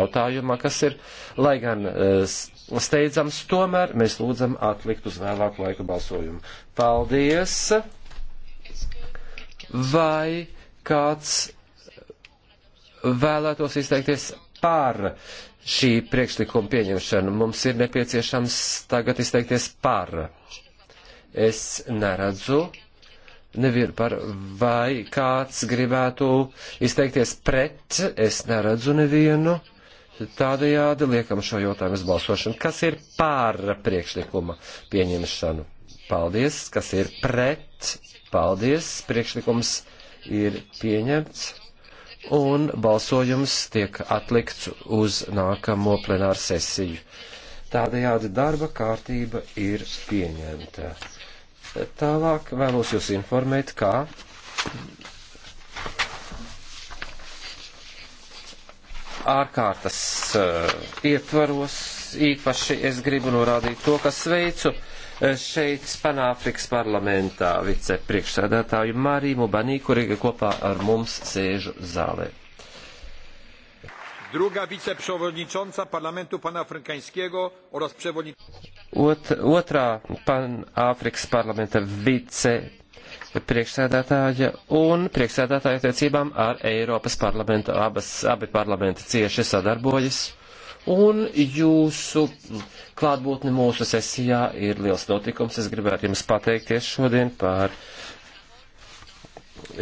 jautājumā, kas ir, lai gan eh, steidzams, tomēr mēs lūdzam atlikt uz vēlāku laiku balsojumu. Paldies! Vai kāds vēlētos izteikties par šī priekšlikuma pieņemšanu? Mums ir nepieciešams tagad izteikties par. Es neredzu nevienu par, vai kāds gribētu izteikties pret, es neredzu nevienu. Tādējādi liekam šo jautājumu uz balsošanu. Kas ir pār priekšlikuma pieņemšanu? Paldies. Kas ir pret? Paldies. Priekšlikums ir pieņemts. Un balsojums tiek atlikts uz nākamo plenāru sesiju. Tādējādi darba kārtība ir pieņemta. Tālāk vēlos jūs informēt, kā ārkārtas uh, ietvaros. Īpaši es gribu norādīt to, ka sveicu eh, šeit Panāfrikas parlamentā vicepriekšsēdētāju Marīmu Banī, kuri kopā ar mums sēžu zālē. Druga wiceprzewodnicząca Parlamentu Panafrykańskiego oraz przewodnicząca. Otra Panafryks Parlamenta wice priekšsēdētāja un priekšsēdētāja attiecībām ar Eiropas parlamentu. Abas, abi parlamenti cieši sadarbojas. Un jūsu klātbūtne mūsu sesijā ir liels notikums. Es gribētu jums pateikties šodien par uh,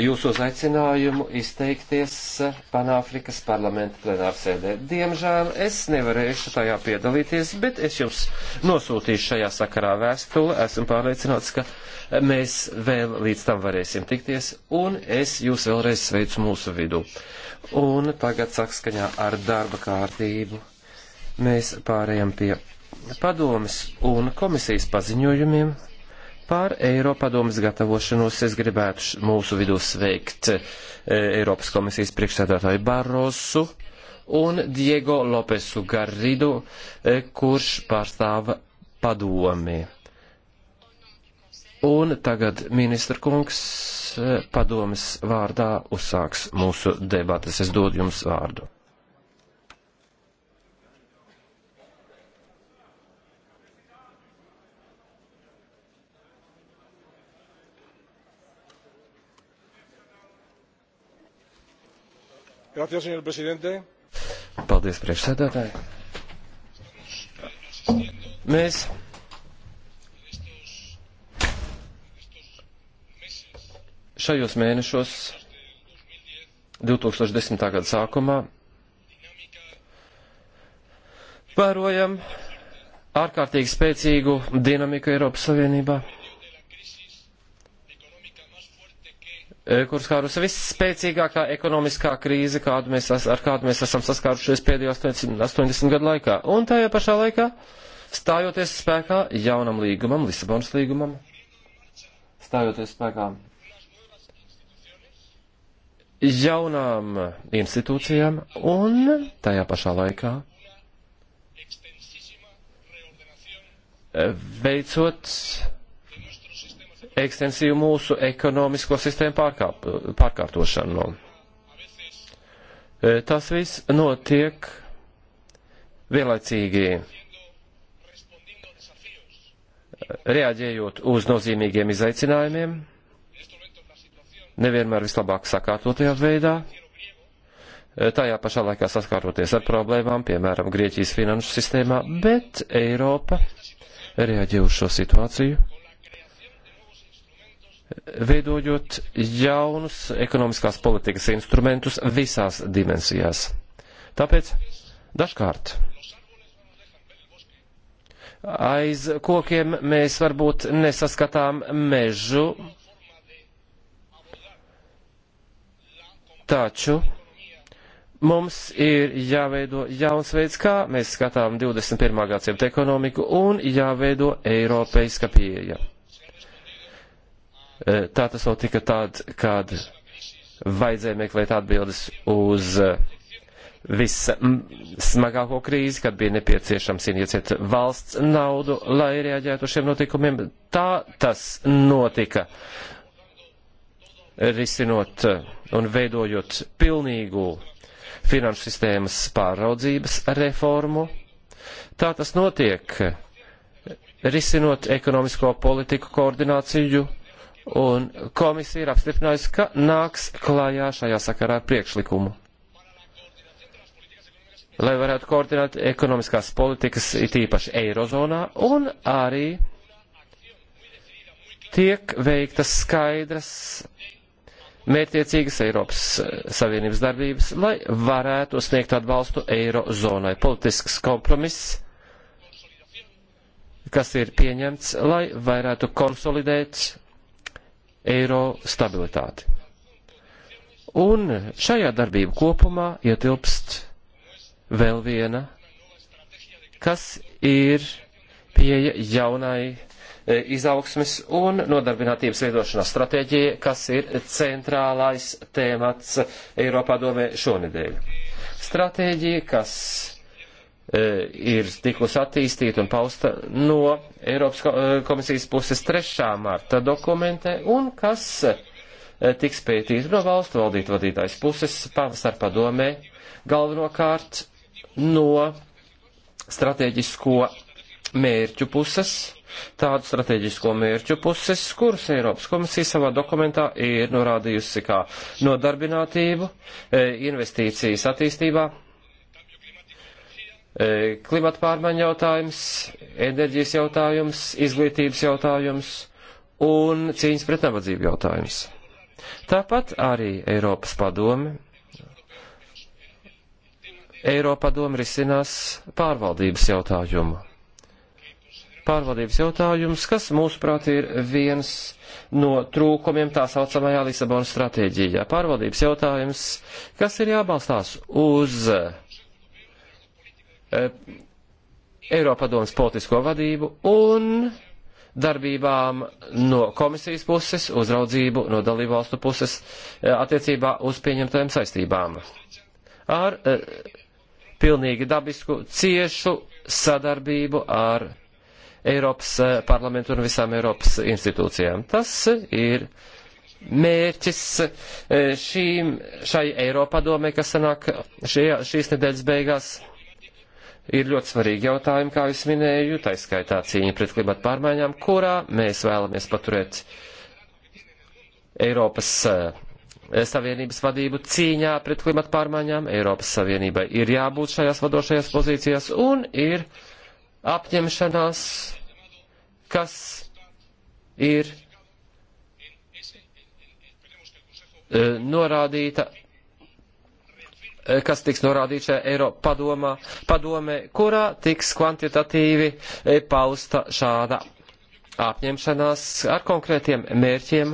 jūsu uzaicinājumu izteikties Panāfrikas parlamenta plenārsēdē. Diemžēl es nevarēšu tajā piedalīties, bet es jums nosūtīšu šajā sakarā vēstuli. Esmu pārliecināts, ka mēs vēl līdz tam varēsim tikties, un es jūs vēlreiz sveicu mūsu vidū. Un tagad sakskaņā ar darba kārtību mēs pārējām pie padomes un komisijas paziņojumiem. Par Eiropadomas gatavošanos es gribētu mūsu vidū sveikt eh, Eiropas komisijas priekšsēdētāju Barrosu un Diego Lopesu Garridu, eh, kurš pārstāv padomi. Un tagad ministra kungs eh, padomas vārdā uzsāks mūsu debatas. Es dodu jums vārdu. Gracias, señor presidente. Paldies, priekšsēdētāji. Mēs šajos mēnešos 2010. gada sākumā vērojam ārkārtīgi spēcīgu dinamiku Eiropas Savienībā. E, kurus kārus visspēcīgākā ekonomiskā krīze, kādu mēs, ar kādu mēs esam saskārušies pēdējo 80, 80 gadu laikā. Un tajā pašā laikā, stājoties spēkā jaunam līgumam, Lisabonas līgumam, stājoties spēkā jaunām institūcijām un tajā pašā laikā veicot ekstensīvu mūsu ekonomisko sistēmu pārkāp, pārkārtošanu. No. E, tas viss notiek vienlaicīgi reaģējot uz nozīmīgiem izaicinājumiem, nevienmēr vislabāk sakārtotajā veidā, e, tajā pašā laikā saskāroties ar problēmām, piemēram, Grieķijas finanšu sistēmā, bet Eiropa reaģē uz šo situāciju veidojot jaunus ekonomiskās politikas instrumentus visās dimensijās. Tāpēc dažkārt aiz kokiem mēs varbūt nesaskatām mežu, taču mums ir jāveido jauns veids, kā mēs skatām 21. gadsimta ekonomiku un jāveido eiropeiska pieeja. Eh, tā tas vēl tika tād, kād vajadzēja meklēt atbildes uz eh, vissmagāko krīzi, kad bija nepieciešams injicēt valsts naudu, lai reaģētu uz šiem notikumiem. Tā tas notika, risinot eh, un veidojot pilnīgu finanšu sistēmas pāraudzības reformu. Tā tas notiek, risinot ekonomisko politiku koordināciju un komisija ir apstiprinājusi, ka nāks klājā šajā sakarā priekšlikumu lai varētu koordinēt ekonomiskās politikas, it īpaši Eirozonā, un arī tiek veiktas skaidras mērķiecīgas Eiropas Savienības darbības, lai varētu sniegt atbalstu Eirozonai. Politisks kompromiss, kas ir pieņemts, lai varētu konsolidēt eiro stabilitāti. Un šajā darbība kopumā ietilpst vēl viena, kas ir pieeja jaunai e, izaugsmes un nodarbinātības veidošanās stratēģija, kas ir centrālais tēmats Eiropā domē šonedēļ. Stratēģija, kas E, ir tikusi attīstīta un pausta no Eiropas e, komisijas puses 3. marta dokumentē un kas e, tiks pētīta no valstu valdītu vadītājas puses pavasar padomē galvenokārt no strateģisko mērķu puses, tādu strateģisko mērķu puses, kuras Eiropas komisija savā dokumentā ir norādījusi kā nodarbinātību, investīcijas attīstībā, E, klimata pārmaiņu jautājums, enerģijas jautājums, izglītības jautājums un cīņas pret nabadzību jautājums. Tāpat arī Eiropas padome. Eiropa padome risinās pārvaldības jautājumu. Pārvaldības jautājums, kas mūsuprāt ir viens no trūkumiem tā saucamajā Lisabonas stratēģijā. Pārvaldības jautājums, kas ir jābalstās uz uh, Eh, Eiropadomas politisko vadību un darbībām no komisijas puses, uzraudzību no dalībvalstu puses eh, attiecībā uz pieņemtajām saistībām. Ar eh, pilnīgi dabisku, ciešu sadarbību ar Eiropas parlamentu un visām Eiropas institūcijām. Tas ir mērķis šīm, šai Eiropadomē, kas sanāk šajā, šīs nedēļas beigās ir ļoti svarīgi jautājumi, kā es minēju, tā izskaitā cīņa pret klimatu pārmaiņām, kurā mēs vēlamies paturēt Eiropas eh, Savienības vadību cīņā pret klimatu pārmaiņām. Eiropas Savienībai ir jābūt šajās vadošajās pozīcijās un ir apņemšanās, kas ir eh, norādīta Eh, kas tiks norādīts šajā Eiropa padomā, padomē, kurā tiks kvantitatīvi eh, pausta šāda apņemšanās ar konkrētiem mērķiem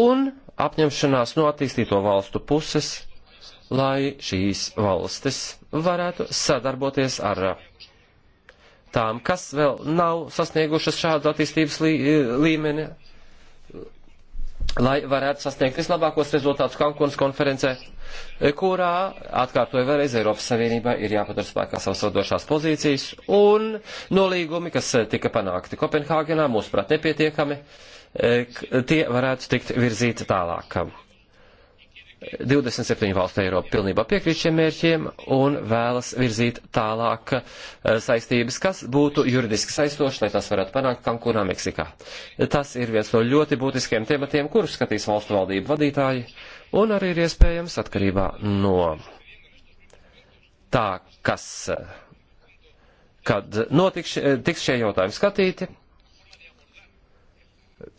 un apņemšanās no attīstīto valstu puses, lai šīs valstis varētu sadarboties ar eh, tām, kas vēl nav sasniegušas šādu attīstības lī, līmeni lai varētu sasniegt vislabākos rezultātus Kankunas konferencē, kurā, atkārtoju vēlreiz, Eiropas Savienībā ir jāpatur spēkā savas vadošās pozīcijas un nolīgumi, kas eh, tika panākti Kopenhāgenā, mūsuprāt nepietiekami, eh, tie varētu tikt virzīti tālāk. 27 valstu Eiropa pilnībā piekrīt šiem mērķiem un vēlas virzīt tālāk eh, saistības, kas būtu juridiski saistoši, lai tās varētu panākt Kankūnā, Meksikā. Tas ir viens no ļoti būtiskiem tematiem, kurus skatīs valstu valdību vadītāji un arī ir iespējams atkarībā no tā, kas, kad notiks tiks šie jautājumi skatīti,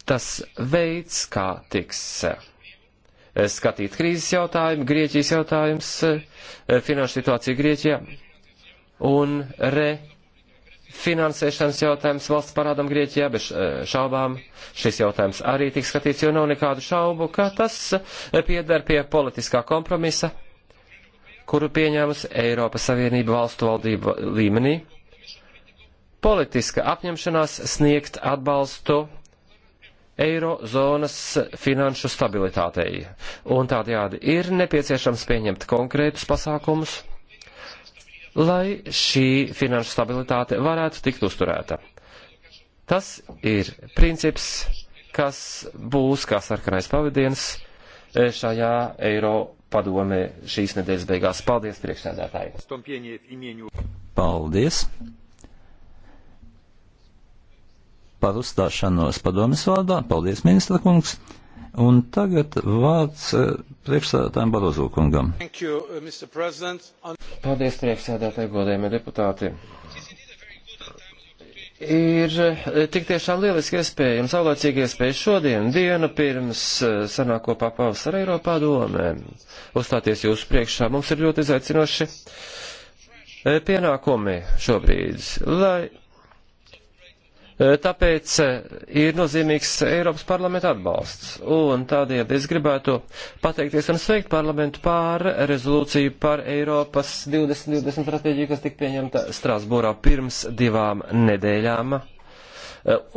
tas veids, kā tiks Eh, skatīt krīzes jautājumu, Grieķijas jautājums, eh, finanšu situāciju Grieķijā un refinansēšanas jautājums valsts parādam Grieķijā, bez eh, šaubām šis jautājums arī tiks skatīts, jo nav nekādu šaubu, ka tas piedar pie politiskā kompromisa, kuru pieņēmusi Eiropas Savienība valstu valdību līmenī. Politiska apņemšanās sniegt atbalstu eirozonas finanšu stabilitātei. Un tādējādi ir nepieciešams pieņemt konkrētus pasākumus, lai šī finanšu stabilitāte varētu tikt uzturēta. Tas ir princips, kas būs kā sarkanais pavadienis e, šajā eiro padomē šīs nedēļas beigās. Paldies, priekšsēdētāji! Paldies! par uzstāšanos padomis vārdā. Paldies, ministra kungs. Un tagad vārds eh, priekšsēdētājiem Barozo kungam. You, uh, Paldies, priekšsēdētāji, godējumie deputāti. Ir eh, tik tiešām lieliski iespēja un saulēcīgi iespēja šodien, dienu pirms eh, sanāko papavasara Eiropā domē, uzstāties jūsu priekšā. Mums ir ļoti izaicinoši pienākumi šobrīd, lai Tāpēc ir nozīmīgs Eiropas parlamenta atbalsts, un tādēļ es gribētu pateikties un sveikt parlamentu pār rezolūciju par Eiropas 2020 stratēģiju, kas tika pieņemta Strasbūrā pirms divām nedēļām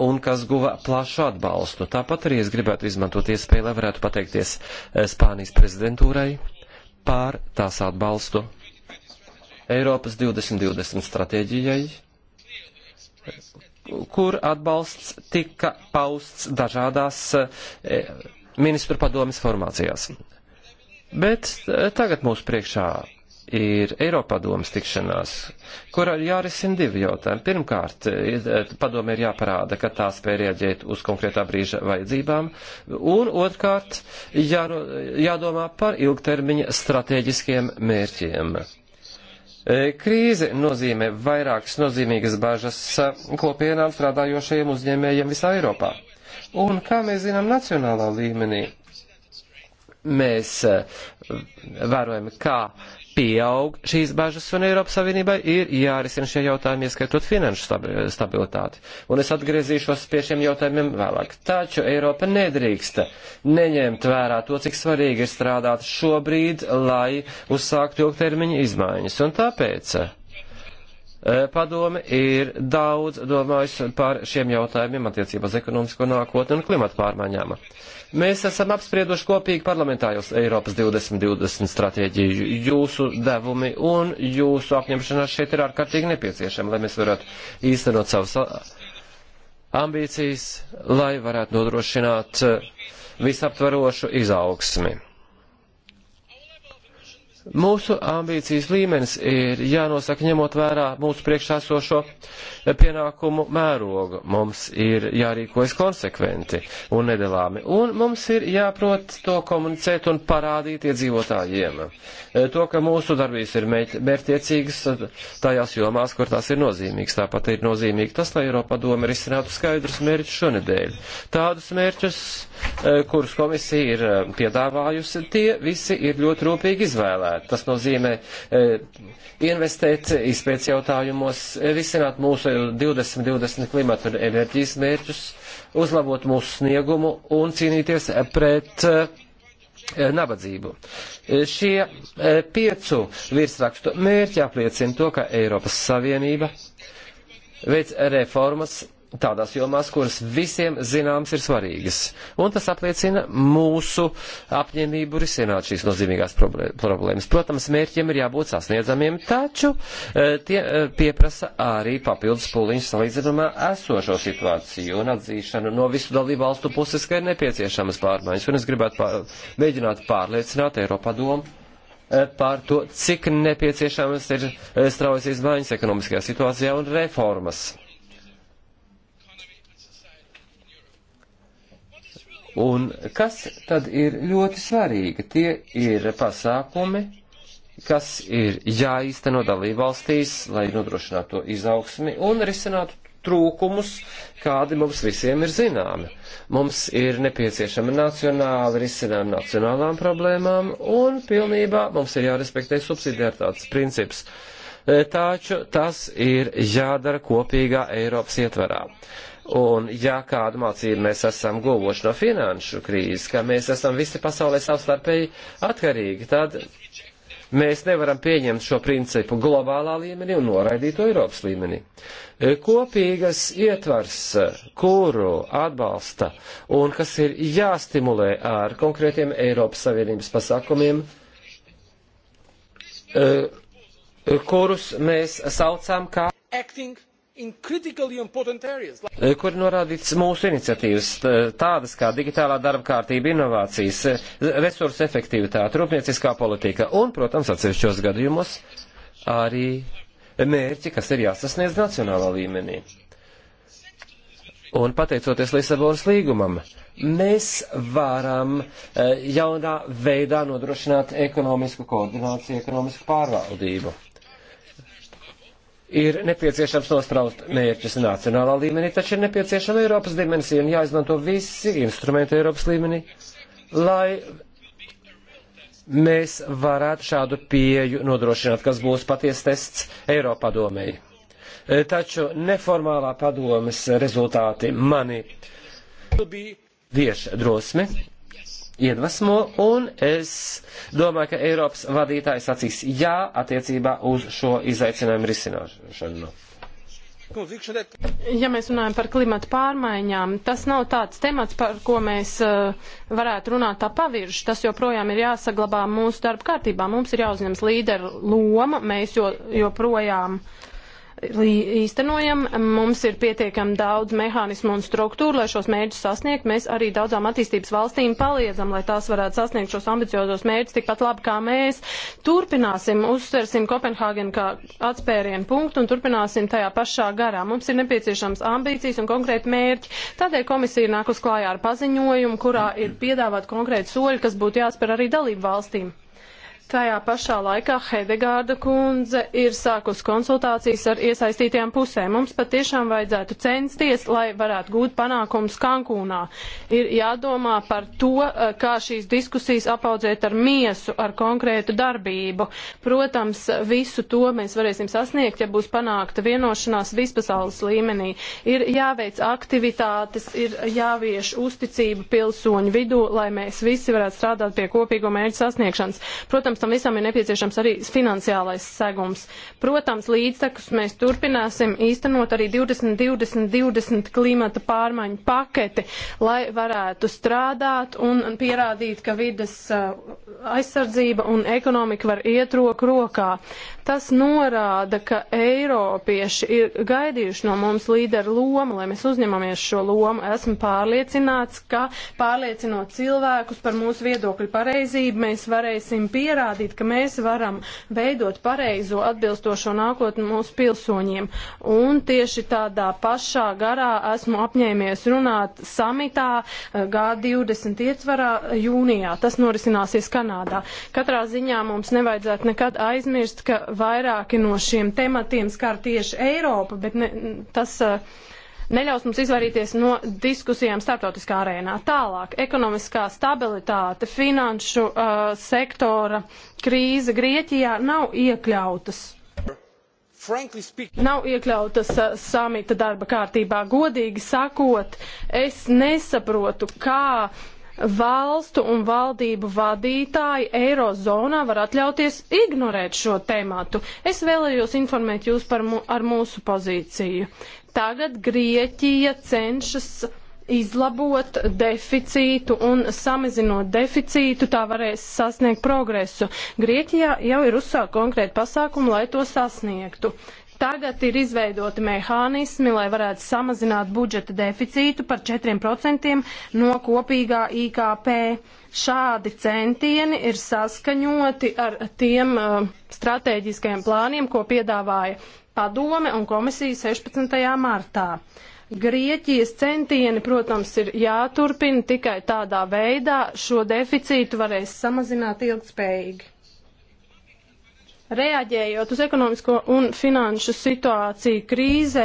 un kas guva plašu atbalstu. Tāpat arī es gribētu izmantot iespēju, lai varētu pateikties Spānijas prezidentūrai pār tās atbalstu Eiropas 2020 stratēģijai kur atbalsts tika pausts dažādās e, ministru padomes formācijās. Bet e, tagad mūsu priekšā ir Eiropadomas tikšanās, kur jārisina divi jautājumi. Pirmkārt, e, padome ir jāparāda, ka tā spēja rieģēt uz konkrētā brīža vajadzībām, un otrkārt, jā, jādomā par ilgtermiņa strateģiskiem mērķiem. E, krīze nozīmē vairākas nozīmīgas bažas e, kopienām strādājošajiem uzņēmējiem visā Eiropā. Un, kā mēs zinām, nacionālā līmenī mēs eh, vērojam, kā pieaug šīs bažas, un Eiropas Savienībai ir jārisina šie jautājumi, ieskaitot finanšu stabilitāti. Un es atgriezīšos pie šiem jautājumiem vēlāk. Taču Eiropa nedrīkst neņemt vērā to, cik svarīgi ir strādāt šobrīd, lai uzsāktu ilgtermiņa izmaiņas. Un tāpēc Padome ir daudz domājusi par šiem jautājumiem attiecībā uz ekonomisko nākotni un klimatu pārmaiņām. Mēs esam apsprieduši kopīgi parlamentājos Eiropas 2020 stratēģiju. Jūsu devumi un jūsu apņemšanās šeit ir ārkārtīgi nepieciešama, lai mēs varētu īstenot savas ambīcijas, lai varētu nodrošināt visaptvarošu izaugsmi. Mūsu ambīcijas līmenis ir jānosaka ņemot vērā mūsu priekšā sošo pienākumu mērogu. Mums ir jārīkojas konsekventi un nedalāmi, un mums ir jāprot to komunicēt un parādīt iedzīvotājiem. E, to, ka mūsu darbības ir mērķtiecīgas tajās jomās, kur tās ir nozīmīgas. Tāpat ir nozīmīgi tas, lai Eiropa doma risinātu skaidrus mērķus šonedēļ. Tādus mērķus, e, kurus komisija ir e, piedāvājusi, tie visi ir ļoti rūpīgi izvēlēti. Tas nozīmē investēt izpēc jautājumos, visināt mūsu 2020 klimatu un enerģijas mērķus, uzlabot mūsu sniegumu un cīnīties pret eh, nabadzību. Šie eh, piecu virsrakstu mērķi apliecina to, ka Eiropas Savienība veic reformas tādās jomās, kuras visiem zināms ir svarīgas. Un tas apliecina mūsu apņēmību risināt šīs nozīmīgās problēmas. Protams, mērķiem ir jābūt sasniedzamiem, taču eh, tie eh, pieprasa arī papildus puliņus salīdzinumā esošo situāciju un atzīšanu no visu dalību valstu puses, ka ir nepieciešamas pārmaiņas. Un es gribētu pār, mēģināt pārliecināt Eiropā domu eh, par to, cik nepieciešamas ir straujas izmaiņas ekonomiskajā situācijā un reformas Un kas tad ir ļoti svarīgi? Tie ir pasākumi, kas ir jāīsteno dalībvalstīs, lai nodrošinātu to izaugsmi un risinātu trūkumus, kādi mums visiem ir zināmi. Mums ir nepieciešama nacionāla risinājuma nacionālām problēmām un pilnībā mums ir jārespektē subsidiaritātes princips. E, taču tas ir jādara kopīgā Eiropas ietvarā. Un ja kādu mācību mēs esam guvuši no finanšu krīzes, ka mēs esam visi pasaulē savstarpēji atkarīgi, tad mēs nevaram pieņemt šo principu globālā līmenī un noraidīt to Eiropas līmenī. E, kopīgas ietvars, e, kuru atbalsta un kas ir jāstimulē ar konkrētiem Eiropas Savienības pasākumiem, e, kurus mēs saucam kā. Acting Eh, kur norādīts mūsu iniciatīvas, tādas kā digitālā darba kārtība, inovācijas, eh, resursu efektivitāte, rūpnieciskā politika un, protams, atsevišķos gadījumos arī mērķi, kas ir jāsasniedz nacionālā līmenī. Un pateicoties Lisabonas līgumam, mēs varam eh, jaunā veidā nodrošināt ekonomisku koordināciju, ekonomisku pārvaldību ir nepieciešams nostraust mērķus nacionālā līmenī, taču ir nepieciešama Eiropas dimensija un jāizmanto visi instrumenti Eiropas līmenī, lai mēs varētu šādu pieju nodrošināt, kas būs paties tests Eiropā domēji. E, taču neformālā padomas rezultāti mani vieš drosmi iedvesmo, un es domāju, ka Eiropas vadītājs sacīs jā attiecībā uz šo izaicinājumu risināšanu. Ja mēs runājam par klimatu pārmaiņām, tas nav tāds temats, par ko mēs uh, varētu runāt tā pavirši. Tas joprojām ir jāsaglabā mūsu darba kārtībā. Mums ir jāuzņems līderu loma, mēs jo, joprojām uh, īstenojam. Mums ir pietiekami daudz mehānismu un struktūru, lai šos mērķus sasniegt. Mēs arī daudzām attīstības valstīm paliedzam, lai tās varētu sasniegt šos ambiciozos mērķus tikpat labi kā mēs. Turpināsim, uzsversim Kopenhāgenu kā atspērienu punktu un turpināsim tajā pašā garā. Mums ir nepieciešams ambīcijas un konkrēti mērķi. Tādēļ komisija nāk uz klājā ar paziņojumu, kurā ir piedāvāt konkrēti soļi, kas būtu jāspēr arī dalību valstīm. Tajā pašā laikā Hedegārda kundze ir sākus konsultācijas ar iesaistītajām pusēm. Mums patiešām vajadzētu censties, lai varētu gūt panākums Kankūnā. Ir jādomā par to, eh, kā šīs diskusijas apaudzēt ar miesu, ar konkrētu darbību. Protams, visu to mēs varēsim sasniegt, ja būs panākta vienošanās vispasaules līmenī. Ir jāveic aktivitātes, ir jāvieš uzticību pilsoņu vidū, lai mēs visi varētu strādāt pie kopīgo mērķu sasniegšanas. Protams, protams, tam visam ir nepieciešams arī finansiālais segums. Protams, līdztekus mēs turpināsim īstenot arī 20-20-20 klimata pārmaiņu paketi, lai varētu strādāt un pierādīt, ka vides uh, aizsardzība un ekonomika var iet roku rokā. Tas norāda, ka Eiropieši ir gaidījuši no mums līderu lomu, lai mēs uzņemamies šo lomu. Esmu pārliecināts, ka pārliecinot cilvēkus par mūsu viedokļu pareizību, mēs varēsim pierādīt, parādīt, ka mēs varam veidot pareizo atbilstošo nākotni mūsu pilsoņiem. Un tieši tādā pašā garā esmu apņēmies runāt samitā eh, G20 ietvarā jūnijā. Tas norisināsies Kanādā. Katrā ziņā mums nevajadzētu nekad aizmirst, ka vairāki no šiem tematiem skar tieši Eiropu, bet ne, tas. Uh, neļaus mums izvairīties no diskusijām starptautiskā arēnā. Tālāk, ekonomiskā stabilitāte, finanšu uh, sektora krīze Grieķijā nav iekļautas. Nav iekļautas uh, samita darba kārtībā. Godīgi sakot, es nesaprotu, kā valstu un valdību vadītāji Eirozonā var atļauties ignorēt šo tēmātu. Es vēlējos informēt jūs par mu, mūsu pozīciju. Tagad Grieķija cenšas izlabot deficītu un samazinot deficītu, tā varēs sasniegt progresu. Grieķijā jau ir uzsākt konkrēti pasākumi, lai to sasniegtu. Tagad ir izveidoti mehānismi, lai varētu samazināt budžeta deficītu par 4% no kopīgā IKP. Šādi centieni ir saskaņoti ar tiem uh, stratēģiskajiem plāniem, ko piedāvāja padome un komisija 16. martā. Grieķijas centieni, protams, ir jāturpina tikai tādā veidā šo deficītu varēs samazināt ilgspējīgi. Reaģējot uz ekonomisko un finanšu situāciju krīzē,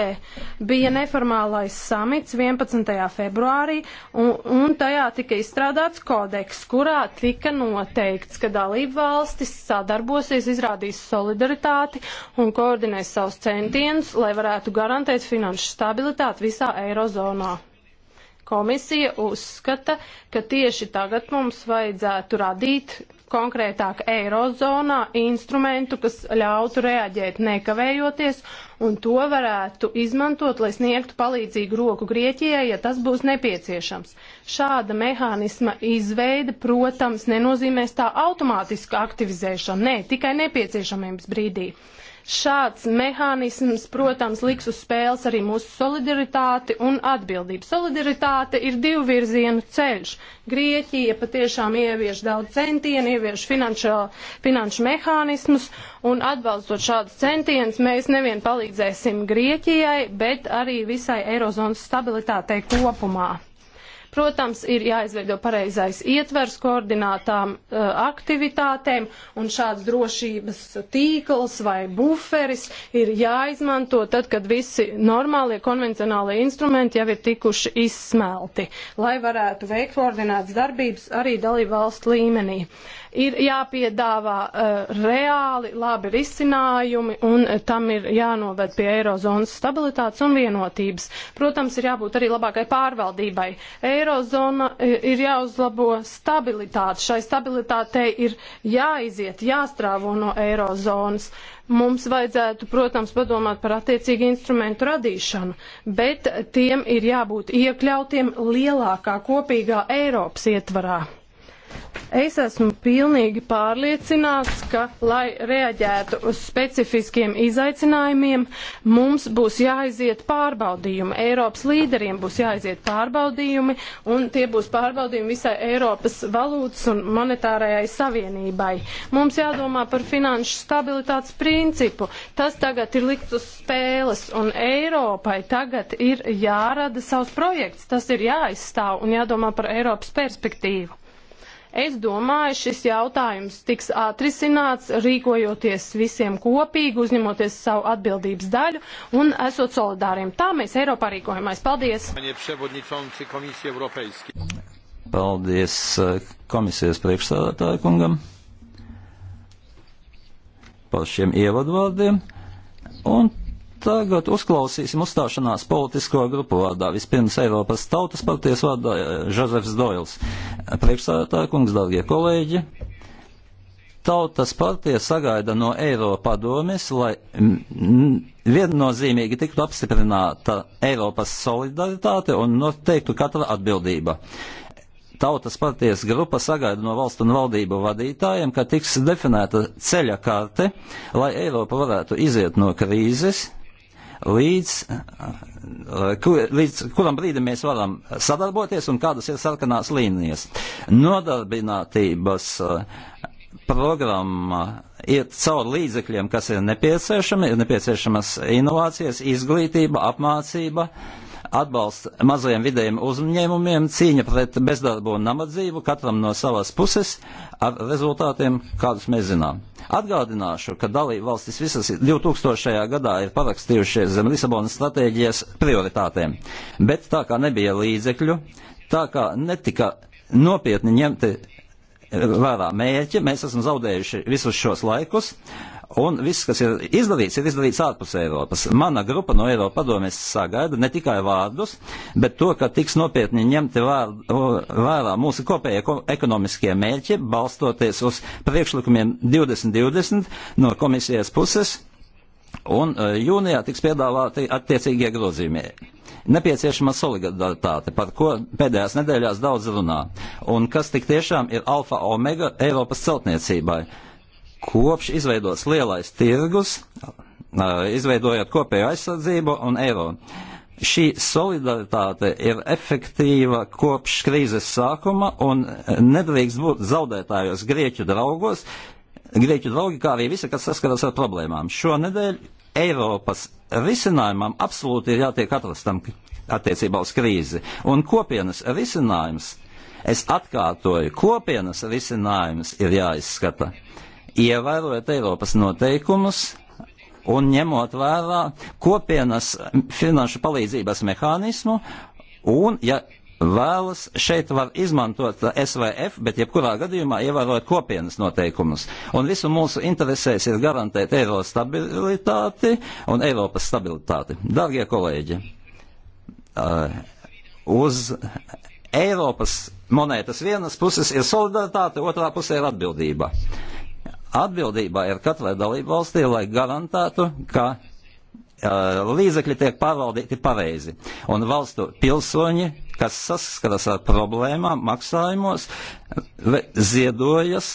bija neformālais samits 11. februārī, un, un tajā tika izstrādāts kodeks, kurā tika noteikts, ka dalību valstis sadarbosies, izrādīs solidaritāti un koordinēs savus centienus, lai varētu garantēt finanšu stabilitāti visā eirozonā. Komisija uzskata, ka tieši tagad mums vajadzētu radīt konkrētāk Eirozonā instrumentu, kas ļautu reaģēt nekavējoties, un to varētu izmantot, lai sniegtu palīdzīgu roku Grieķijai, ja tas būs nepieciešams. Šāda mehānisma izveide, protams, nenozīmēs tā automātiska aktivizēšana, nē, tikai nepieciešamības brīdī. Uh, Šāds mehānisms, protams, liks uz spēles arī mūsu solidaritāti un atbildību. Solidaritāte ir divu virzienu ceļš. Grieķija patiešām ievieš daudz centienu, ievieš finanšu, finanšu mehānismus un atbalstot šādus centienus, mēs nevien palīdzēsim Grieķijai, bet arī visai Eirozonas stabilitātei kopumā. Protams, ir jāizveido pareizais ietvers koordinātām eh, aktivitātēm, un šāds drošības tīkls vai buferis ir jāizmanto tad, kad visi normālie konvencionālie instrumenti jau ir tikuši izsmelti, lai varētu veikt koordinētas darbības arī dalību valstu līmenī. Uh, Ir jāpiedāvā uh, reāli labi risinājumi un uh, tam ir jānoved pie eirozonas stabilitātes un vienotības. Protams, ir jābūt arī labākai pārvaldībai. Eirozona eh, ir jāuzlabo stabilitāte. Šai stabilitātei ir jāiziet, jāstrāvo no eirozonas mums vajadzētu, protams, padomāt par attiecīgu instrumentu radīšanu, bet tiem ir jābūt iekļautiem lielākā kopīgā Eiropas ietvarā. Es esmu pilnīgi pārliecināts, ka, lai reaģētu uz specifiskiem izaicinājumiem, mums būs jāiziet pārbaudījumi. Eiropas līderiem būs jāiziet pārbaudījumi, un tie būs pārbaudījumi visai Eiropas valūtas un monetārajai savienībai. Mums jādomā par finanšu stabilitātes principu. Tas tagad ir likts uz spēles, un Eiropai tagad ir jārada savs projekts. Tas ir jāizstāv un jādomā par Eiropas perspektīvu. Es domāju, šis jautājums tiks atrisināts, rīkojoties visiem kopīgi, uzņemoties savu atbildības daļu un esot solidāriem. Tā mēs Eiropā rīkojamies. Paldies! Paldies eh, komisijas priekšstādātāju kungam par šiem ievadvārdiem. Un Tagad uzklausīsim uzstāšanās politisko grupu vārdā. Vispirms Eiropas Tautas partijas vārdā Žozefs eh, Doils. Priekšsādātāja kungs, darbie kolēģi. Tautas partija sagaida no Eiropa padomis, lai viennozīmīgi tiktu apstiprināta Eiropas solidaritāte un noteiktu katra atbildība. Tautas partijas grupa sagaida no valstu un valdību vadītājiem, ka tiks definēta ceļa karte, lai Eiropa varētu iziet no krīzes, līdz, eh, kur, līdz kuram brīdim mēs varam sadarboties un kādas ir sarkanās līnijas. Nodarbinātības eh, programma ir caur līdzekļiem, kas ir nepieciešami, ir nepieciešamas inovācijas, izglītība, apmācība. Uh, atbalsts mazajiem vidējiem uzņēmumiem, cīņa pret bezdarbu un nabadzību, katram no savas puses, ar rezultātiem, kādus mēs zinām. Atgādināšu, ka dalība valstis visas 2000. gadā ir parakstījušies zem Lisabonas stratēģijas prioritātēm, bet tā kā nebija līdzekļu, tā kā netika nopietni ņemti vērā mērķi, mēs esam zaudējuši visus šos laikus. Uh, Un viss, kas ir izdarīts, ir izdarīts ārpus Eiropas. Mana grupa no Eiropas padomēs sagaida ne tikai vārdus, bet to, ka tiks nopietni ņemti vēr, vērā mūsu kopējie ekonomiskie mērķi, balstoties uz priekšlikumiem 2020 no komisijas puses. Un e, jūnijā tiks piedāvāti attiecīgie grozījumi. Nepieciešama solidaritāte, par ko pēdējās nedēļās daudz runā, un kas tik tiešām ir alfa omega Eiropas celtniecībai. Kopš izveidots lielais tirgus, izveidojot kopēju aizsardzību un eiro. Šī solidaritāte ir efektīva kopš krīzes sākuma un nedrīkst būt zaudētājos grieķu draugos, grieķu draugi, kā arī visi, kas saskaras ar problēmām. Šonedēļ Eiropas risinājumam absolūti ir jātiek atrastam attiecībā uz krīzi. Un kopienas risinājums, es atkārtoju, kopienas risinājums ir jāizskata. Uh, ievērojot Eiropas noteikumus un ņemot vērā kopienas finanšu palīdzības mehānismu, un, ja vēlas, šeit var izmantot SVF, bet jebkurā gadījumā ievērojot kopienas noteikumus. Un visu mūsu interesēs ir garantēt eiro stabilitāti un Eiropas stabilitāti. Dārgie kolēģi, uz Eiropas monētas vienas puses ir solidaritāte, otrā pusē ir atbildība. Atbildībā ir katrai dalību valstī, lai garantētu, ka līdzekļi tiek pārvaldīti pareizi. Un valstu pilsoņi, kas saskaras ar problēmām maksājumos, ziedojas,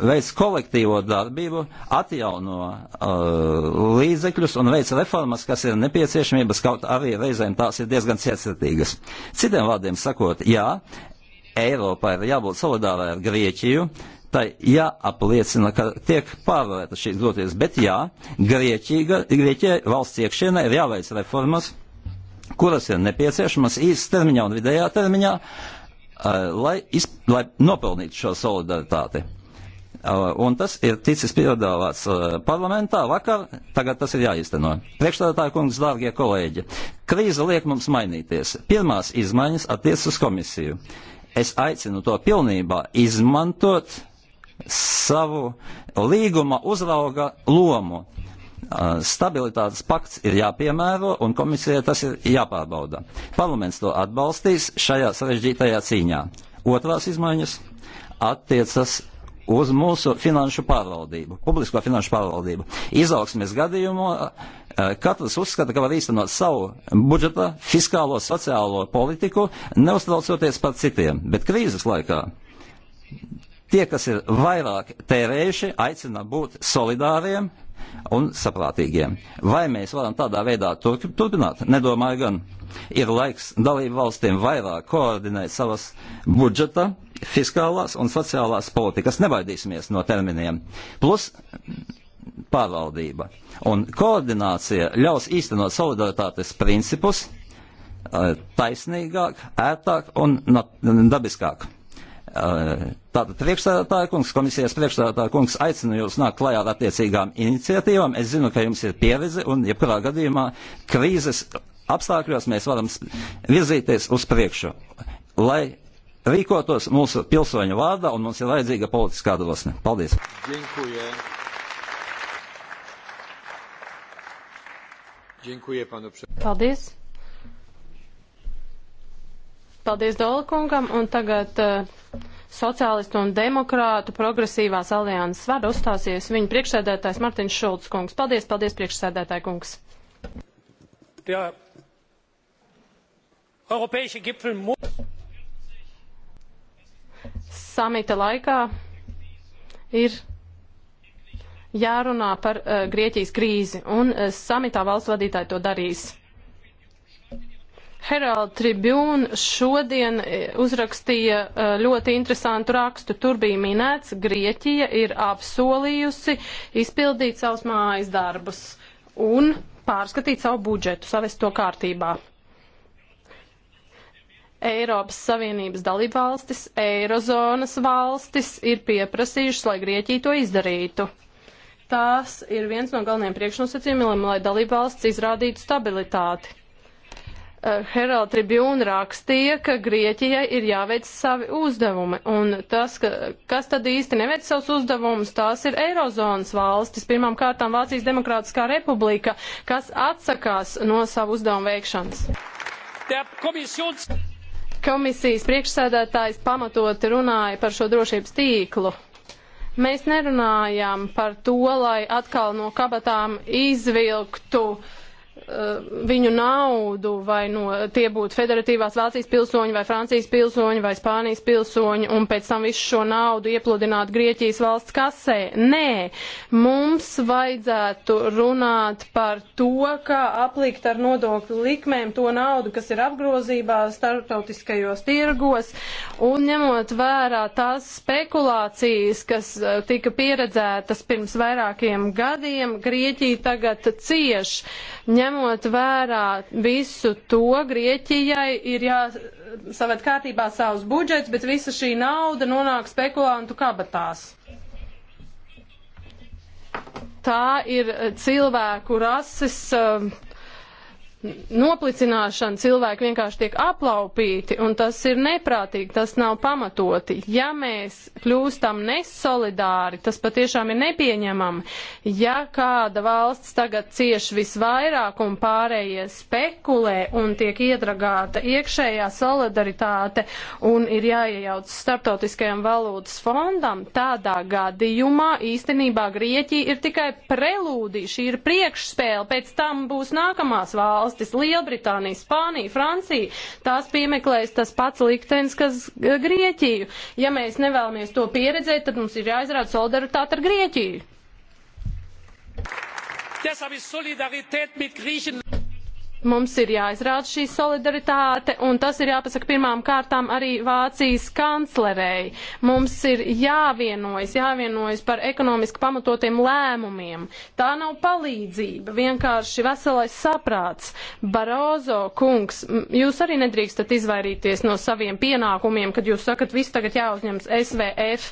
veids kolektīvo darbību, atjauno uh, līdzekļus un veids reformas, kas ir nepieciešamības, kaut arī reizēm tās ir diezgan cietsirdīgas. Citiem vārdiem sakot, jā, Eiropai ir jābūt solidārai ar Grieķiju, uh, tai jāapliecina, ka tiek pārvarēta šīs grūtības. Bet jā, Grieķijai valsts iekšienē ir jāveic reformas, kuras ir nepieciešamas īstermiņā un vidējā termiņā, lai, iz, lai nopelnītu šo solidaritāti. Un tas ir ticis piedāvāts parlamentā vakar, tagad tas ir jāizteno. Priekšstādātāja kungs, dārgie kolēģi, krīze liek mums mainīties. Pirmās izmaiņas attiec uz komisiju. Es aicinu to pilnībā izmantot savu līguma uzrauga lomu. Stabilitātes pakts ir jāpiemēro un komisijai tas ir jāpārbauda. Parlaments to atbalstīs šajā sarežģītajā cīņā. Otrās izmaiņas attiecas uz mūsu finanšu pārvaldību, publisko finanšu pārvaldību. Izaugsmes gadījumā katrs uzskata, ka var īstenot savu budžeta, fiskālo, sociālo politiku, neuztraucoties par citiem. Bet krīzes laikā Tie, kas ir vairāk tērējuši, aicina būt solidāriem un saprātīgiem. Vai mēs varam tādā veidā turpināt? Nedomāju gan. Ir laiks dalību valstīm vairāk koordinēt savas budžeta, fiskālās un sociālās politikas. Nebaidīsimies no terminiem. Plus pārvaldība. Un koordinācija ļaus īstenot solidaritātes principus eh, taisnīgāk, ērtāk un dabiskāk. Tātad priekšstādātāja kungs, komisijas priekšstādātāja kungs, aicinu jūs nākt klajā ar attiecīgām iniciatīvām. Es zinu, ka jums ir pieredze un, jebkurā gadījumā, krīzes apstākļos mēs varam virzīties uz priekšu, lai rīkotos mūsu pilsoņu vārdā un mums ir vajadzīga politiskā drosme. Paldies! Dziękuję. Dziękuję panu. Paldies! Paldies Dolkungam, un tagad uh, sociālistu un demokrātu progresīvās alianses vada uzstāsies viņa priekšsēdētājs Martins Šulc kungs. Paldies, paldies priekšsēdētāji kungs. Jā. Europäische Gipfel samita laikā ir jārunā par uh, Grieķijas krīzi, un uh, eh, samitā valsts vadītāji to darīs. Herald Tribune šodien e, uzrakstīja e, ļoti interesantu rakstu. Tur bija minēts, Grieķija ir apsolījusi izpildīt savus mājas darbus un pārskatīt savu budžetu, savest to kārtībā. Eiropas Savienības dalībvalstis, Eirozonas valstis ir pieprasījušas, lai Grieķija to izdarītu. Tās ir viens no galvenajiem priekšnosacījumiem, lai dalībvalsts izrādītu stabilitāti. Eh, Herald Tribune rakstīja, ka Grieķijai ir jāveic savi uzdevumi, un tas, ka, kas tad īsti neveic savus uzdevumus, tās ir Eirozonas valstis, pirmām kārtām Vācijas Demokrātiskā republika, kas atsakās no savu uzdevumu veikšanas. Komisijas priekšsēdētājs pamatot runāja par šo drošības tīklu. Mēs nerunājām par to, lai atkal no kabatām izvilktu uh, Eh, viņu naudu, vai no, tie būtu federatīvās Vācijas pilsoņi, vai Francijas pilsoņi, vai Spānijas pilsoņi, un pēc tam visu šo naudu iepludināt Grieķijas valsts kasē. Nē, mums vajadzētu runāt par to, kā aplikt ar nodokļu likmēm to naudu, kas ir apgrozībā starptautiskajos tirgos, un ņemot vērā tās spekulācijas, kas eh, tika pieredzētas pirms vairākiem gadiem, Grieķija tagad cieš. Ņem ņemot vērā visu to, Grieķijai ir jāsavērt kārtībā savs budžets, bet visa šī nauda nonāk spekulantu kabatās. Tā ir cilvēku rases um, noplicināšana, cilvēki vienkārši tiek aplaupīti, un tas ir neprātīgi, tas nav pamatoti. Ja mēs kļūstam nesolidāri, tas patiešām ir nepieņemami. Ja kāda valsts tagad cieš visvairāk un pārējie spekulē un tiek iedragāta iekšējā solidaritāte un ir jāiejauc starptautiskajam valūtas fondam, tādā gadījumā īstenībā Grieķija ir tikai prelūdija, šī ir priekšspēle, pēc tam būs nākamās valsts valstis - Lielbritānija, Spānija, Francija - tās piemeklēs tas pats liktenis, kas Grieķiju. Ja mēs nevēlamies to pieredzēt, tad mums ir jāizrāda solidaritāte ar Grieķiju. Deshalb ist Solidarität mit Griechenland Mums ir jāizrāda šī solidaritāte, un tas ir jāpasaka pirmām kārtām arī Vācijas kanclerei. Mums ir jāvienojas, jāvienojas par ekonomiski pamatotiem lēmumiem. Tā nav palīdzība, vienkārši veselais saprāts. Barozo kungs, jūs arī nedrīkstat izvairīties no saviem pienākumiem, kad jūs sakat, viss tagad jāuzņems SVF.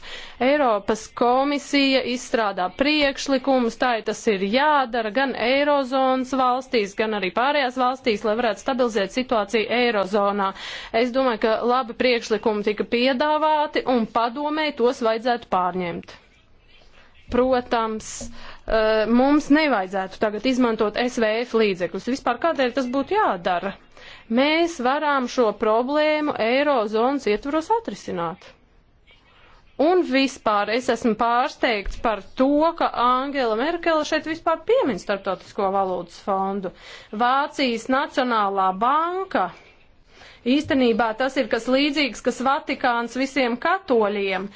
Eiropas komisija izstrādā priekšlikumus, tā ir tas ir jādara gan Eirozonas valstīs, gan arī pārējās valstīs valstīs, lai varētu stabilizēt situāciju Eirozonā. Es domāju, ka labi priekšlikumi tika piedāvāti un padomē tos vajadzētu pārņemt. Protams, eh, mums nevajadzētu tagad izmantot SVF līdzekļus. Vispār kādēļ tas būtu jādara? Mēs varam šo problēmu Eirozonas ietvaros atrisināt. Un vispār es esmu pārsteigts par to, ka Angela Merkele šeit vispār piemin starptautisko valūtas fondu. Vācijas Nacionālā banka. Īstenībā tas ir kas līdzīgs, kas Vatikāns visiem katoļiem.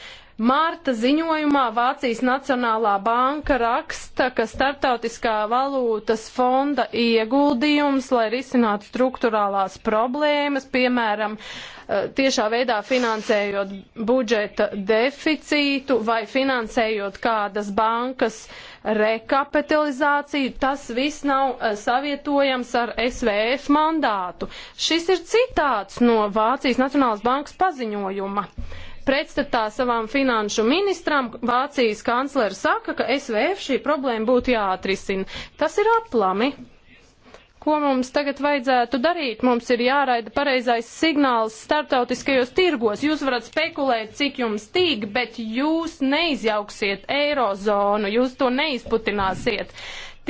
Mārta ziņojumā Vācijas Nacionālā banka raksta, ka starptautiskā valūtas fonda ieguldījums, lai risinātu struktūrālās problēmas, piemēram, uh, Eh, tiešā veidā finansējot budžeta deficītu vai finansējot kādas bankas rekapitalizāciju, tas viss nav eh, savietojams ar SVF mandātu. Šis ir citāts no Vācijas Nacionālas bankas paziņojuma. Pretstatā savām finanšu ministram Vācijas kanclere saka, ka SVF šī problēma būtu jāatrisina. Tas ir aplami. Ko mums tagad vajadzētu darīt? Mums ir jāraida pareizais signāls starptautiskajos tirgos. Jūs varat spekulēt, cik jums tīk, bet jūs neizjauksiet eirozonu, jūs to neizputināsiet.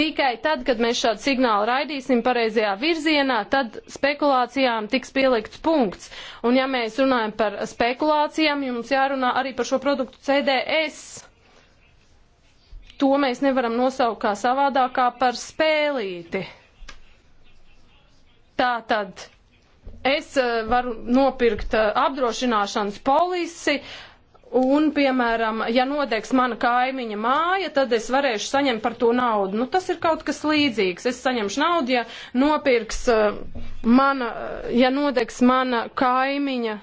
Tikai tad, kad mēs šādu signālu raidīsim pareizajā virzienā, tad spekulācijām tiks pielikts punkts. Un ja mēs runājam par spekulācijām, jums jārunā arī par šo produktu CDS. To mēs nevaram nosaukt kā savādākā par spēlīti. Tā tad es eh, varu nopirkt eh, apdrošināšanas polisi. Un, piemēram, ja nodegs mana kaimiņa māja, tad es varēšu saņemt par to naudu. Nu, tas ir kaut kas līdzīgs. Es saņemšu naudu, ja nopirks eh, mana, ja nodegs mana kaimiņa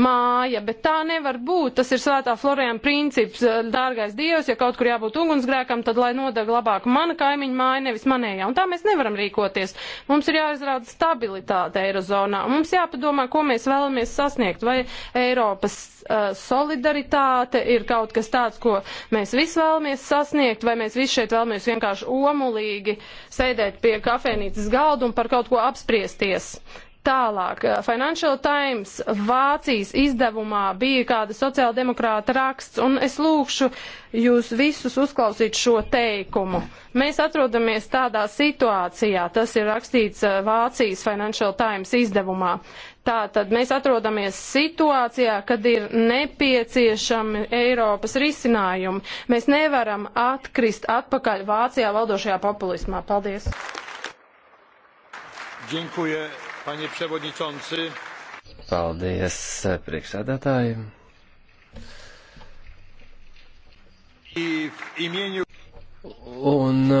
māja, bet tā nevar būt. Tas ir svētā Florijana princips. Eh, dārgais Dievs, ja kaut kur jābūt ugunsgrēkam, tad lai nodeg labāk mana kaimiņa māja, nevis manējā. Un tā mēs nevaram rīkoties. Mums ir jāizrāda stabilitāte Eirozonā. Mums jāpadomā, ko mēs vēlamies sasniegt. Vai Eiropas uh, solidaritāte ir kaut kas tāds, ko mēs visi vēlamies sasniegt, vai mēs visi šeit vēlamies vienkārši omulīgi sēdēt pie kafēnīcas galda un par kaut ko apspriesties. Tālāk, eh, Financial Times Vācijas izdevumā bija kāda sociāldemokrāta raksts, un es lūkšu jūs visus uzklausīt šo teikumu. Mēs atrodamies tādā situācijā, tas ir rakstīts eh, Vācijas Financial Times izdevumā. Tātad mēs atrodamies situācijā, kad ir nepieciešami Eiropas risinājumi. Mēs nevaram atkrist atpakaļ Vācijā valdošajā populismā. Paldies! Dziękuję. Panie Przewodniczący. Paldies, priekšsēdētāji. Un e,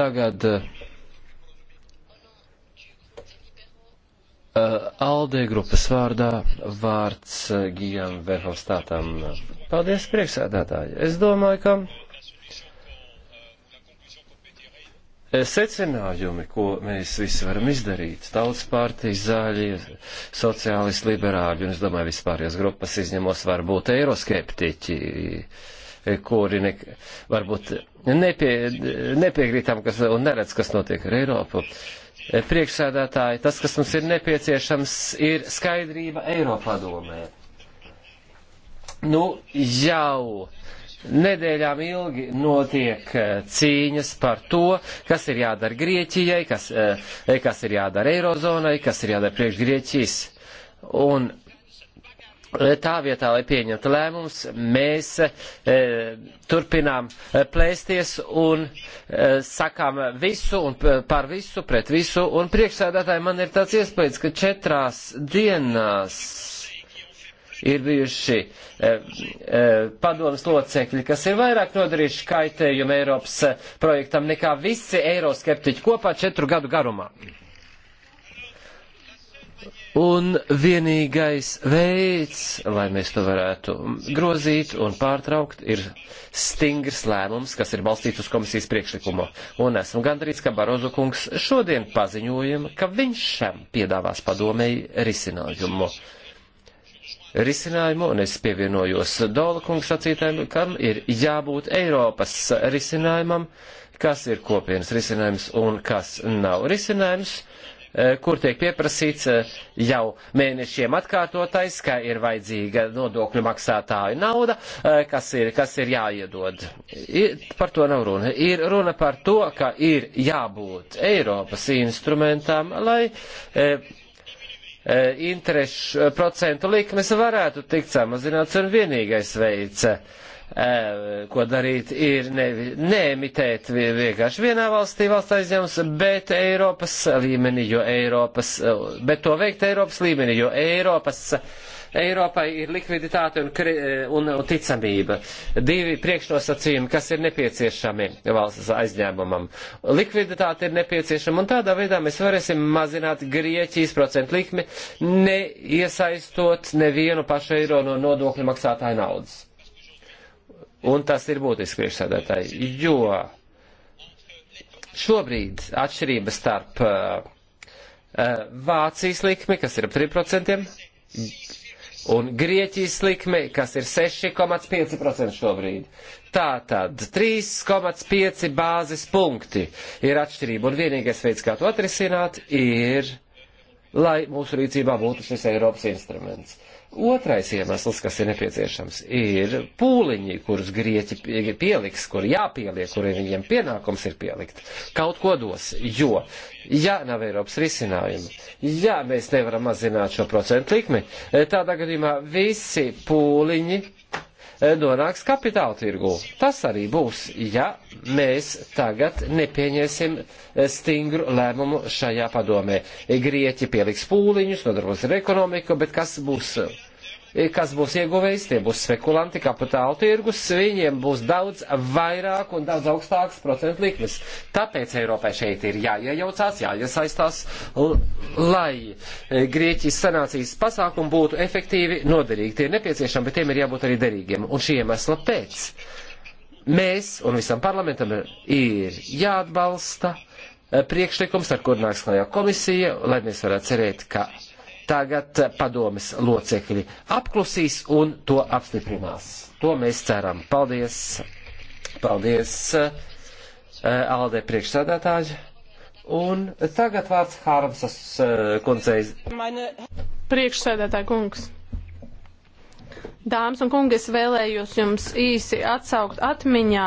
tagad e, Aldē grupas vārdā vārds Gijam Verhofstātam. Paldies, priekšsēdētāji. Es domāju, ka Eh, secinājumi, ko mēs visi varam izdarīt, tautas partijas zāļie, sociālisti, liberāļi, un es domāju, vispārējās grupas izņemos varbūt eiroskeptiķi, eh, kuri ne, varbūt nepie, nepiegrītam kas, un neredz, kas notiek ar Eiropu. Eh, priekšsēdētāji, tas, kas mums ir nepieciešams, ir skaidrība Eiropadomē. Nu, jau Nedēļām ilgi notiek eh, cīņas par to, kas ir jādara Grieķijai, kas, eh, eh, kas ir jādara Eirozonai, kas ir jādara priekš Grieķijas. Un tā vietā, lai pieņemtu lēmumus, mēs e, turpinām plēsties un e, sakām visu un par visu, pret visu. Un priekšsēdētāji man ir tāds iespējas, ka četrās dienās ir bijuši e, e, padomas locekļi, kas ir vairāk nodarījuši kaitējumu Eiropas eh, projektam nekā visi eiroskeptiķi kopā četru gadu garumā. Un vienīgais veids, lai mēs to varētu grozīt un pārtraukt, ir stingrs lēmums, kas ir balstīts uz komisijas priekšlikumu. Un esmu gandrīz, ka Barozu kungs šodien paziņojam, ka viņš šam piedāvās padomēji risinājumu. Uh, risinājumu, un es pievienojos Dola kungs sacītājiem, kam ir jābūt Eiropas risinājumam, kas ir kopienas risinājums un kas nav risinājums e, kur tiek pieprasīts e, jau mēnešiem atkārtotais, ka ir vajadzīga nodokļu maksātāju nauda, e, kas ir, kas ir jāiedod. Ir, par to nav runa. Ir runa par to, ka ir jābūt Eiropas instrumentam, lai Eh, interešu eh, procentu likmes varētu tikt samazināts un vienīgais veids, eh, ko darīt, ir nevi, neemitēt vienkārši vienā valstī valsts aizņems, bet Eiropas līmenī, jo Eiropas, bet to veikt Eiropas līmenī, jo Eiropas uh, Eiropai ir likviditāte un, eh, un, un ticamība. Divi priekšnosacījumi, kas ir nepieciešami valsts aizņēmumam. Likviditāte ir nepieciešama un tādā veidā mēs varēsim mazināt Grieķijas procentu likmi, neiesaistot nevienu pašu eiro no nodokļu maksātāju naudas. Un tas ir būtiski priekšsēdētāji, jo šobrīd atšķirība starp uh, Vācijas likmi, kas ir ap 3%, un Grieķijas likme, kas ir 6,5% šobrīd. Tātad 3,5 bāzes punkti ir atšķirība, un vienīgais veids, kā to atrisināt, ir, lai mūsu rīcībā būtu šis Eiropas instruments. Otrais iemesls, kas ir nepieciešams, ir pūliņi, kurus grieķi pieliks, kur jāpieliek, kur viņiem pienākums ir pielikt. Kaut ko dos, jo, ja nav Eiropas risinājuma, ja mēs nevaram mazināt šo procentu likmi, eh, tādā gadījumā visi pūliņi nonāks kapitāla tirgū. Tas arī būs, ja mēs tagad nepieņēsim eh, stingru lēmumu šajā padomē. Grieķi pieliks pūliņus, nodarbos ar ekonomiku, bet kas būs kas būs ieguvējis, tie būs spekulanti, kapitāla tirgus, viņiem būs daudz vairāk un daudz augstāks procentu likmes. Tāpēc Eiropai šeit ir jāiejaucās, jāiesaistās, lai e, Grieķijas sanācijas pasākumi būtu efektīvi, noderīgi. Tie ir nepieciešami, bet tiem ir jābūt arī derīgiem. Un šī iemesla pēc mēs un visam parlamentam ir jāatbalsta e, priekšlikums, ar kur nāks klajā komisija, lai mēs varētu cerēt, ka tagad padomes locekļi apklusīs un to apstiprinās. To mēs ceram. Paldies! Paldies, eh, Alde priekšsēdētāji! Un tagad vārds Hārmsas eh, kundzei. Priekšsēdētāji kungs. Dāmas un kungi, es vēlējos jums īsi atsaukt atmiņā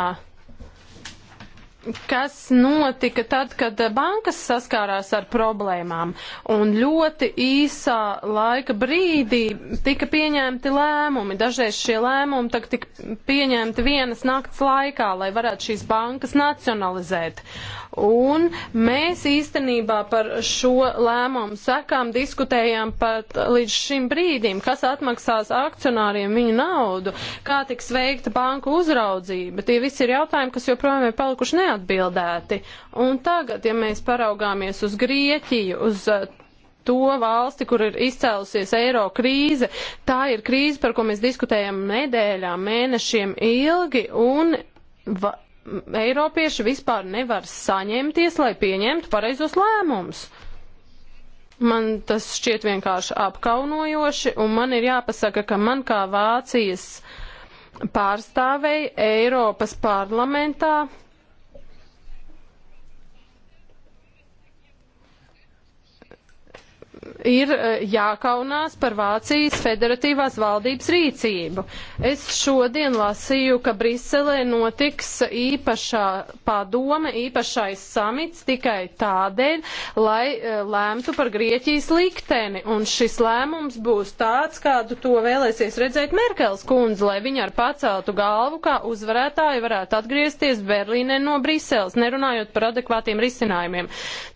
kas notika tad, kad bankas saskārās ar problēmām. Un ļoti īsā laika brīdī tika pieņemti lēmumi. Dažreiz šie lēmumi tika pieņemti vienas nakts laikā, lai varētu šīs bankas nacionalizēt. Un mēs īstenībā par šo lēmumu sekām diskutējām pat līdz šim brīdim, kas atmaksās akcionāriem viņu naudu, kā tiks veikta banku uzraudzība. Tie visi ir jautājumi, kas joprojām ir palikuši neatbildēti. Un tagad, ja mēs paraugāmies uz Grieķiju, uz uh, to valsti, kur ir izcēlusies eiro krīze. Tā ir krīze, par ko mēs diskutējam nedēļām, mēnešiem ilgi, un va, Eiropieši vispār nevar saņemties, lai pieņemtu pareizos lēmumus. Man tas šķiet vienkārši apkaunojoši, un man ir jāpasaka, ka man kā Vācijas pārstāvei Eiropas parlamentā ir eh, jākaunās par Vācijas federatīvās valdības rīcību. Es šodien lasīju, ka Briselē notiks īpašā padome, īpašais samits tikai tādēļ, lai eh, lēmtu par Grieķijas likteni. Un šis lēmums būs tāds, kādu to vēlēsies redzēt Merkels kundze, lai viņa ar paceltu galvu, kā uzvarētāji varētu atgriezties Berlīnē no Briseles, nerunājot par adekvātiem risinājumiem.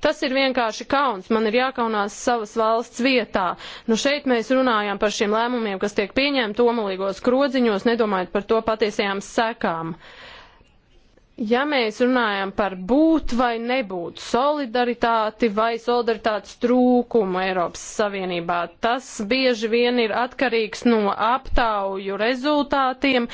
Tas ir vienkārši kauns. Man ir jākaunās savas valsts valsts vietā. Nu, šeit mēs runājam par šiem lēmumiem, kas tiek pieņemti omulīgos krodziņos, nedomājot par to patiesajām sekām. Uh, Ja mēs runājam par būt vai nebūt solidaritāti vai solidaritātes trūkumu Eiropas Savienībā, tas bieži vien ir atkarīgs no aptauju rezultātiem,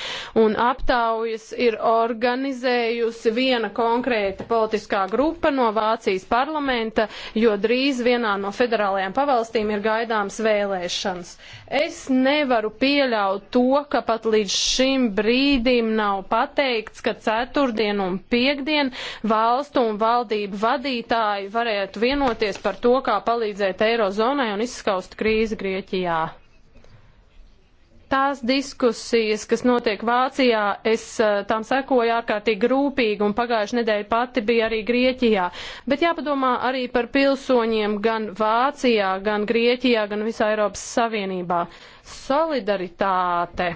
un aptaujas ir organizējusi viena konkrēta politiskā grupa no Vācijas parlamenta, jo drīz vienā no federālajām pavalstīm ir gaidāms vēlēšanas. Es nevaru pieļaut to, ka pat līdz šim brīdim nav pateikts, ka ceturtdien un piekdien valstu un valdību vadītāji varētu vienoties par to, kā palīdzēt Eirozonai un izskaust krīzi Grieķijā. Tās diskusijas, kas notiek Vācijā, es eh, tām sekoju ārkārtīgi rūpīgi un pagājuši nedēļa pati bija arī Grieķijā. Bet jāpadomā arī par pilsoņiem gan Vācijā, gan Grieķijā, gan visā Eiropas Savienībā. Solidaritāte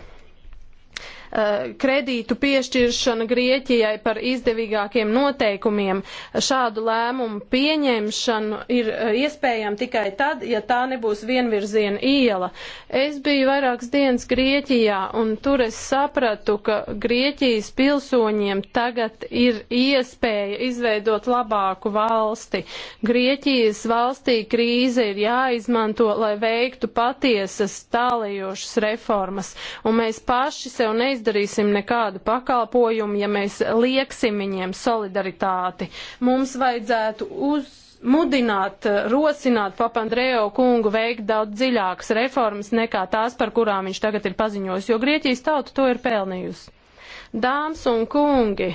Eh, kredītu piešķiršanu Grieķijai par izdevīgākiem noteikumiem. Šādu lēmumu pieņemšanu ir eh, iespējama tikai tad, ja tā nebūs vienvirziena iela. Es biju vairākas dienas Grieķijā, un tur es sapratu, ka Grieķijas pilsoņiem tagad ir iespēja izveidot labāku valsti. Grieķijas valstī krīze ir jāizmanto, lai veiktu patiesas tālējošas reformas, un mēs paši sev neizdarām izdarīsim nekādu pakalpojumu, ja mēs lieksim viņiem solidaritāti. Mums vajadzētu uz mudināt, rosināt Papandreo kungu veikt daudz dziļākas reformas nekā tās, par kurām viņš tagad ir paziņojis, jo Grieķijas tauta to ir pelnījusi. Dāmas un kungi,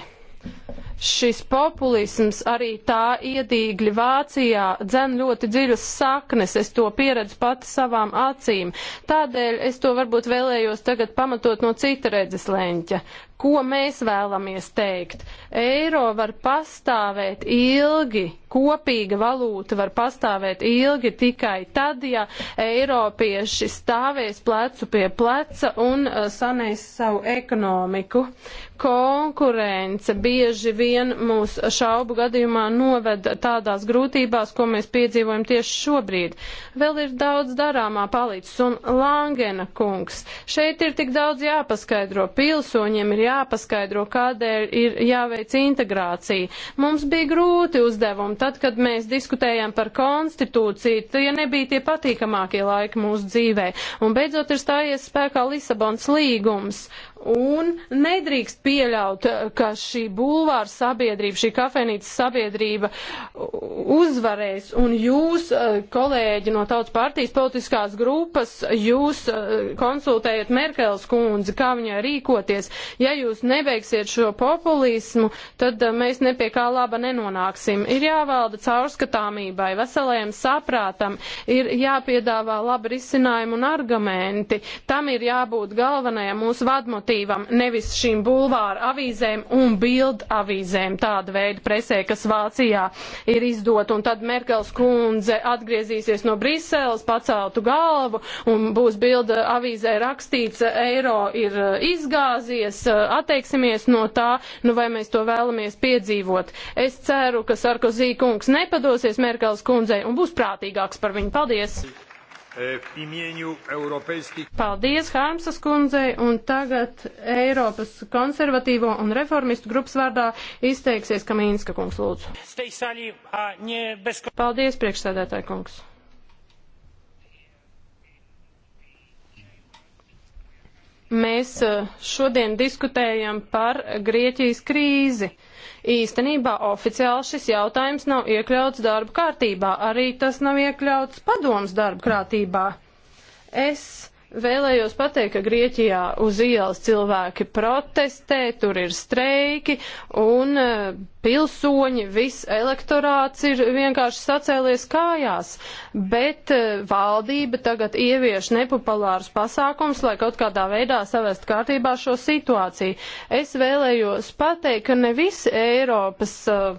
šis populisms arī tā iedīgļi Vācijā dzen ļoti dziļas saknes. Es to pieredzu pati savām acīm. Tādēļ es to varbūt vēlējos tagad pamatot no cita redzes leņķa. Ko mēs vēlamies teikt? Eiro var pastāvēt ilgi, kopīga valūta var pastāvēt ilgi tikai tad, ja eiropieši stāvēs plecu pie pleca un uh, sanēs savu ekonomiku. Konkurence bieži vien vien mūs šaubu gadījumā noved tādās grūtībās, ko mēs piedzīvojam tieši šobrīd. Vēl ir daudz darāmā palīdzes un Langena kungs. Šeit ir tik daudz jāpaskaidro. Pilsoņiem ir jāpaskaidro, kādēļ ir jāveic integrācija. Mums bija grūti uzdevumi. Tad, kad mēs diskutējām par konstitūciju, tie nebija tie patīkamākie laiki mūsu dzīvē. Un beidzot ir stājies spēkā Lisabons līgums. Un nedrīkst pieļaut, ka šī bulvāra sabiedrība, šī kafejnīcas sabiedrība uzvarēs. Un jūs, eh, kolēģi no tautas partijas politiskās grupas, jūs eh, konsultējat Merkels kundzi, kā viņai rīkoties. Ja jūs nebeigsiet šo populismu, tad eh, mēs nepie kā laba nenonāksim. Ir jāvalda caurskatāmībai, veselajam saprātam, ir jāpiedāvā labi risinājumi un argumenti. Tam ir jābūt galvenajam mūsu vadmotīvam motīvam, nevis šīm bulvāra avīzēm un bild avīzēm tāda veida presē, kas Vācijā ir izdota. Un tad Merkels kundze atgriezīsies no Briseles, paceltu galvu un būs bilda avīzē rakstīts, eiro ir eh, izgāzies, eh, atteiksimies no tā, nu vai mēs to vēlamies piedzīvot. Es ceru, ka Sarkozī kungs nepadosies Merkels kundzei un būs prātīgāks par viņu. Paldies! Thank you. E, Paldies Hārmsas kundzei, un tagad Eiropas konservatīvo un reformistu grupas vārdā izteiksies Kamīnska kungs lūdzu. Paldies priekšsēdētāji kungs. Mēs e, šodien diskutējam par Grieķijas krīzi. Īstenībā oficiāli šis jautājums nav iekļauts darba kārtībā, arī tas nav iekļauts padomas darba kārtībā. Es Vēlējos pateikt, ka Grieķijā uz ielas cilvēki protestē, tur ir streiki un e, pilsoņi, viss elektorāts ir vienkārši sacēlies kājās, bet e, valdība tagad ievieš nepopulārus pasākums, lai kaut kādā veidā savest kārtībā šo situāciju. Es vēlējos pateikt, ka ne visi Eiropas uh,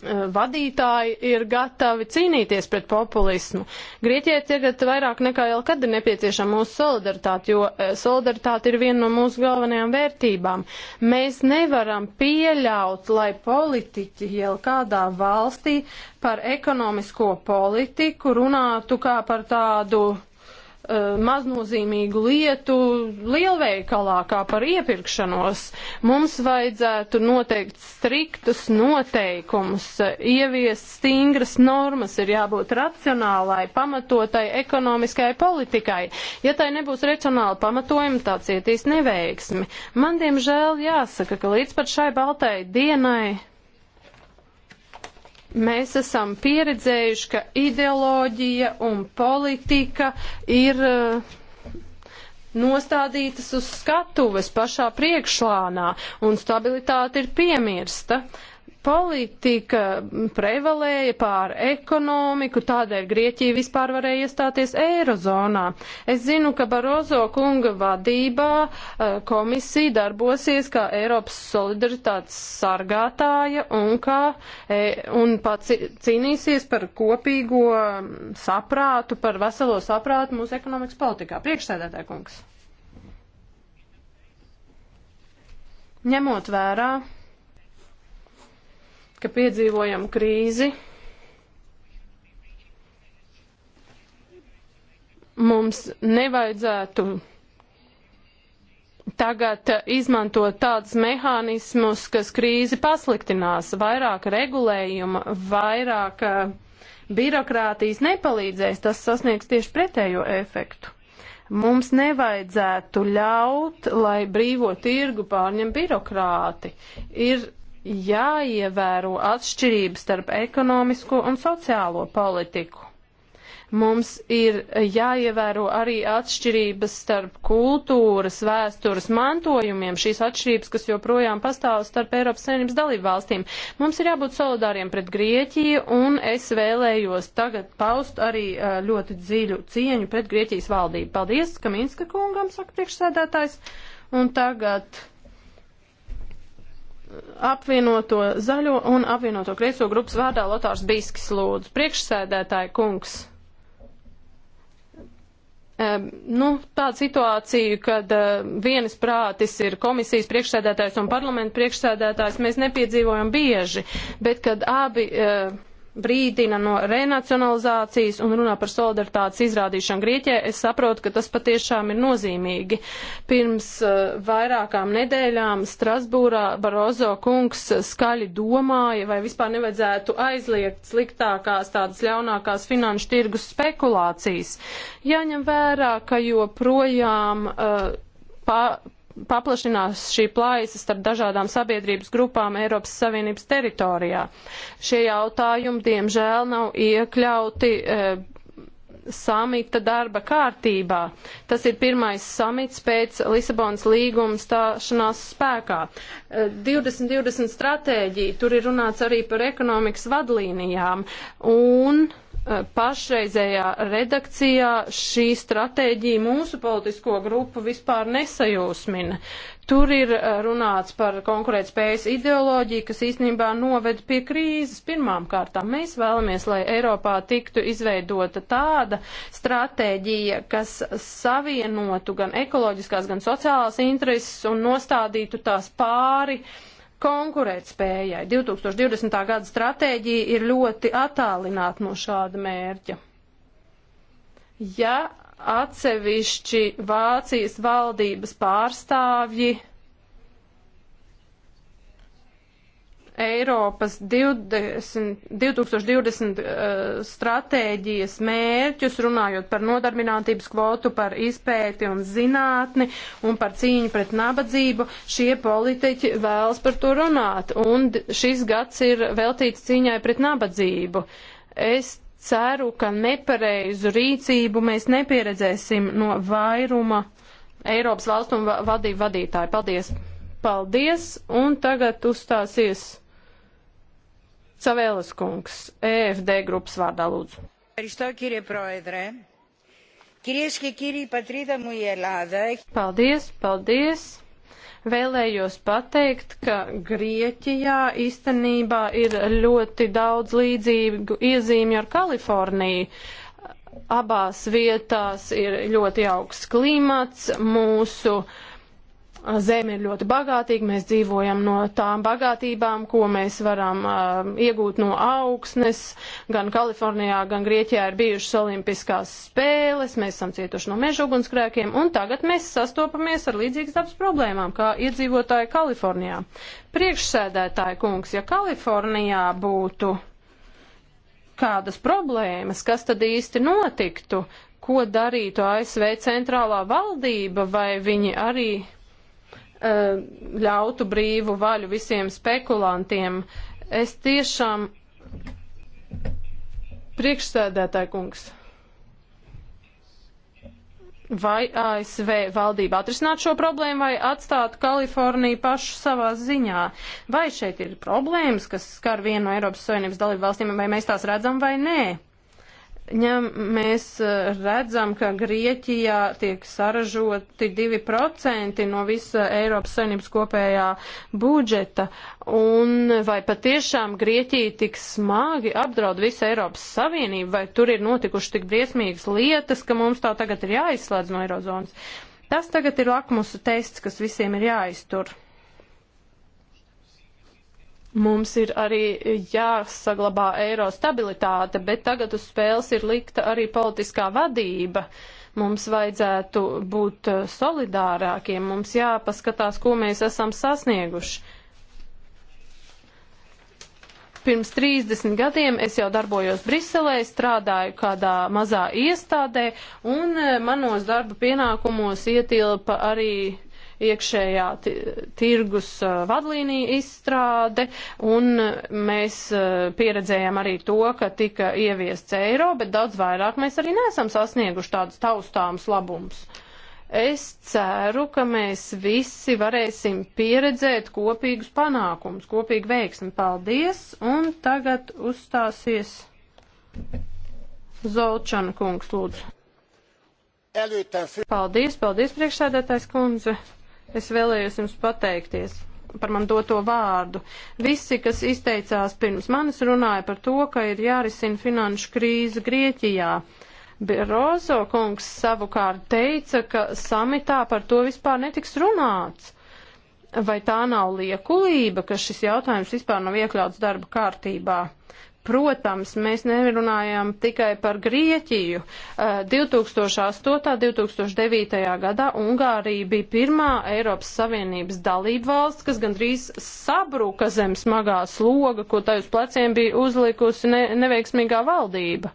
Eh, vadītāji ir gatavi cīnīties pret populismu. Grieķijai tagad vairāk nekā jau kad ir nepieciešama mūsu solidaritāte, jo eh, solidaritāte ir viena no mūsu galvenajām vērtībām. Mēs nevaram pieļaut, lai politiķi jau kādā valstī par ekonomisko politiku runātu kā par tādu Uh, maznozīmīgu lietu lielveikalā, kā par iepirkšanos. Mums vajadzētu noteikt striktus noteikumus, uh, ieviest stingras normas, ir jābūt racionālai, pamatotai ekonomiskai politikai. Ja tai nebūs racionāla pamatojuma, tā cietīs neveiksmi. Man, diemžēl, jāsaka, ka līdz pat šai baltai dienai Mēs esam pieredzējuši, ka ideoloģija un politika ir uh, nostādītas uz skatuves pašā priekšlānā, un stabilitāte ir piemirsta. Uh, politika prevalēja pār ekonomiku, tādēļ Grieķija vispār varēja iestāties Eirozonā. Es zinu, ka Barozo kunga vadībā eh, komisija darbosies kā Eiropas solidaritātes sargātāja un, kā, e, un pats cīnīsies par kopīgo mm, saprātu, par veselo saprātu mūsu ekonomikas politikā. Priekšsēdētāja kungs. Ņemot vērā ka piedzīvojam krīzi. Mums nevajadzētu tagad izmantot tādus mehānismus, kas krīzi pasliktinās, vairāk regulējuma, vairāk eh, birokrātijas nepalīdzēs, tas sasniegs tieši pretējo efektu. Mums nevajadzētu ļaut, lai brīvo tirgu pārņem birokrāti. Ir jāievēro atšķirības starp ekonomisko un sociālo politiku. Mums ir jāievēro arī atšķirības starp kultūras, vēstures mantojumiem, šīs atšķirības, kas joprojām pastāv starp Eiropas Savienības dalību valstīm. Mums ir jābūt solidāriem pret Grieķiju, un es vēlējos tagad paust arī eh, ļoti dziļu cieņu pret Grieķijas valdību. Paldies, Kaminska kungam, saka priekšsēdētājs. Un tagad apvienoto zaļo un apvienoto kreiso grupas vārdā Lotārs Bīskis lūdzu. Priekšsēdētāji kungs. E, nu, tāda situācija, kad e, vienas prātis ir komisijas priekšsēdētājs un parlamenta priekšsēdētājs, mēs nepiedzīvojam bieži, bet kad abi e, brīdina no renacionalizācijas un runā par solidaritātes izrādīšanu Grieķijai, es saprotu, ka tas patiešām ir nozīmīgi. Pirms uh, vairākām nedēļām Strasbūrā Barozo kungs skaļi domāja, vai vispār nevajadzētu aizliegt sliktākās tādas ļaunākās finanšu tirgus spekulācijas. Jāņem vērā, ka joprojām uh, pa, paplašinās šī plaisa starp dažādām sabiedrības grupām Eiropas Savienības teritorijā. Šie jautājumi, diemžēl, nav iekļauti e, samita darba kārtībā. Tas ir pirmais samits pēc Lisabonas līguma stāšanās spēkā. E, 2020 stratēģija, tur ir runāts arī par ekonomikas vadlīnijām. Un Eh, pašreizējā redakcijā šī stratēģija mūsu politisko grupu vispār nesajūsmina. Tur ir eh, runāts par konkurētspējas ideoloģiju, kas īstenībā noved pie krīzes pirmām kārtām. Mēs vēlamies, lai Eiropā tiktu izveidota tāda stratēģija, kas savienotu gan ekoloģiskās, gan sociālās intereses un nostādītu tās pāri uh, konkurētspējai. 2020. gada stratēģija ir ļoti attālināta no šāda mērķa. Ja atsevišķi Vācijas valdības pārstāvji Eiropas 20, 2020 uh, stratēģijas mērķus, runājot par nodarbinātības kvotu, par izpēti un zinātni un par cīņu pret nabadzību, šie politiķi vēlas par to runāt. Un šis gads ir veltīts cīņai pret nabadzību. Es ceru, ka nepareizu rīcību mēs nepieredzēsim no vairuma Eiropas valstu un vadību vadītāju. Paldies! Paldies! Un tagad uzstāsies. Cavēlas kungs, EFD grupas vārdā lūdzu. Paldies, paldies! vēlējos pateikt, ka Grieķijā īstenībā ir ļoti daudz līdzīgu iezīmju ar Kaliforniju. Abās vietās ir ļoti augsts klimats, mūsu uh, Zeme ir ļoti bagātīga, mēs dzīvojam no tām bagātībām, ko mēs varam uh, iegūt no augsnes. Gan Kalifornijā, gan Grieķijā ir bijušas olimpiskās spēles, mēs esam cietuši no meža ugunsgrēkiem, un tagad mēs sastopamies ar līdzīgas dabas problēmām, kā iedzīvotāji Kalifornijā. Priekšsēdētāji kungs, ja Kalifornijā būtu kādas problēmas, kas tad īsti notiktu, ko darītu ASV centrālā valdība, vai viņi arī Eh, ļautu brīvu vaļu visiem spekulantiem. Es tiešām priekšsēdētāju kungs. Vai ASV valdība atrisināt šo problēmu vai atstātu Kaliforniju pašu savā ziņā? Vai šeit ir problēmas, kas skar vienu no Eiropas Savienības dalību valstīm, vai mēs tās redzam vai nē? ņem, mēs eh, redzam, ka Grieķijā tiek saražoti 2% no visa Eiropas saimnības kopējā budžeta. Un vai patiešām Grieķija tik smagi apdraud visu Eiropas Savienību, vai tur ir notikuši tik briesmīgas lietas, ka mums tā tagad ir jāizslēdz no Eirozonas? Tas tagad ir lakmusa tests, kas visiem ir jāiztur. Mums ir arī jāsaglabā eiro stabilitāte, bet tagad uz spēles ir likta arī politiskā vadība. Mums vajadzētu būt eh, solidārākiem, mums jāpaskatās, ko mēs esam sasnieguši. Pirms 30 gadiem es jau darbojos Briselē, strādāju kādā mazā iestādē, un eh, manos darba pienākumos ietilpa arī iekšējā tirgus uh, vadlīnija izstrāde, un mēs uh, pieredzējām arī to, ka tika ieviests eiro, bet daudz vairāk mēs arī nesam sasnieguši tādus taustāms labums. Es ceru, ka mēs visi varēsim pieredzēt kopīgus panākumus, kopīgu veiksmi. Paldies! Un tagad uzstāsies Zolčana kungs, lūdzu. Paldies, paldies, priekšsēdētājs kundze. Es vēlējos jums pateikties par man doto vārdu. Visi, kas izteicās pirms manis, runāja par to, ka ir jārisina finanšu krīze Grieķijā. Birozo kungs savukārt teica, ka samitā par to vispār netiks runāts. Vai tā nav liekulība, ka šis jautājums vispār nav iekļauts darba kārtībā? Protams, mēs nerunājam tikai par Grieķiju. 2008.-2009. Eh, gadā Ungārija bija pirmā Eiropas Savienības dalība valsts, kas gandrīz sabruka zem smagā sloga, ko tai uz pleciem bija uzlikusi ne, neveiksmīgā valdība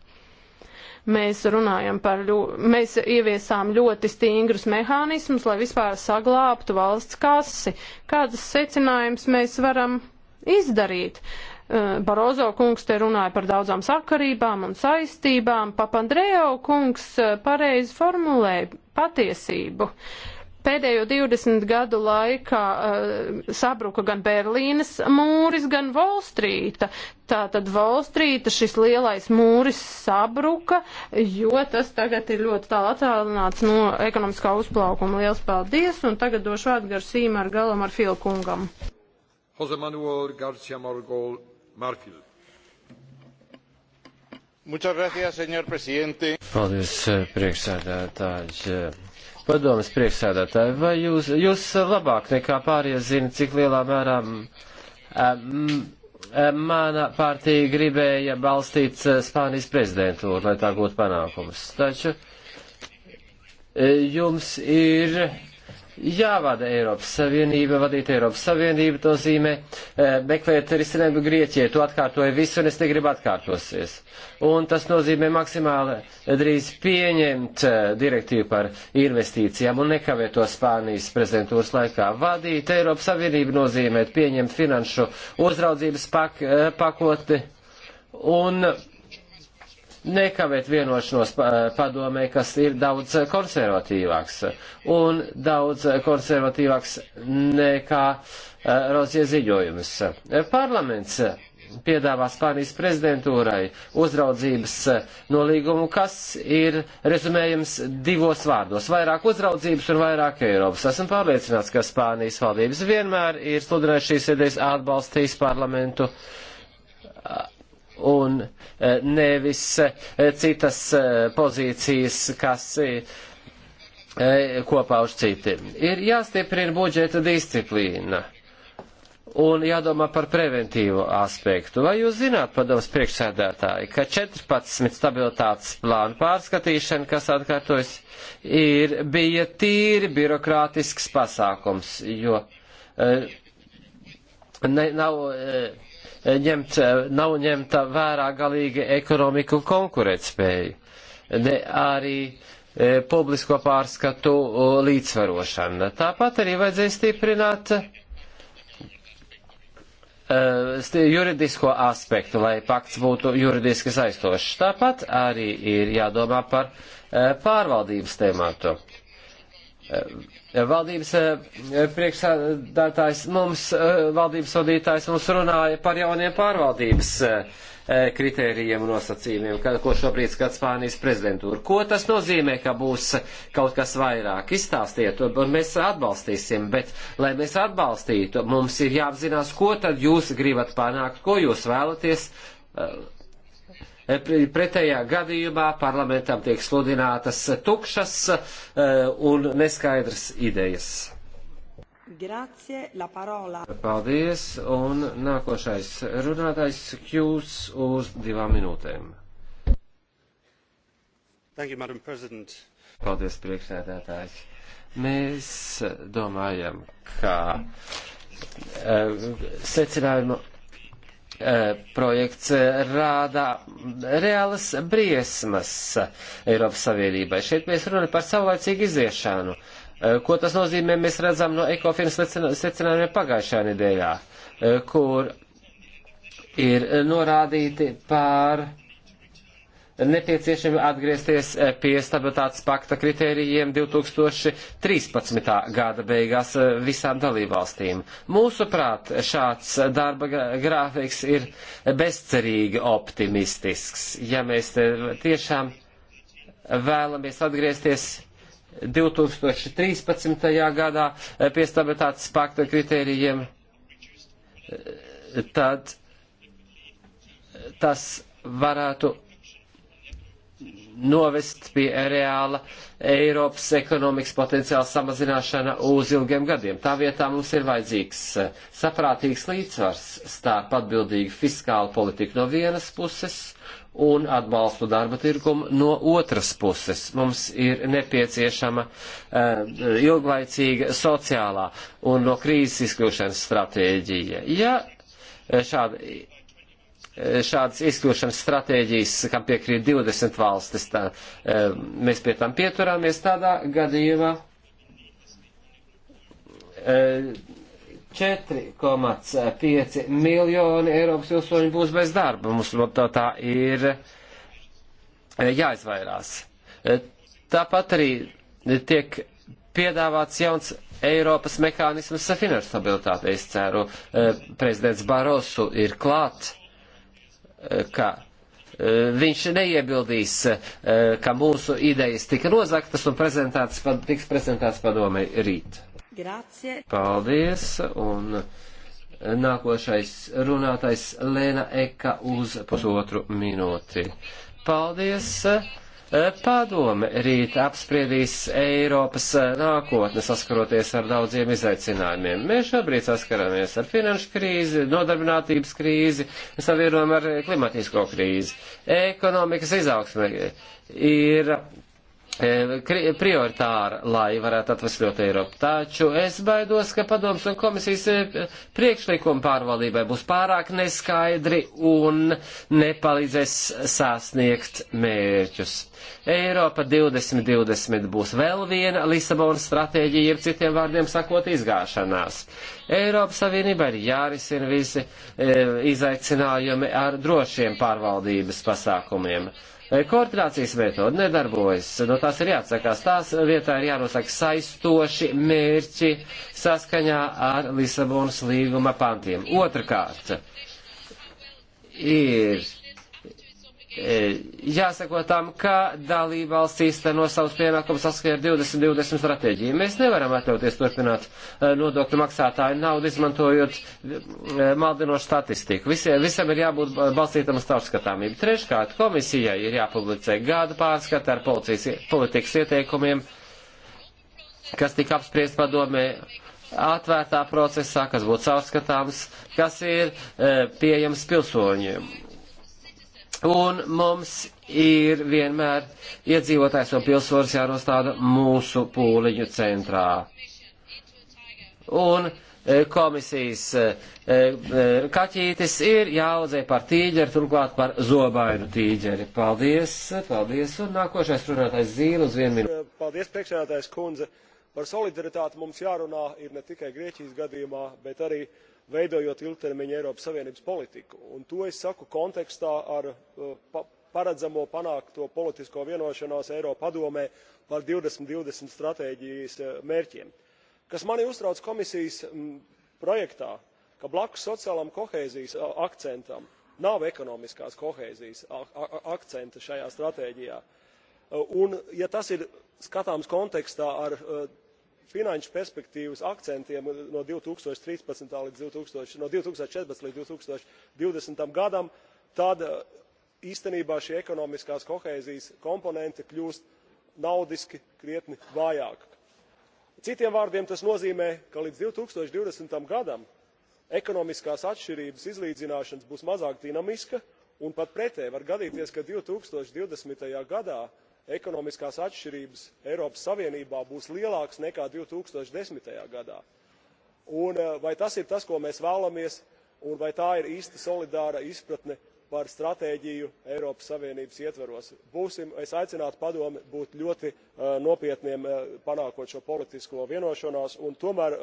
mēs runājam par, ļo, mēs ieviesām ļoti stingrus mehānismus, lai vispār saglābtu valsts kasi. Kādas secinājums mēs varam izdarīt? Uh, Eh, Barozo kungs te runāja par daudzām sakarībām un saistībām, Papandreo kungs eh, pareizi formulēja patiesību. Pēdējo 20 gadu laikā uh, sabruka gan Berlīnes mūris, gan Volstrīta. Tātad Volstrīta šis lielais mūris sabruka, jo tas tagad ir ļoti tālu attālināts no ekonomiskā uzplaukuma. Liels paldies, un tagad došu atgaru sīmā ar galam ar Filkungam. Jose Manuel Garcia Margol Marfield. Gracias, señor presidente. Paldies, eh, priekšsēdētāji. Eh, padomas priekšsēdētāji, vai jūs, jūs labāk nekā pārējie zina, cik lielā mērā um, mana partija gribēja balstīt Spānijas prezidentūru, lai tā gūtu panākumus. Taču jums ir jāvada Eiropas Savienība, vadīt Eiropas Savienību, to zīmē eh, meklēt risinājumu Grieķijai. To atkārtoja visu, un es negribu atkārtosies. Un tas nozīmē maksimāli drīz pieņemt eh, direktīvu par investīcijām un nekavēt to Spānijas prezidentūras laikā. Vadīt Eiropas Savienību nozīmē pieņemt finanšu uzraudzības pak eh, pakoti un nekavēt vienošanos padomē, kas ir daudz konservatīvāks un daudz konservatīvāks nekā eh, Rozie ziņojums. Parlaments piedāvā Spānijas prezidentūrai uzraudzības eh, nolīgumu, kas ir rezumējams divos vārdos - vairāk uzraudzības un vairāk Eiropas. Esmu pārliecināts, ka Spānijas valdības vienmēr ir sludinājušas šīs idejas atbalstījis parlamentu un e, nevis e, citas e, pozīcijas, kas kopā uz citiem. Ir jāstiprina budžeta disciplīna un jādomā par preventīvu aspektu. Vai jūs zināt, padoms priekšsēdētāji, ka 14 stabilitātes plānu pārskatīšana, kas atkārtojas, ir, bija tīri birokrātisks pasākums, jo ne, nav ņemt, nav ņemta vērā galīgi ekonomiku un konkurētspēju, ne arī e, publisko pārskatu e, līdzsvarošana. Tāpat arī vajadzēja stiprināt e, juridisko aspektu, lai pakts būtu juridiski saistošs. Tāpat arī ir jādomā par e, pārvaldības tēmātu. Eh, eh, valdības eh, priekšsādātājs mums, valdības vadītājs mums runāja par jauniem pārvaldības kritērijiem un nosacījumiem, ko šobrīd skat Spānijas prezidentūra. Ko tas nozīmē, ka būs kaut kas vairāk? Izstāstiet, un mēs atbalstīsim, bet, lai mēs atbalstītu, mums ir jāapzinās, ko tad jūs gribat panākt, ko jūs vēlaties Pretējā gadījumā parlamentam tiek sludinātas tukšas eh, un neskaidras idejas. Grazie, la parola. Paldies, un nākošais runātājs Kjūs uz divām minūtēm. Thank you, Madam President. Paldies, priekšsēdētājs. Mēs domājam, ka eh, secinājumu Eh, projekts rāda reālas briesmas Eiropas Savienībai. Šeit mēs runājam par savlaicīgu iziešanu. Eh, ko tas nozīmē, mēs redzam no ekofinas secinājumiem pagājušajā nedēļā, eh, kur ir norādīti pār nepieciešami atgriezties eh, pie stabilitātes pakta kritērijiem 2013. gada beigās eh, visām dalībvalstīm. Mūsuprāt, šāds darba grāfiks ir bezcerīgi optimistisks, ja mēs eh, tiešām vēlamies atgriezties 2013. gadā pie stabilitātes pakta kritērijiem, tad tas varētu novest pie reāla Eiropas ekonomikas potenciāla samazināšana uz ilgiem gadiem. Tā vietā mums ir vajadzīgs eh, saprātīgs līdzsvars starp atbildīgu fiskālu politiku no vienas puses un atbalstu darba tirkumu no otras puses. Mums ir nepieciešama uh, ilglaicīga sociālā un no krīzes izkļūšanas stratēģija. Ja eh, šāda šādas izkļūšanas stratēģijas, kam piekrīt 20 valstis, tā, e, mēs pie tam pieturāmies tādā gadījumā. 4,5 e, miljoni Eiropas pilsoņu būs bez darba. Mums no tā, tā ir e, jāizvairās. Tāpat arī tiek piedāvāts jauns Eiropas mehānisms finanšu stabilitātei. Es ceru, prezidents Barosu ir klāts ka e, viņš neiebildīs, e, ka mūsu idejas tika nozaktas un prezentētas, tiks prezentētas padomē rīt. Grācie. Paldies, un nākošais runātais Lēna Eka uz pusotru minūti. Paldies. Padome rīt apspriedīs Eiropas eh, nākotni saskaroties ar daudziem izaicinājumiem. Mēs šobrīd saskaramies ar finanšu krīzi, nodarbinātības krīzi, savienojam ar klimatisko krīzi. Ekonomikas izaugsme ir E, prioritāra, lai varētu atvesļot Eiropu. Taču es baidos, ka padoms un komisijas e, priekšlikuma pārvaldībai būs pārāk neskaidri un nepalīdzēs sasniegt mērķus. Eiropa 2020 būs vēl viena Lisabonas stratēģija, jeb citiem vārdiem sakot, izgāšanās. Eiropas Savienībai ir jārisina visi e, izaicinājumi ar drošiem pārvaldības pasākumiem E, koordinācijas metode nedarbojas, no tās ir jāatsakās. Tās vietā ir jānosaka saistoši mērķi saskaņā ar Lisabonas līguma pantiem. Otrakārt, ir E, jāsako tam, ka dalība valsts īsteno savus pienākumus saskaņā ar 2020 stratēģiju. Mēs nevaram atļauties turpināt e, nodokļu maksātāju naudu, izmantojot e, maldinošu statistiku. Visiem, visam ir jābūt balstītam uz tautskatāmību. Treškārt, komisijai ir jāpublicē gada pārskata ar policijas, politikas ieteikumiem, kas tika apspriest padomē atvērtā procesā, kas būtu caurskatāms, kas ir pieejams pilsoņiem Un mums ir vienmēr iedzīvotājs un pilsonis jānostāda mūsu pūliņu centrā. Un e, komisijas e, e, kaķītis ir jāaudzē par tīģeri, turklāt par zobainu tīģeri. Paldies, paldies, un nākošais runātājs Zīle uz vienu minūti. Paldies, priekšsēdētājs kundze. Par solidaritāti mums jārunā ir ne tikai Grieķijas gadījumā, bet arī uh, veidojot ilgtermiņa Eiropas Savienības politiku. Un to es saku kontekstā ar uh, pa, paredzamo panākto politisko vienošanos Eiropadomē par 2020 stratēģijas uh, mērķiem. Kas mani uztrauc komisijas mm, projektā, ka blakus sociālam kohēzijas uh, akcentam nav ekonomiskās kohēzijas akcenta šajā stratēģijā. Un, ja tas ir skatāms kontekstā ar finanšu perspektīvas akcentiem no two thousand and thirteen līdz no two thousand and fourteen līdz two thousand and twenty gadam tad e, īstenībā šī ekonomiskās kohēzijas komponente kļūst naudiski krietni vājāka. citiem vārdiem tas nozīmē ka līdz two thousand and twenty gadam ekonomiskās atšķirības izlīdzināšanas būs mazāk dinamiska un pat pretēji var gadīties ka two thousand and twenty gadā ekonomiskās atšķirības Eiropas Savienībā būs lielākas nekā 2010. gadā. Un eh, vai tas ir tas, ko mēs vēlamies, un vai tā ir īsta solidāra izpratne par stratēģiju Eiropas Savienības ietveros. Būsim, es aicinātu padomi būt ļoti uh, nopietniem uh, panākot šo politisko vienošanos un tomēr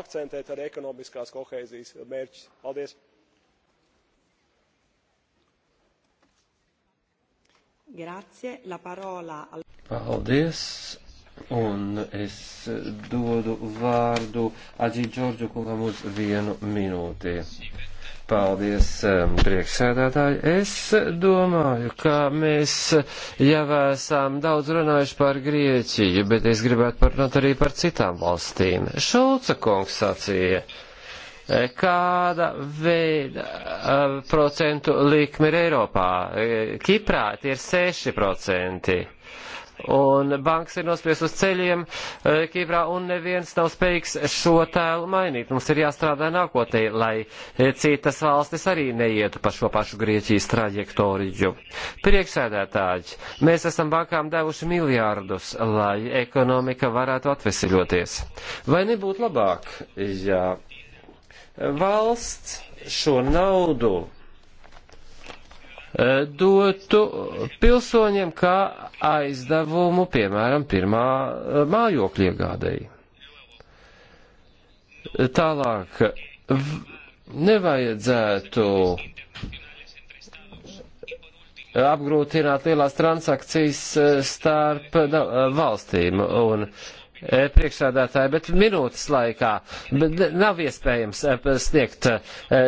akcentēt arī ekonomiskās kohēzijas mērķus. Paldies! Grazie, la parola. Paldies, un es dodu vārdu Aģī Džordžu kungam uz vienu minūti. Paldies, um, priekšsēdētāji. Es domāju, ka mēs jau esam daudz runājuši par Grieķiju, bet es gribētu parunāt arī par citām valstīm. Šulca kungs sacīja kāda veida procentu likme ir Eiropā. Kiprā tie ir 6%. Un banks ir nospies uz ceļiem Kiprā, un neviens nav spējīgs šo tēlu mainīt. Mums ir jāstrādā nākotnē, lai citas valstis arī neietu pa šo pašu Grieķijas trajektoriju. Priekšsēdētāji, mēs esam bankām devuši miljārdus, lai ekonomika varētu atveseļoties. Vai nebūtu labāk, ja valsts šo naudu eh, dotu pilsoņiem kā aizdevumu, piemēram, pirmā eh, mājokļa iegādēji. Tālāk nevajadzētu apgrūtināt lielās transakcijas eh, starp valstīm. Un E, priekšsēdētāji, bet minūtes laikā nav iespējams e, sniegt, e,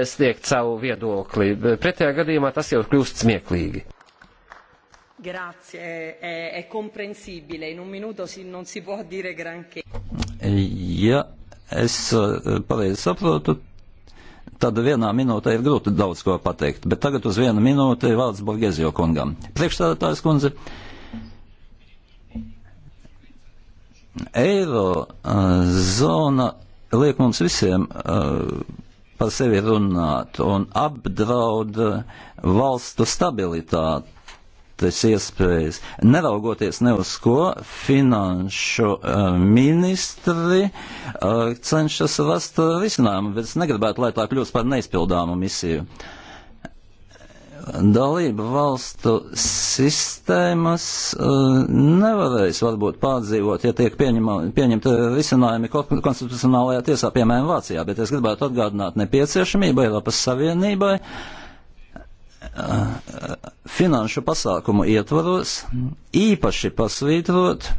sniegt savu viedokli. Pretējā gadījumā tas jau kļūst smieklīgi. Grazie, è, è comprensibile, in un minuto si, non si può dire granché. Ja es pareizi saprotu, tad vienā minūtē ir grūti daudz ko pateikt, bet tagad uz vienu minūti vārds Borgezio kungam. Priekšstādātājs kundze. Uh, Eiro eh, zona liek mums visiem eh, par sevi runāt un apdraud eh, valstu stabilitāti citas iespējas. Neraugoties ne uz ko, finanšu uh, ministri uh, cenšas rast risinājumu, bet es negribētu, lai tā kļūst par neizpildāmu misiju. Uh, dalību valstu sistēmas e, nevarēs varbūt pārdzīvot, ja tiek pieņemti risinājumi konstitucionālajā tiesā, piemēram, Vācijā, bet es gribētu atgādināt nepieciešamību Eiropas Savienībai e, finanšu pasākumu ietvaros īpaši pasvītrot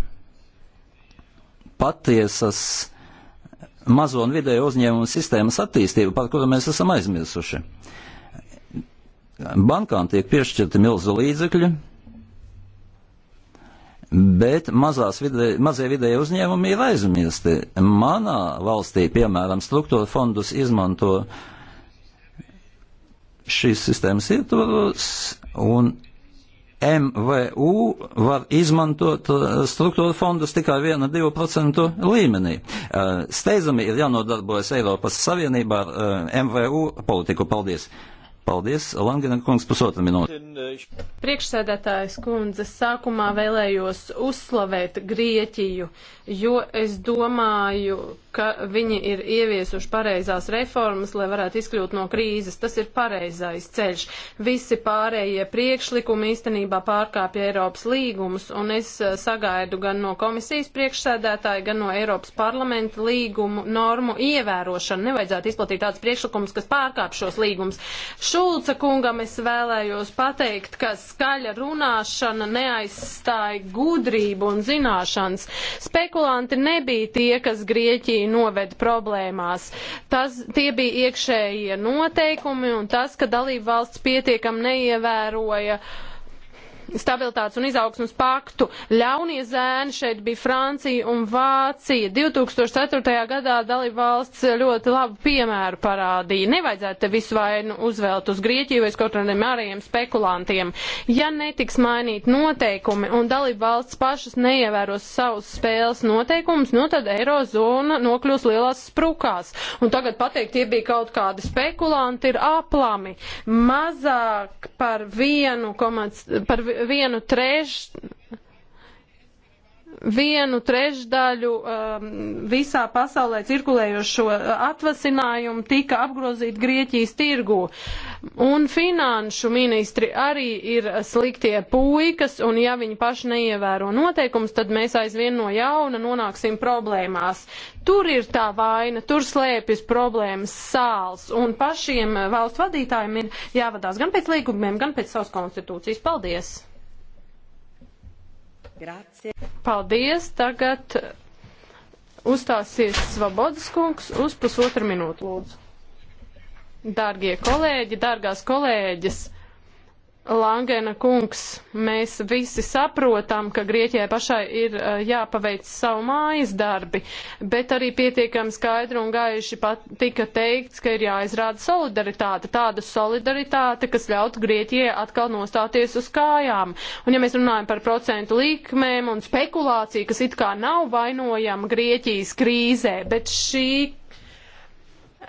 patiesas mazo un vidēju uzņēmumu sistēmas attīstību, par kuru mēs esam aizmirsuši. Bankām tiek piešķirti milzu līdzekļi, bet vidē, mazie vidēji uzņēmumi ir aizmirsti. Manā valstī, piemēram, struktūra fondus izmanto šīs sistēmas ietvaros, un MVU var izmantot uh, struktūra fondus tikai 1-2% līmenī. Uh, steidzami ir jānodarbojas Eiropas Savienībā ar uh, MVU politiku. Paldies! Paldies, Langina kungs, pusotra minūte. Priekšsēdētājs kundze, sākumā vēlējos uzslavēt Grieķiju, jo es domāju, ka viņi ir ieviesuši pareizās reformas, lai varētu izkļūt no krīzes. Tas ir pareizais ceļš. Visi pārējie priekšlikumi īstenībā pārkāpja Eiropas līgumus, un es eh, sagaidu gan no komisijas priekšsēdētāja, gan no Eiropas parlamenta līgumu normu ievērošanu. Nevajadzētu izplatīt tādus priekšlikumus, kas pārkāp šos līgumus. Šulca kungam es vēlējos pateikt, ka skaļa runāšana neaizstāja gudrību un zināšanas. Spekulanti nebija tie, kas Grieķiju noved problēmās. Tas, tie bija iekšējie noteikumi un tas, ka dalība valsts pietiekam neievēroja uh, stabilitātes un izaugsmas paktu. Ļaunie zēni šeit bija Francija un Vācija. 2004. gadā dalība valsts ļoti labu piemēru parādīja. Nevajadzētu te visu vainu uzvelt uz Grieķiju vai uz kaut kādiem ārējiem spekulantiem. Ja netiks mainīt noteikumi un dalība valsts pašas neievēros savus spēles noteikumus, nu no tad eirozona nokļūs lielās sprukās. Un tagad pateikt, tie bija kaut kādi spekulanti, ir aplami. Mazāk par vienu, komats, par vienu vienu treš, vienu trešdaļu um, visā pasaulē cirkulējošo atvasinājumu tika apgrozīt Grieķijas tirgū. Un finanšu ministri arī ir sliktie puikas, un ja viņi paši neievēro noteikumus, tad mēs aizvien no jauna nonāksim problēmās. Tur ir tā vaina, tur slēpjas problēmas sāls, un pašiem valstu vadītājiem ir jāvadās gan pēc līgumiem, gan pēc savas konstitūcijas. Paldies! Grazie. Paldies! Tagad uzstāsies Svabodas kungs uz pusotru minūtu lūdzu. Dārgie kolēģi, dārgās kolēģis! Langena kungs, mēs visi saprotam, ka Grieķijai pašai ir jāpaveic savu mājas darbi, bet arī pietiekami skaidri un gaiši pat tika teikts, ka ir jāizrāda solidaritāte, tāda solidaritāte, kas ļautu Grieķijai atkal nostāties uz kājām. Un ja mēs runājam par procentu likmēm un spekulāciju, kas it kā nav vainojama Grieķijas krīzē, bet šī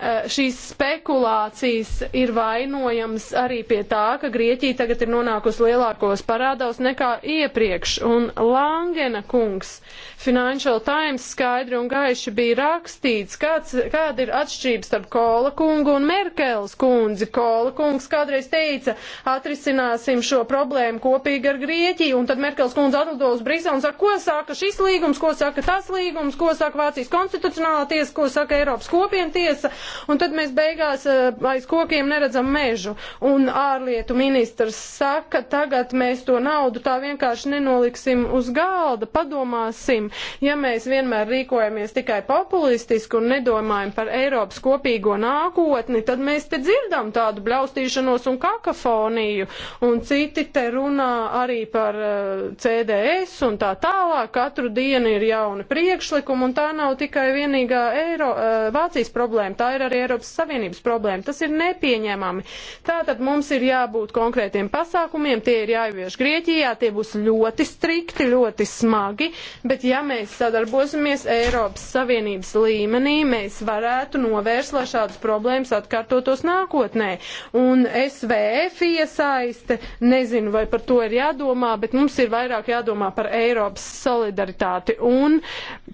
Eh, šīs spekulācijas ir vainojams arī pie tā, ka Grieķija tagad ir nonākusi lielākos parādos nekā iepriekš. Un Langena kungs Financial Times skaidri un gaiši bija rakstīts, kāds, kāda ir atšķirība starp Kola kungu un Merkels kundzi. Kola kungs kādreiz teica, atrisināsim šo problēmu kopīgi ar Grieķiju, un tad Merkels kundze atlido uz Briselu un saka, ko saka šis līgums, ko saka tas līgums, ko saka Vācijas konstitucionālā tiesa, ko saka Eiropas kopientiesa un tad mēs beigās eh, aiz kokiem neredzam mežu. Un ārlietu ministrs saka, tagad mēs to naudu tā vienkārši nenoliksim uz galda, padomāsim, ja mēs vienmēr rīkojamies tikai populistiski un nedomājam par Eiropas kopīgo nākotni, tad mēs te dzirdam tādu blaustīšanos un kakofoniju, un citi te runā arī par eh, CDS un tā tālāk, katru dienu ir jauni priekšlikumi, un tā nav tikai vienīgā Eiro, eh, Vācijas problēma, tā ir arī Eiropas Savienības problēma. Tas ir nepieņemami. Tātad mums ir jābūt konkrētiem pasākumiem, tie ir jāievieš Grieķijā, tie būs ļoti strikti, ļoti smagi, bet ja mēs sadarbosimies Eiropas Savienības līmenī, mēs varētu novērst, lai šādas problēmas atkārtotos nākotnē. Un SVF iesaiste, nezinu, vai par to ir jādomā, bet mums ir vairāk jādomā par Eiropas solidaritāti. Un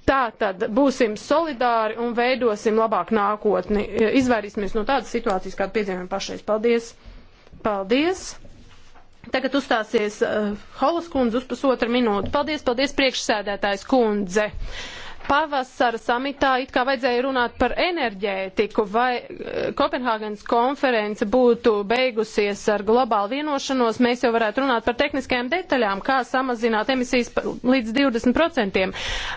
tā tad būsim solidāri un veidosim labāk nākotni nākotni e, izvairīsimies no tādas situācijas, kādu piedzīvojam pašreiz. Paldies! Paldies! Tagad uzstāsies uh, Holas kundze uz pusotru minūtu. Paldies, paldies priekšsēdētājs kundze! Uh, pavasara samitā it kā vajadzēja runāt par enerģētiku, vai eh, Kopenhāgenes konference būtu beigusies ar globālu vienošanos, mēs jau varētu runāt par tehniskajām detaļām, kā samazināt emisijas līdz 20%.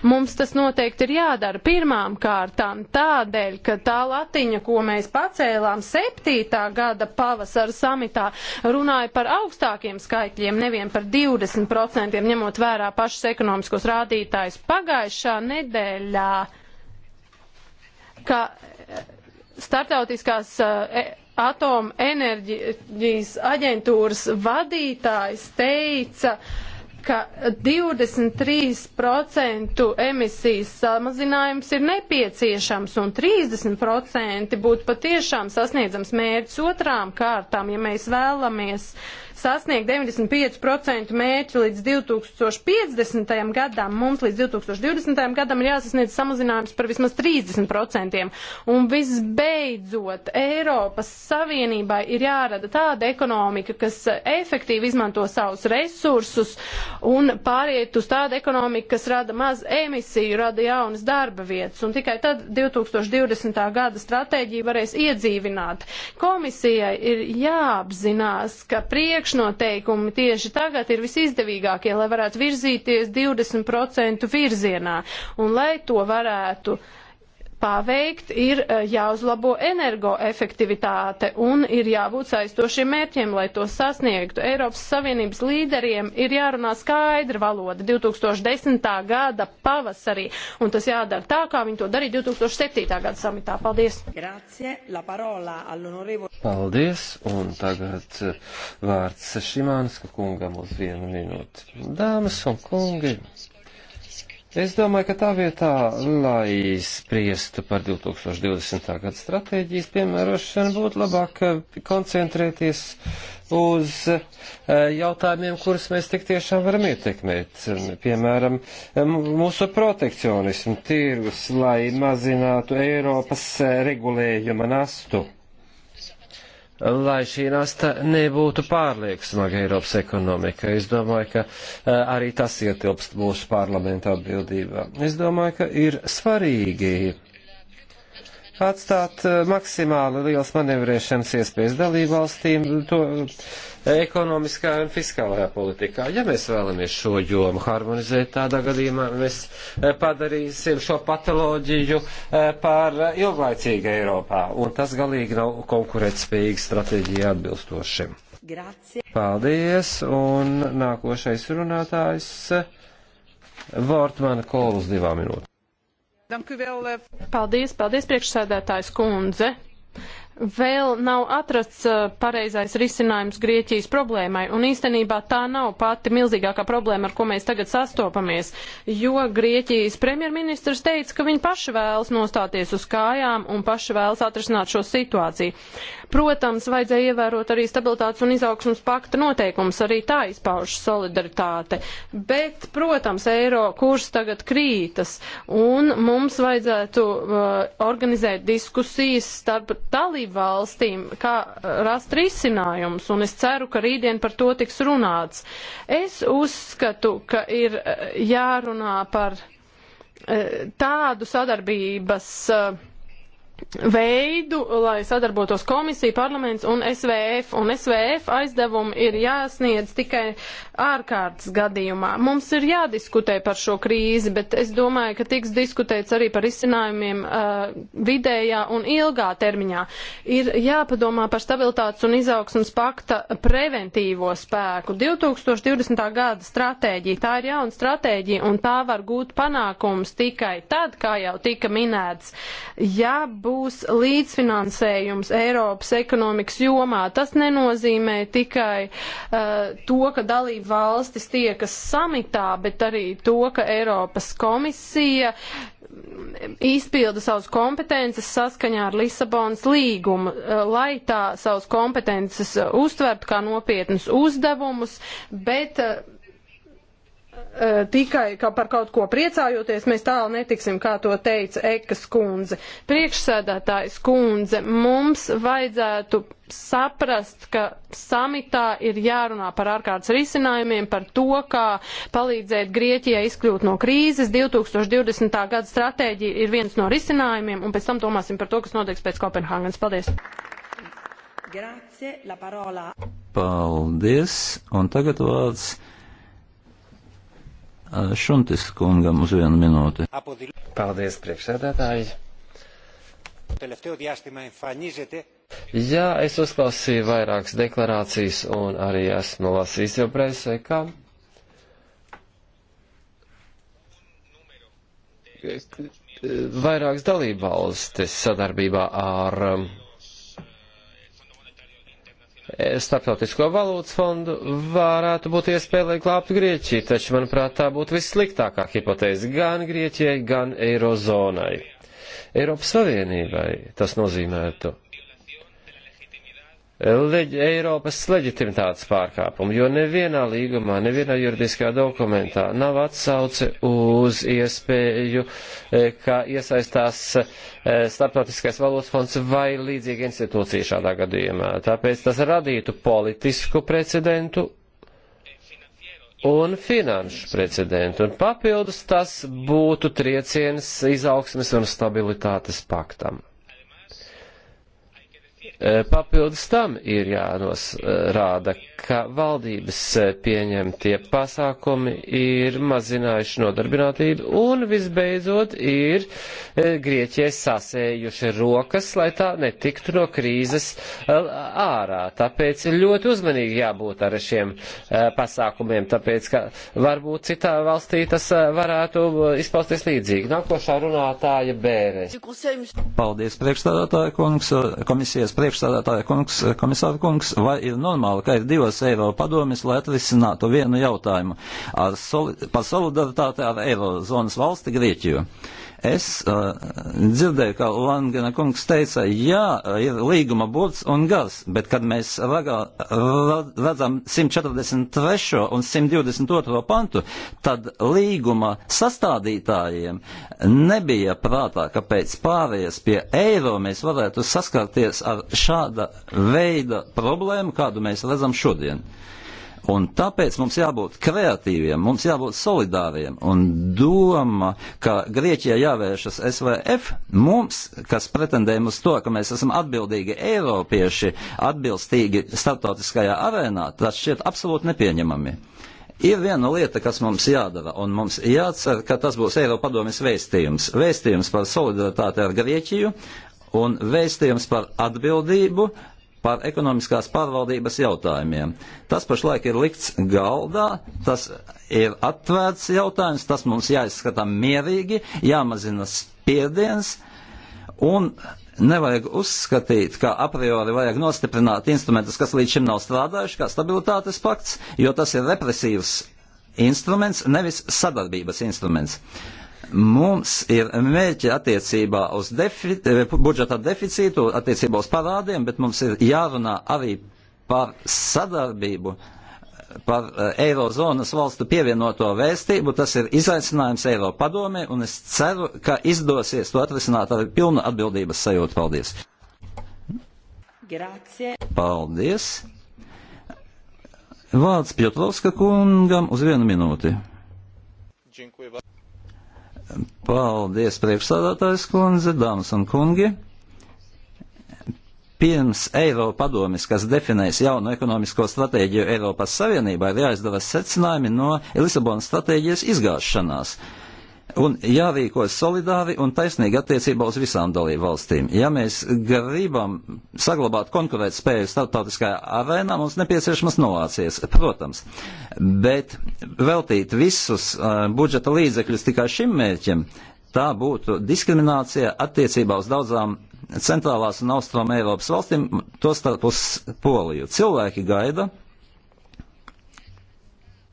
Mums tas noteikti ir jādara pirmām kārtām tādēļ, ka tā latiņa, ko mēs pacēlām 7. gada pavasara samitā, runāja par augstākiem skaitļiem, nevien par 20%, ņemot vērā pašas ekonomiskos rādītājus. Pagājušā nedēļa nedēļā, ka startautiskās e, atomenerģijas aģentūras vadītājs teica, ka 23% emisijas samazinājums ir nepieciešams un 30% būtu patiešām sasniedzams mērķis otrām kārtām, ja mēs vēlamies uh, sasniegt 95% mērķi līdz 2050. gadam. Mums līdz 2020. gadam ir jāsasniedz samazinājums par vismaz 30%. Un visbeidzot, Eiropas Savienībai ir jārada tāda ekonomika, kas efektīvi izmanto savus resursus un pāriet uz tādu ekonomiku, kas rada maz emisiju, rada jaunas darba vietas. Un tikai tad 2020. gada stratēģija varēs iedzīvināt. Komisijai ir jāapzinās, ka priekš priekšnoteikumi tieši tagad ir visizdevīgākie, lai varētu virzīties 20% virzienā un lai to varētu uh, paveikt, ir eh, jāuzlabo energoefektivitāte un ir jābūt saistošiem mērķiem, lai to sasniegtu. Eiropas Savienības līderiem ir jārunā skaidra valoda 2010. gada pavasarī, un tas jādara tā, kā viņi to darīja 2007. gada samitā. Paldies! Grazie, Paldies, un tagad eh, vārds Šimānska kungam uz vienu minūti. Dāmas un kungi! Es domāju, ka tā vietā, lai spriestu par 2020. gada stratēģijas piemērošanu, būtu labāk eh, koncentrēties uz eh, jautājumiem, kurus mēs tik tiešām varam ietekmēt. Piemēram, eh, mūsu protekcionismu tirgus, lai mazinātu Eiropas regulējuma nastu lai šī nasta nebūtu pārlieku smaga Eiropas ekonomika. Es domāju, ka eh, arī tas ietilpst mūsu parlamenta atbildībā. Es domāju, ka ir svarīgi atstāt eh, maksimāli liels manevrēšanas iespējas dalībvalstīm to eh, ekonomiskā un fiskālajā politikā. Ja mēs vēlamies šo jomu harmonizēt, tādā gadījumā mēs eh, padarīsim šo patoloģiju par ilglaicīgu Eiropā, un tas galīgi nav konkurētspējīgi stratēģija atbilstošiem. Grazie. Paldies, un nākošais runātājs Vortmana Kolus divām minūtēm. Eh, paldies, paldies priekšsēdētājs kundze vēl nav atrasts uh, pareizais risinājums Grieķijas problēmai, un īstenībā tā nav pati milzīgākā problēma, ar ko mēs tagad sastopamies, jo Grieķijas premjerministrs teica, ka viņi paši vēlas nostāties uz kājām un paši vēlas atrisināt šo situāciju. Protams, vajadzēja ievērot arī stabilitātes un izaugsmas pakta noteikums, arī tā izpaužas solidaritāte, bet, protams, eiro kurs tagad krītas, un mums vajadzētu uh, organizēt diskusijas starp dalību dalību valstīm, kā eh, rast risinājums, un es ceru, ka rītdien par to tiks runāts. Es uzskatu, ka ir eh, jārunā par eh, tādu sadarbības uh, veidu, lai sadarbotos komisija, parlaments un SVF. Un SVF aizdevumi ir jāsniedz tikai ārkārtas gadījumā. Mums ir jādiskutē par šo krīzi, bet es domāju, ka tiks diskutēts arī par izcinājumiem uh, vidējā un ilgā termiņā. Ir jāpadomā par stabilitātes un izaugsmas pakta preventīvo spēku. 2020. gada stratēģija, tā ir jauna stratēģija un tā var gūt panākums tikai tad, kā jau tika minēts. Ja būs līdzfinansējums Eiropas ekonomikas jomā. Tas nenozīmē tikai uh, to, ka dalību valstis tiekas samitā, bet arī to, ka Eiropas komisija izpilda savas kompetences saskaņā ar Lisabonas līgumu, uh, lai tā savas kompetences uztvertu kā nopietnus uzdevumus, bet uh, E, tikai ka par kaut ko priecājoties, mēs tālu netiksim, kā to teica Ekas kundze. Priekšsēdētājs kundze, mums vajadzētu saprast, ka samitā ir jārunā par ārkārtas risinājumiem, par to, kā palīdzēt Grieķijai izkļūt no krīzes. 2020. gada stratēģija ir viens no risinājumiem, un pēc tam domāsim par to, kas notiks pēc Kopenhāgenes. Paldies! Grazie, Paldies, un tagad vārds. Eh, Šuntis kungam uz vienu minūti. Paldies, priekšsēdētāji. Jā, es uzklausīju vairākas deklarācijas un arī esmu lasījis jau presē, ka vairākas dalībvalstis sadarbībā ar Starptautisko valūtas fondu varētu būt iespēja, lai glābtu Grieķiju, taču, manuprāt, tā būtu vissliktākā hipotēze gan Grieķijai, gan Eirozonai. Eiropas Savienībai tas nozīmētu leģ Eiropas leģitimitātes pārkāpumu, jo nevienā līgumā, nevienā juridiskā dokumentā nav atsauce uz iespēju, e, ka iesaistās e, Startautiskais valodas fonds vai līdzīga institūcija šādā gadījumā. Tāpēc tas radītu politisku precedentu un finanšu precedentu, un papildus tas būtu trieciens izaugsmes un stabilitātes paktam. E, papildus tam ir jānosrāda, ka valdības e, pieņemtie pasākumi ir mazinājuši nodarbinātību un visbeidzot ir e, Grieķijai sasējuši rokas, lai tā netiktu no krīzes ārā. Tāpēc ir ļoti uzmanīgi jābūt ar šiem pasākumiem, tāpēc ka varbūt citā valstī tas varētu izpausties līdzīgi. Nākošā runātāja bērēs. Paldies, priekšstādātāja kungs, komisijas priekšstādātāja priekšstādātāja kungs, eh, komisāra kungs, vai ir normāli, ka ir divas eiro padomis, lai atrisinātu vienu jautājumu soli, par solidaritāti ar eirozonas valsti Grieķiju? Uh, Es uh, dzirdēju, ka Langena kungs teica, jā, ir līguma būts un gars, bet kad mēs ragā, redzam 143. un 122. pantu, tad līguma sastādītājiem nebija prātā, ka pēc pārējas pie eiro mēs varētu saskarties ar šāda veida problēmu, kādu mēs redzam šodien. Uh, Un tāpēc mums jābūt kreatīviem, mums jābūt solidāriem. Un doma, ka Grieķijai jāvēršas SVF, mums, kas pretendējam uz to, ka mēs esam atbildīgi eiropieši, atbilstīgi starptautiskajā arēnā, tas šķiet absolūti nepieņemami. Ir viena lieta, kas mums jādara, un mums jācer, ka tas būs Eiropa padomjas vēstījums. Vēstījums par solidaritāti ar Grieķiju un vēstījums par atbildību par ekonomiskās pārvaldības jautājumiem. Tas pašlaik ir likts galdā, tas ir atvērts jautājums, tas mums jāizskata mierīgi, jāmazina spiediens un nevajag uzskatīt, ka a priori vajag nostiprināt instrumentus, kas līdz šim nav strādājuši, kā stabilitātes pakts, jo tas ir represīvs instruments, nevis sadarbības instruments. Uh, Mums ir mērķi attiecībā uz defi eh, budžeta deficītu, attiecībā uz parādiem, bet mums ir jārunā arī par sadarbību, par eh, Eirozonas valstu pievienoto vēstību. Tas ir izaicinājums Eiropa padomē, un es ceru, ka izdosies to atrisināt ar pilnu atbildības sajūtu. Paldies! Grazie. Paldies! Vārds Piotrovska kungam uz vienu minūti. Dziękuję bardzo. Paldies, priekšsādātājs kundze, dāmas un kungi. Pirms Eiropa padomis, kas definēs jaunu ekonomisko stratēģiju Eiropas Savienībā, ir jāizdara secinājumi no Lisabonas stratēģijas izgāšanās. Uh, un jārīkojas solidāri un taisnīgi attiecībā uz visām dalību valstīm. Ja mēs gribam saglabāt konkurēt spēju starptautiskajā arēnā, mums nepieciešamas novācijas, protams. Bet veltīt visus uh, budžeta līdzekļus tikai šim mērķim, tā būtu diskriminācija attiecībā uz daudzām centrālās un austrum Eiropas valstīm, to starp uz Poliju. Cilvēki gaida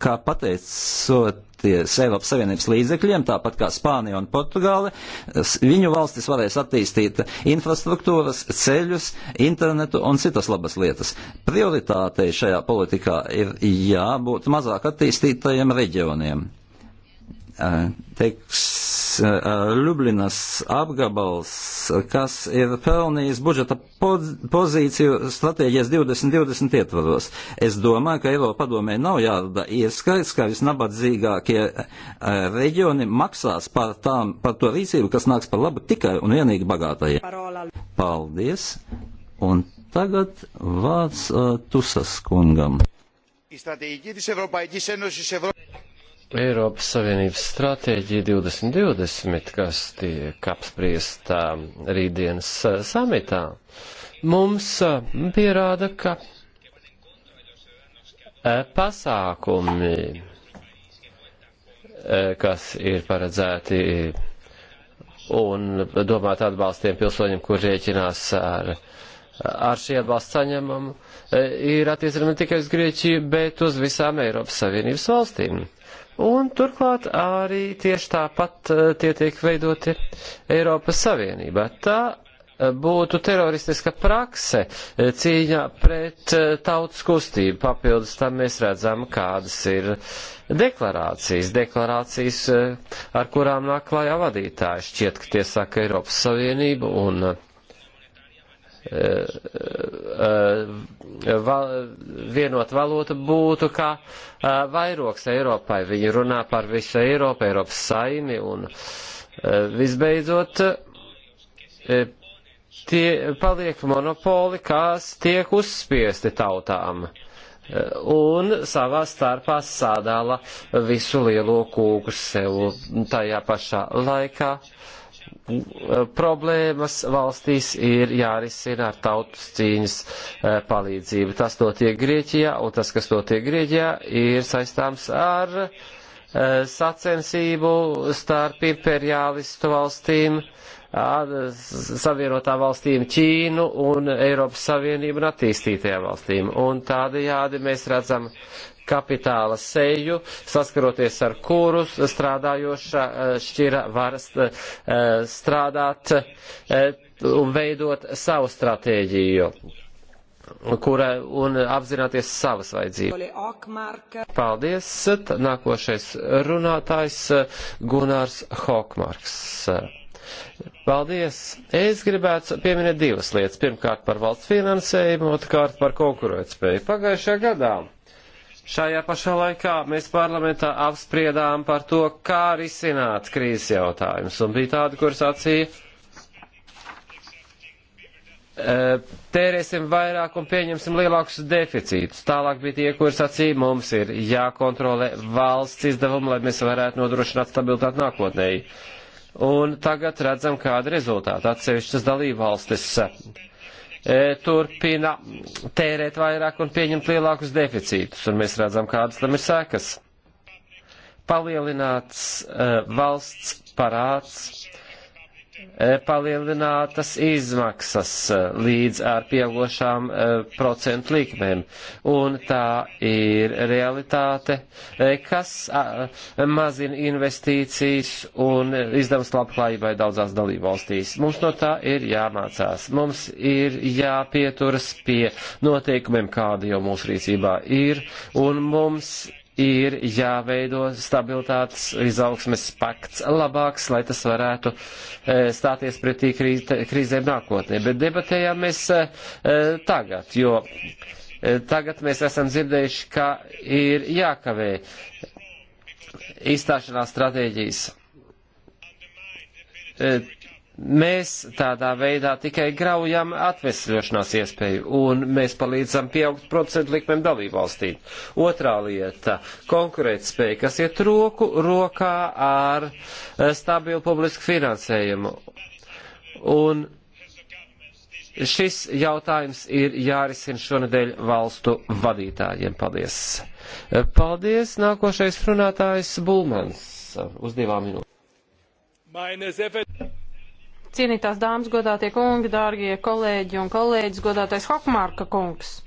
ka pateicoties Eiropas Savienības līdzekļiem, tāpat kā Spānija un Portugāle, viņu valstis varēs attīstīt infrastruktūras, ceļus, internetu un citas labas lietas. Prioritātei šajā politikā ir jābūt mazāk attīstītajiem reģioniem. Teiks, Eh, Ljubljanas apgabals, kas ir pelnījis budžeta pozīciju stratēģijas 2020 ietvaros. Es domāju, ka Eiropa padomē nav jārada ieskaits, ka visnabadzīgākie eh, reģioni maksās par, tām, par to rīcību, kas nāks par labu tikai un vienīgi bagātajiem. Paldies! Un tagad vārds uh, Tusas kungam. Η στρατηγική της Ευρωπαϊκής Ένωσης Ευρώπης Eiropas Savienības stratēģija 2020, kas tiek apspriestā rītdienas samitā, mums pierāda, ka pasākumi, kas ir paredzēti un domāt atbalstiem pilsoņiem, kur rēķinās ar ar šī atbalsta saņemamu ir attiecināma ne tikai uz Grieķiju, bet uz visām Eiropas Savienības valstīm. Un turklāt arī tieši tāpat eh, tie tiek veidoti Eiropas Savienībā. Tā eh, būtu teroristiska prakse eh, cīņā pret tautas kustību. Papildus tam mēs redzam, kādas ir deklarācijas. Deklarācijas, ar kurām nāk klājā vadītāji. Šķiet, ka tie saka Eiropas Savienību un. Uh, Eh, eh, vienot valūtu būtu kā eh, vairoks Eiropai. Viņi runā par visu Eiropu, Eiropas saimi un visbeidzot tie paliek monopoli, kas tiek uzspiesti tautām un savā starpā sādāla visu lielo kūku sev tajā pašā laikā. Uh, problēmas valstīs ir jārisina ar tautas cīņas e, palīdzību. Tas notiek Grieķijā, un tas, kas notiek Grieķijā, ir saistāms ar e, sacensību starp imperiālistu valstīm, savienotā valstīm Ķīnu un Eiropas Savienību un attīstītajām valstīm. Un tādajādi mēs redzam kapitāla seju, saskaroties ar kuru strādājoša eh, šķira var eh, strādāt eh, un veidot savu stratēģiju kura un apzināties savas vajadzības. Paldies. Nākošais runātājs Gunārs Hokmarks. Paldies! Es gribētu pieminēt divas lietas. Pirmkārt par valsts finansējumu, otrkārt par konkurētspēju. Pagājušajā gadā Šajā pašā laikā mēs parlamentā apspriedām par to, kā risināt krīzes jautājumus, un bija tādi, kur sacīja, e, tērēsim vairāk un pieņemsim lielākus deficītus. Tālāk bija tie, kur sacīja, mums ir jākontrolē valsts izdevumi, lai mēs varētu nodrošināt stabilitāti nākotnēji. Un tagad redzam, kāda rezultāta atsevišķas dalībvalstis E, turpina tērēt vairāk un pieņemt lielākus deficītus, un mēs redzam, kādas tam ir sekas. Palielināts e, valsts parāds E, palielinātas izmaksas e, līdz ar pieaugošām e, procentu likmēm. Un tā ir realitāte, kas mazina investīcijas un izdevums labklājībai daudzās dalībvalstīs. Mums no tā ir jāmācās. Mums ir jāpieturas pie noteikumiem, kādi jau mūsu rīcībā ir, un mums ir jāveido stabilitātes izaugsmes pakts labāks, lai tas varētu e, stāties pretī krīzēm nākotnē. Bet debatējām mēs e, e, tagad, jo tagad mēs esam dzirdējuši, ka ir jākavē izstāšanās stratēģijas mēs tādā veidā tikai graujam atvesļošanās iespēju un mēs palīdzam pieaugt procentu likmēm dalībvalstīm. Otrā lieta - konkurētspēja, kas iet roku rokā ar eh, stabilu publisku finansējumu. Un šis jautājums ir jārisina šonadēļ valstu vadītājiem. Paldies! Eh, paldies! Nākošais runātājs Bulmans uz divām minūtēm. Cienītās dāmas, godātie kungi, dārgie kolēģi un kolēģis, godātais Hokmārka kungs.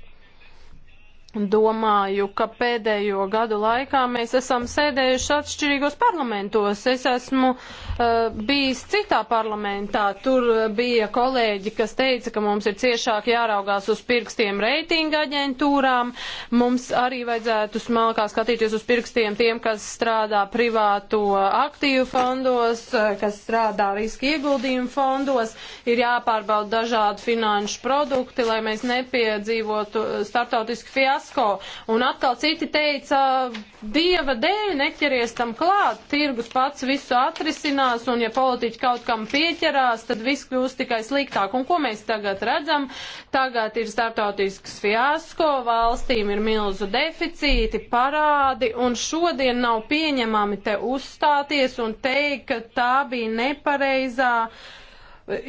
Domāju, ka pēdējo gadu laikā mēs esam sēdējuši atšķirīgos parlamentos. Es esmu uh, bijis citā parlamentā. Tur eh, bija kolēģi, kas teica, ka mums ir ciešāk jāraugās uz pirkstiem reitinga aģentūrām. Mums arī vajadzētu smalkā skatīties uz pirkstiem tiem, kas strādā privātu aktīvu fondos, eh, kas strādā riska ieguldījumu fondos. Ir jāpārbauda dažādi finanšu produkti, lai mēs nepiedzīvotu startautisku fiasku fiasko. Un atkal citi teica, dieva dēļ neķeries tam klāt, tirgus pats visu atrisinās, un ja politiķi kaut kam pieķerās, tad viss kļūst tikai sliktāk. Un ko mēs tagad redzam? Tagad ir startautisks fiasko, valstīm ir milzu deficīti, parādi, un šodien nav pieņemami te uzstāties un teikt, ka tā bija nepareizā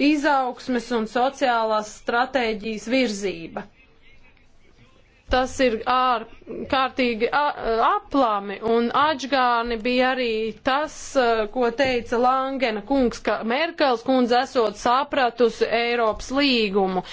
izaugsmes un sociālās stratēģijas virzība tas ir ārkārtīgi aplami. Un atžgāni bija arī tas, ko teica Langena kungs, ka Merkels kundze esot sapratusi Eiropas līgumu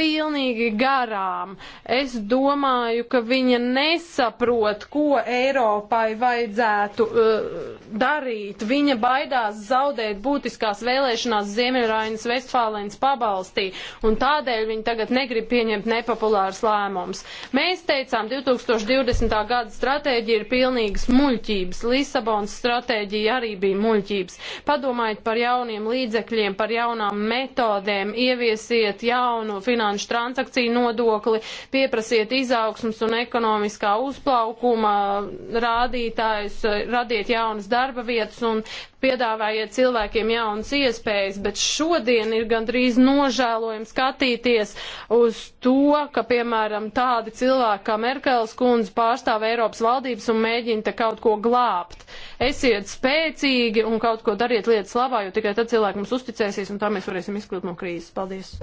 pilnīgi garām. Es domāju, ka viņa nesaprot, ko Eiropai vajadzētu uh, darīt. Viņa baidās zaudēt būtiskās vēlēšanās Ziemeļrainas Vestfālēnas pabalstī, un tādēļ viņa tagad negrib pieņemt nepopulārs lēmums. Mēs teicām, 2020. gada stratēģija ir pilnīgas muļķības. Lisabonas stratēģija arī bija muļķības. Padomājiet par jauniem līdzekļiem, par jaunām metodēm, ieviesiet jaunu finansējumu finanšu transakciju nodokli, pieprasiet izaugsmus un ekonomiskā uzplaukuma rādītājus, radiet jaunas darba vietas un piedāvājiet cilvēkiem jaunas iespējas, bet šodien ir gandrīz nožēlojami skatīties uz to, ka, piemēram, tādi cilvēki kā Merkels kundze pārstāv Eiropas valdības un mēģina te kaut ko glābt. Esiet spēcīgi un kaut ko dariet lietas labā, jo tikai tad cilvēki mums uzticēsies un tā mēs varēsim izkļūt no krīzes. Paldies!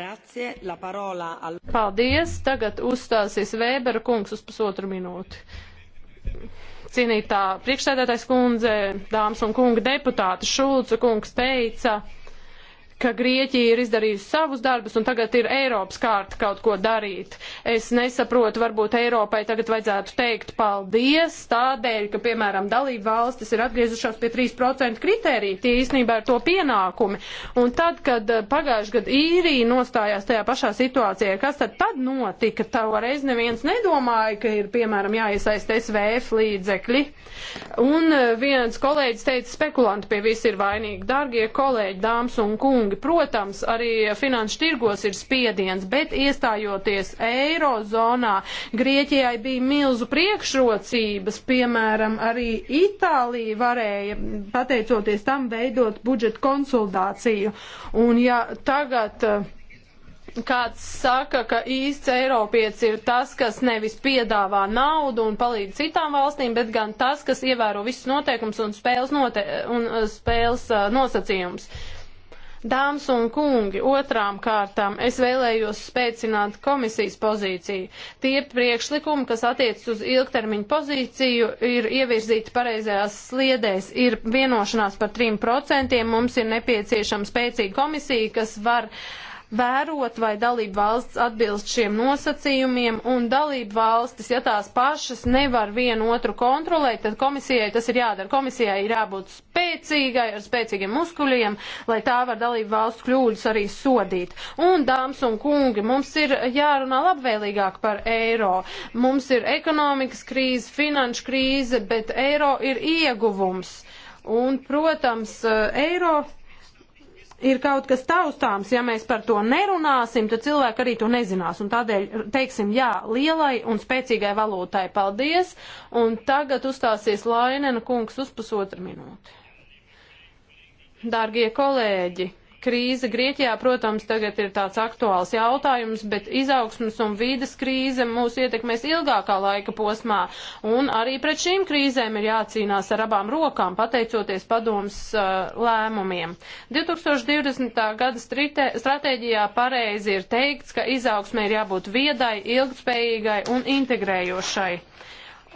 Al... Paldies. Tagad uzstāsies Vēbera kungs uz pusotru minūti. Cienītā priekšsēdētājs kundze, dāmas un kunga deputāti Šulca kungs teica, ka Grieķija ir izdarījusi savus darbus un tagad ir Eiropas kārta kaut ko darīt. Es nesaprotu, varbūt Eiropai tagad vajadzētu teikt paldies tādēļ, ka, piemēram, dalību valstis ir atgriezušās pie 3% kritērija, tie īstenībā ir to pienākumi. Un tad, kad eh, pagājuši gadu īrija nostājās tajā pašā situācijā, kas tad, tad notika? Toreiz neviens nedomāja, ka ir, piemēram, jāiesaist SVF līdzekļi. Un eh, viens kolēģis teica, spekulanti pie viss ir vainīgi. Dargie kolēģi, dāmas un kungi, kungi, protams, arī finanšu tirgos ir spiediens, bet iestājoties eirozonā, Grieķijai bija milzu priekšrocības, piemēram, arī Itālija varēja, pateicoties tam, veidot budžetu konsultāciju. Un ja tagad. Eh, kāds saka, ka īsts Eiropietis ir tas, kas nevis piedāvā naudu un palīdz citām valstīm, bet gan tas, kas ievēro visus noteikumus un spēles, note un eh, spēles eh, nosacījumus. Uh, Dāmas un kungi, otrām kārtām es vēlējos spēcināt komisijas pozīciju. Tie priekšlikumi, kas attiecas uz ilgtermiņu pozīciju, ir ievirzīti pareizajās sliedēs, ir vienošanās par 3%, mums ir nepieciešama spēcīga komisija, kas var uh, vērot, vai dalību valsts atbilst šiem nosacījumiem, un dalību valstis, ja tās pašas nevar vienu otru kontrolēt, tad komisijai tas ir jādara. Komisijai ir jābūt spēcīgai, ar spēcīgiem muskuļiem, lai tā var dalību valstu kļūdas arī sodīt. Un, dāmas un kungi, mums ir jārunā labvēlīgāk par eiro. Mums ir ekonomikas krīze, finanšu krīze, bet eiro ir ieguvums. Un, protams, eiro ir kaut kas taustāms, ja mēs par to nerunāsim, tad cilvēki arī to nezinās. Un tādēļ teiksim jā lielai un spēcīgai valūtai paldies. Un tagad uzstāsies Lainena kungs uz pusotru minūti. Dārgie kolēģi, Krīze Grieķijā, protams, tagad ir tāds aktuāls jautājums, bet izaugsmas un vīdes krīze mūs ietekmēs ilgākā laika posmā. Un arī pret šīm krīzēm ir jācīnās ar abām rokām, pateicoties padomus uh, lēmumiem. 2020. gada strite, stratēģijā pareizi ir teikts, ka izaugsmē ir jābūt viedai, ilgspējīgai un integrējošai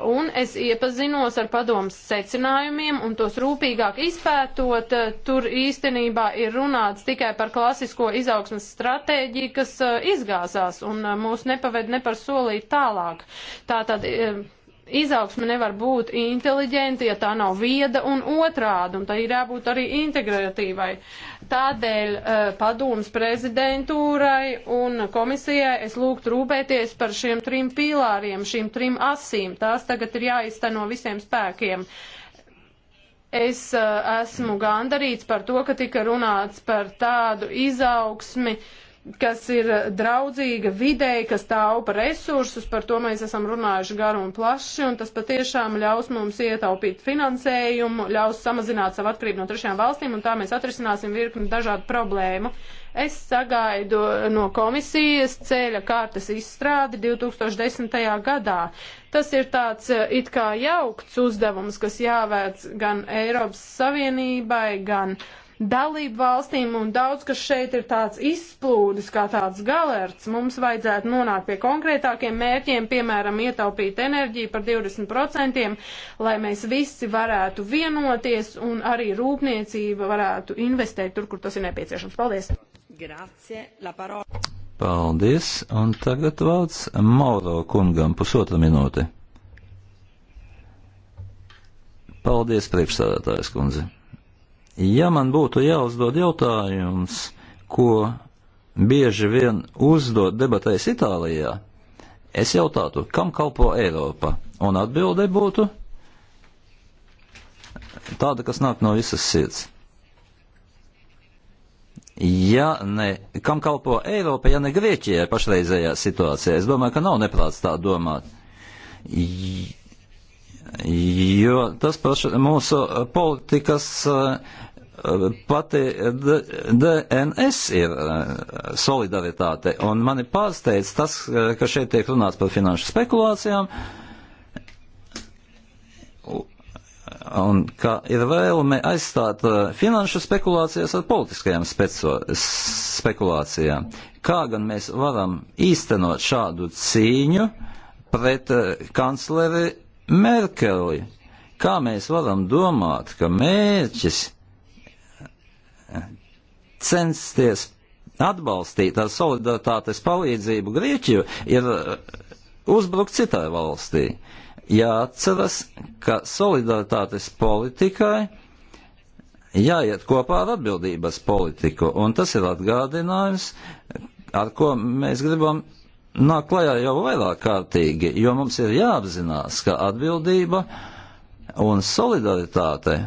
un es iepazinos ar padomas secinājumiem un tos rūpīgāk izpētot, tur īstenībā ir runāts tikai par klasisko izaugsmas stratēģiju, kas eh, izgāzās un eh, mūs nepaved ne par solīt tālāk. Tātad eh, izaugsme nevar būt inteliģenta, ja tā nav vieda un otrāda, un tā ir jābūt arī integratīvai. Tādēļ uh, padomas prezidentūrai un komisijai es lūgtu rūpēties par šiem trim pīlāriem, šīm trim asīm. Tās tagad ir jāizteno visiem spēkiem. Es uh, esmu gandarīts par to, ka tika runāts par tādu izaugsmi, uh, kas ir draudzīga videi, kas taupa resursus, par to mēs esam runājuši garu un plaši, un tas patiešām ļaus mums ietaupīt finansējumu, ļaus samazināt savu atkarību no trešajām valstīm, un tā mēs atrisināsim virkni dažādu problēmu. Es sagaidu no komisijas ceļa kārtas izstrādi 2010. gadā. Tas ir tāds eh, it kā jaukts uzdevums, kas jāvērts gan Eiropas Savienībai, gan uh, dalību valstīm, un daudz kas šeit ir tāds izplūdes, kā tāds galerts. Mums vajadzētu nonākt pie konkrētākiem mērķiem, piemēram, ietaupīt enerģiju par 20%, lai mēs visi varētu vienoties un arī rūpniecība varētu investēt tur, kur tas ir nepieciešams. Paldies! Grazie, la parola. Paldies, un tagad vārds Mauro kungam pusotra minūte. Paldies, priekšstādātājs kundze. Ja man būtu jāuzdod jautājums, ko bieži vien uzdod debatēs Itālijā, es jautātu, kam kalpo Eiropa? Un atbilde būtu tāda, kas nāk no visas sirds. Ja ne, kam kalpo Eiropa, ja ne Grieķijai pašreizējā situācijā? Es domāju, ka nav neprāts tā domāt. Jo tas paša mūsu politikas eh, pati DNS ir e, solidaritāte, un mani pārsteidz tas, e, ka šeit tiek runāts par finanšu spekulācijām, un ka ir vēlme aizstāt e, finanšu spekulācijas ar politiskajām speco, spekulācijām. Kā gan mēs varam īstenot šādu cīņu pret kancleri Merkeli? Kā mēs varam domāt, ka mērķis censties atbalstīt ar solidaritātes palīdzību Grieķiju, ir uh, uzbrukt citai valstī. Jāatceras, ka solidaritātes politikai jāiet kopā ar atbildības politiku, un tas ir atgādinājums, ar ko mēs gribam nāk klajā jau vairāk kārtīgi, jo mums ir jāapzinās, ka atbildība un solidaritāte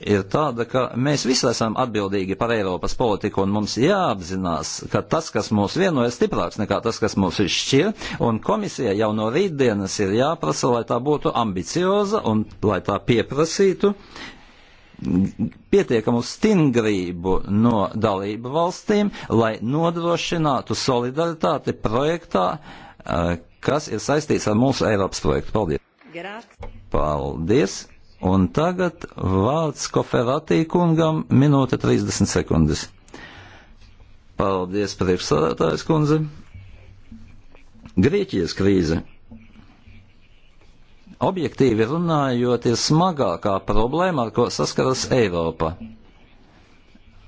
ir tāda, ka mēs visi esam atbildīgi par Eiropas politiku, un mums jāapzinās, ka tas, kas mūs vieno, ir stiprāks nekā tas, kas mūs izšķir, un komisija jau no rītdienas ir jāprasa, lai tā būtu ambicioza un lai tā pieprasītu pietiekamu stingrību no dalību valstīm, lai nodrošinātu solidaritāti projektā, eh, kas ir saistīts ar mūsu Eiropas projektu. Paldies! Grāk. Paldies! Un tagad vārds Koferatī kungam minūte 30 sekundes. Paldies, priekšsādātājs kundze. Grieķijas krīze. Objektīvi runājot, ir smagākā problēma, ar ko saskaras Eiropa.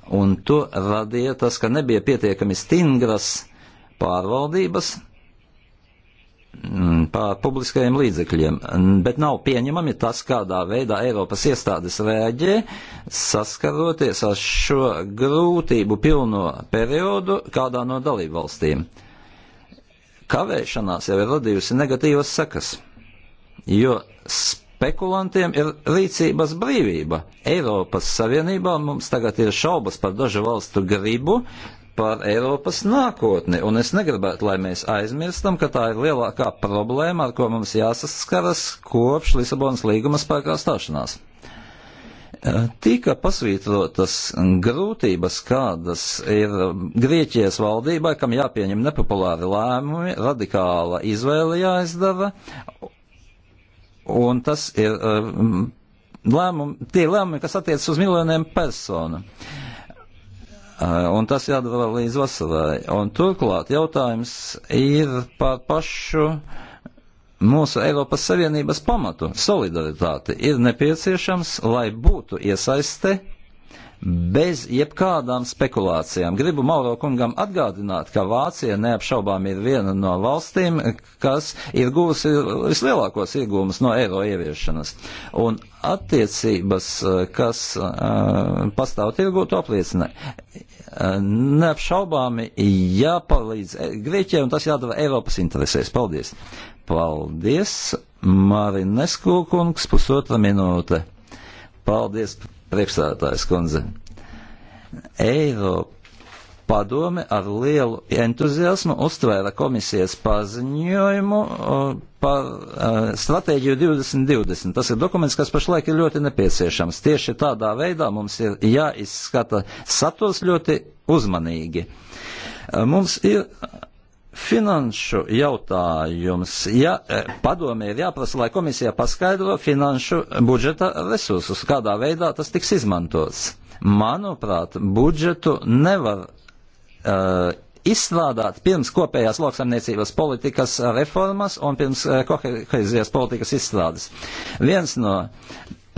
Un to radīja tas, ka nebija pietiekami stingras pārvaldības Mm, pār publiskajiem līdzekļiem, bet nav pieņemami tas, kādā veidā Eiropas iestādes rēģē, saskaroties ar šo grūtību pilno periodu kādā no dalību valstīm. Kavēšanās jau ir radījusi negatīvas sekas, jo spekulantiem ir rīcības brīvība. Eiropas Savienībā mums tagad ir šaubas par dažu valstu gribu par Eiropas nākotni, un es negribētu, lai mēs aizmirstam, ka tā ir lielākā problēma, ar ko mums jāsaskaras kopš Lisabonas līguma spēkā stāšanās. Eh, tika pasvītrotas grūtības, kādas ir Grieķijas valdībai, kam jāpieņem nepopulāri lēmumi, radikāla izvēle jāizdara, un tas ir eh, lēmumi, tie lēmumi, kas attiecas uz miljoniem personu. Uh, Eh, un tas jādara līdz vasarai. Un turklāt jautājums ir par pašu mūsu Eiropas Savienības pamatu - solidaritāti. Ir nepieciešams, lai būtu iesaiste bez jebkādām spekulācijām. Gribu Mauro kungam atgādināt, ka Vācija neapšaubām ir viena no valstīm, kas ir guvusi vislielākos iegūmus no eiro ieviešanas. Un attiecības, eh, kas uh, pastāv tirgu, to apliecina neapšaubāmi jāpalīdz Grieķijai, un tas jādara Eiropas interesēs. Paldies! Paldies, Marinesku kungs, pusotra minūte. Paldies, priekšstādātājs kundze. Eiropa Padome ar lielu entuziasmu uztvēra komisijas paziņojumu par stratēģiju 2020. Tas ir dokuments, kas pašlaik ir ļoti nepieciešams. Tieši tādā veidā mums ir jāizskata saturs ļoti uzmanīgi. Mums ir finanšu jautājums. Ja e, padomē ir jāprasa, lai komisija paskaidro finanšu budžeta resursus, kādā veidā tas tiks izmantots. Manuprāt, budžetu nevar uh, izstrādāt pirms kopējās lauksaimniecības politikas reformas un pirms uh, kohēzijas politikas izstrādes. Viens no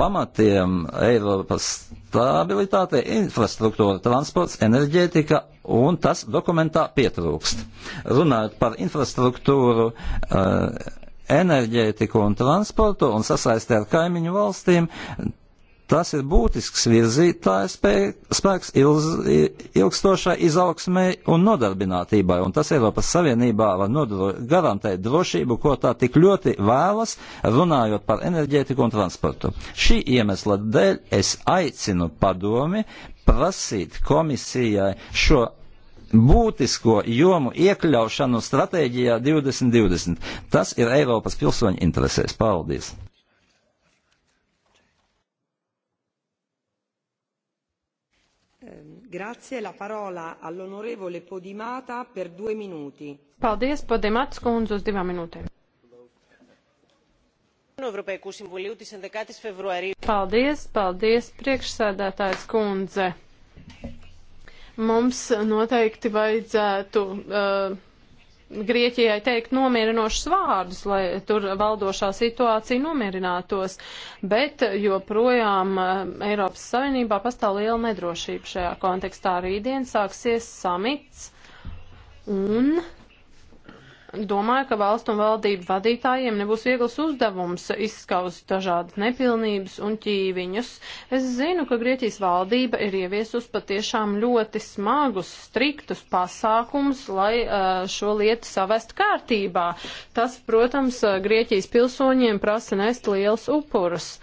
pamatiem Eiropas stabilitāte, infrastruktūra, transports, enerģētika, un tas dokumentā pietrūkst. Runājot par infrastruktūru, uh, enerģētiku un transportu un sasaistē ar kaimiņu valstīm, Tas ir būtisks virzītājs spēks ilz, ilgstošai izaugsmai un nodarbinātībai, un tas Eiropas Savienībā var nodro, garantēt drošību, ko tā tik ļoti vēlas, runājot par enerģētiku un transportu. Šī iemesla dēļ es aicinu padomi prasīt komisijai šo būtisko jomu iekļaušanu stratēģijā 2020. Tas ir Eiropas pilsoņu interesēs. Paldies! Grazie, la parola all'onorevole Podimata per due minuti. Paldies, Podimats kundze, uz divām minūtēm. Nu, paldies, paldies, priekšsēdētājs kundze. Mums noteikti vajadzētu uh, Grieķijai teikt nomierinošus vārdus, lai tur valdošā situācija nomierinātos, bet joprojām eh, Eiropas Savienībā pastāv liela nedrošība šajā kontekstā. Rītdien sāksies samits un Domāju, ka valstu un valdību vadītājiem nebūs viegls uzdevums izskaust dažādas nepilnības un ķīviņus. Es zinu, ka Grieķijas valdība ir ieviesus patiešām ļoti smagus, striktus pasākums, lai eh, šo lietu savest kārtībā. Tas, protams, eh, Grieķijas pilsoņiem prasa nest liels upurus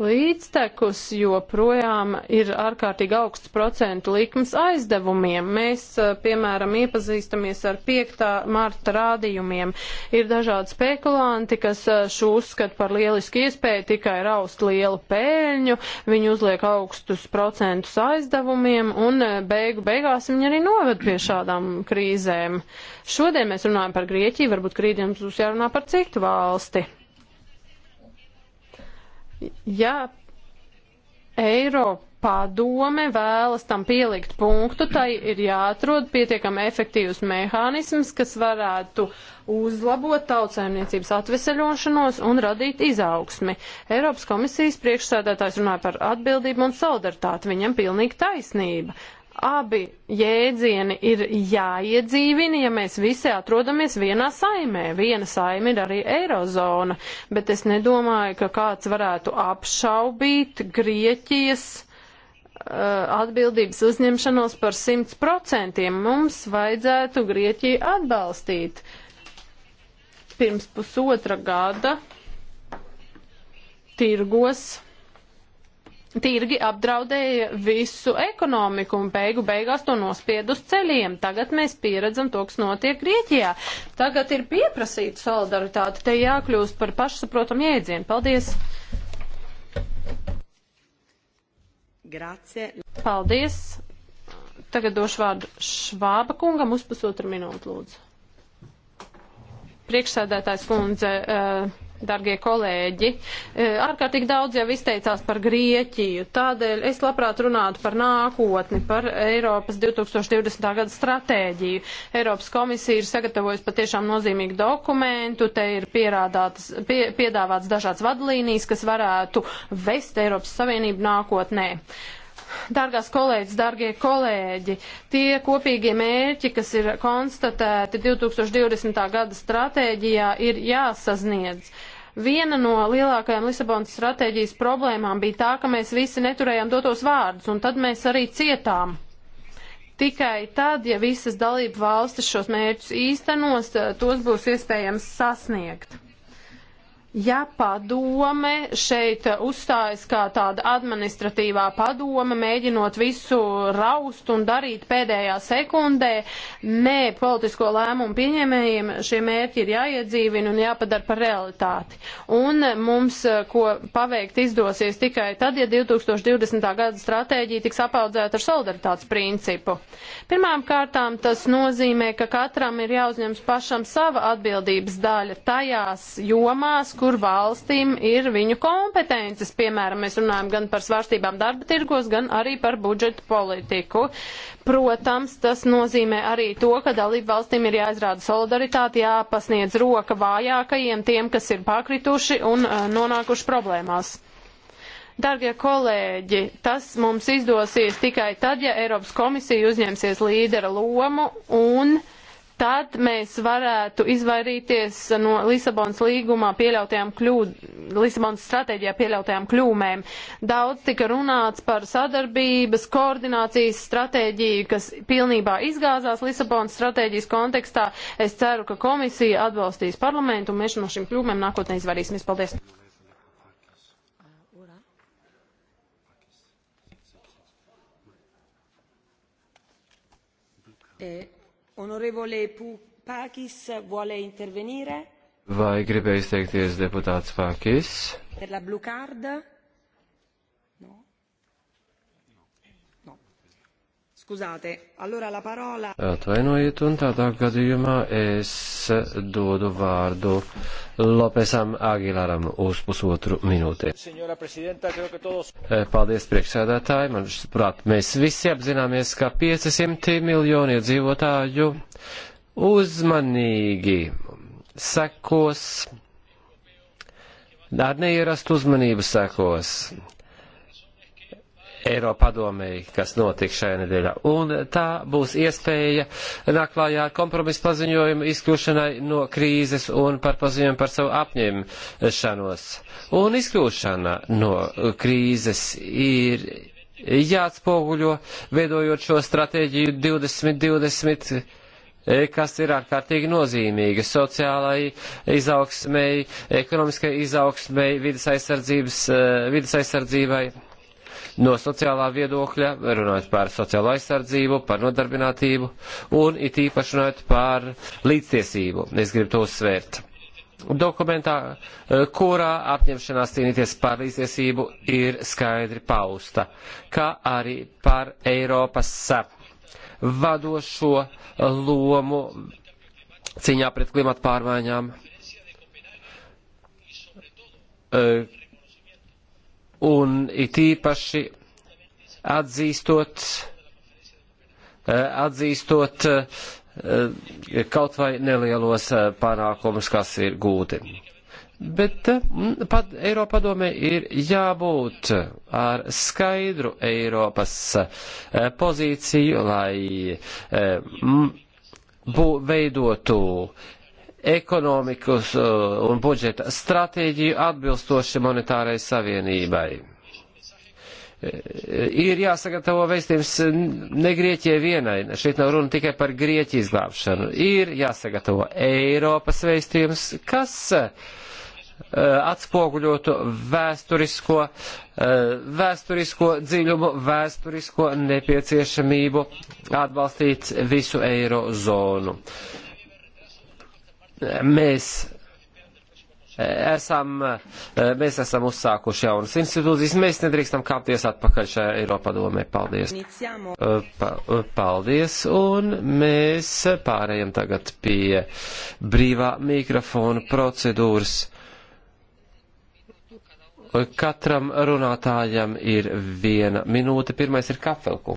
līdztekus joprojām ir ārkārtīgi augsts procentu likums aizdevumiem. Mēs, piemēram, iepazīstamies ar 5. marta rādījumiem. Ir dažādi spekulanti, kas šo uzskat par lielisku iespēju tikai raust lielu pēļņu, viņi uzliek augstus procentus aizdevumiem un beigu beigās viņi arī noved pie šādām krīzēm. Šodien mēs runājam par Grieķiju, varbūt krīt jums būs jārunā par citu valsti ja Eiropa padome vēlas tam pielikt punktu, tai ir jāatrod pietiekami efektīvs mehānisms, kas varētu uzlabot tautsēmniecības atveseļošanos un radīt izaugsmi. Eiropas komisijas priekšsēdētājs runāja par atbildību un solidaritāti, viņam pilnīgi taisnība. Abi jēdzieni ir jāiedzīvina, ja mēs visi atrodamies vienā saimē. Viena saime ir arī Eirozona, bet es nedomāju, ka kāds varētu apšaubīt Grieķijas uh, atbildības uzņemšanos par 100%. Mums vajadzētu Grieķiju atbalstīt. Pirms pusotra gada tirgos tirgi apdraudēja visu ekonomiku un beigu beigās to nospied uz ceļiem. Tagad mēs pieredzam to, kas notiek Grieķijā. Tagad ir pieprasīta solidaritāte, te jākļūst par pašsaprotam jēdzienu. Paldies! Grazie. Paldies! Tagad došu vārdu Švāba kungam uz pusotru minūtu, lūdzu. Priekšsēdētājs kundze. Uh, Dargie kolēģi, e, ārkārtīgi daudz jau izteicās par Grieķiju, tādēļ es labprāt runātu par nākotni, par Eiropas 2020. gada stratēģiju. Eiropas komisija ir sagatavojusi patiešām nozīmīgu dokumentu, te ir pie, piedāvāts dažāds vadlīnijas, kas varētu vest Eiropas Savienību nākotnē. Dārgās kolēģis, dārgie kolēģi, tie kopīgie mērķi, kas ir konstatēti 2020. gada stratēģijā, ir jāsasniedz. Viena no lielākajām Lisabonas stratēģijas problēmām bija tā, ka mēs visi neturējām dotos vārdus, un tad mēs arī cietām. Tikai tad, ja visas dalību valstis šos mērķus īstenos, tos būs iespējams sasniegt. Ja padome šeit uzstājas kā tāda administratīvā padome, mēģinot visu raust un darīt pēdējā sekundē, nē, politisko lēmumu pieņēmējiem šie mērķi ir jāiedzīvina un jāpadara par realitāti. Un mums, eh, ko paveikt izdosies tikai tad, ja 2020. gada stratēģija tiks apaudzēta ar solidaritātes principu. Pirmām kārtām tas nozīmē, ka katram ir jāuzņems pašam sava atbildības daļa tajās jomās, kur kur valstīm ir viņu kompetences. Piemēram, mēs runājam gan par svārstībām darba tirgos, gan arī par budžetu politiku. Protams, tas nozīmē arī to, ka dalību valstīm ir jāizrāda solidaritāte, jāpasniedz roka vājākajiem, tiem, kas ir pakrituši un uh, nonākuši problēmās. Dargie kolēģi, tas mums izdosies tikai tad, ja Eiropas komisija uzņemsies līdera lomu un uh, Tad mēs varētu izvairīties no Lisabonas līgumā pieļautajām kļūdām, Lisabonas stratēģijā pieļautajām kļūmēm. Daudz tika runāts par sadarbības, koordinācijas stratēģiju, kas pilnībā izgāzās Lisabonas stratēģijas kontekstā. Es ceru, ka komisija atbalstīs parlamentu un mēs no šīm kļūmēm nākotnē izvairīsimies. Paldies! Eh, Onorevole Pākis vuole intervenire? Vai gribēja izteikties deputāts Pākis? Per la blue card. Scusate, allora la parola... Atvainojiet, un tādā gadījumā es dodu vārdu Lopesam Agilaram uz pusotru minūti. Todos... Eh, paldies, priekšsēdētāji. Man prāt, mēs visi apzināmies, ka 500 miljoni iedzīvotāju uzmanīgi sekos, ar neierastu uzmanību sekos Eiropadomēji, kas notiks šajā nedēļā. Un tā būs iespēja naklājā ar kompromisu paziņojumu izkļūšanai no krīzes un par paziņojumu par savu apņemšanos. Un izkļūšana no krīzes ir jāatspoguļo, veidojot šo stratēģiju 2020 kas ir ārkārtīgi nozīmīga sociālai izaugsmēji, ekonomiskai izaugsmēji, vidas, eh, vidas aizsardzībai no sociālā viedokļa, runājot par sociālo aizsardzību, par nodarbinātību un it īpaši runājot par līdztiesību. Es gribu to uzsvērt. Dokumentā, eh, kurā apņemšanās cīnīties par līdztiesību ir skaidri pausta, kā arī par Eiropas vadošo lomu cīņā pret klimatu pārmaiņām eh, un it īpaši atzīstot, eh, atzīstot eh, kaut vai nelielos eh, panākumus, kas ir gūti. Bet pat Eiropadomē ir jābūt ar skaidru Eiropas pozīciju, lai bū, veidotu ekonomikas uh, un budžeta stratēģiju atbilstoši monetārai savienībai. Uh, ir jāsagatavo veistījums ne Grieķijai vienai, šeit nav runa tikai par Grieķiju izglābšanu. Ir jāsagatavo Eiropas veistījums, kas uh, atspoguļotu vēsturisko, vēsturisko dziļumu, vēsturisko nepieciešamību atbalstīt visu eirozonu. zonu mēs esam, mēs esam uzsākuši jaunas institūcijas, mēs nedrīkstam kāpties atpakaļ šajā Eiropa domē. Paldies. Uh, pa, uh, paldies, un mēs pārējam tagad pie brīvā mikrofona procedūras. Katram runātājam ir viena minūte. Pirmais ir kafelku.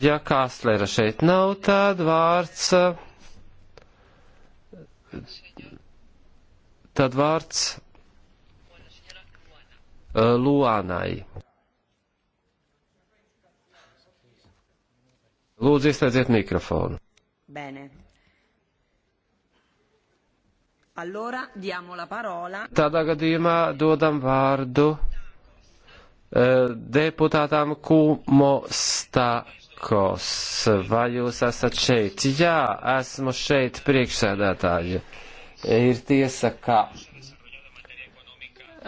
Ja Kāslera šeit nav, tad vārds. Tad vārds eh, Luānai. Lūdzu, ieslēdziet mikrofonu. Bene. Allora, diamo la parola. Tādā gadījumā dodam vārdu deputātām Kumo Stakos. Vai jūs esat šeit? Jā, esmu šeit priekšsēdētāji. Ir tiesa, ka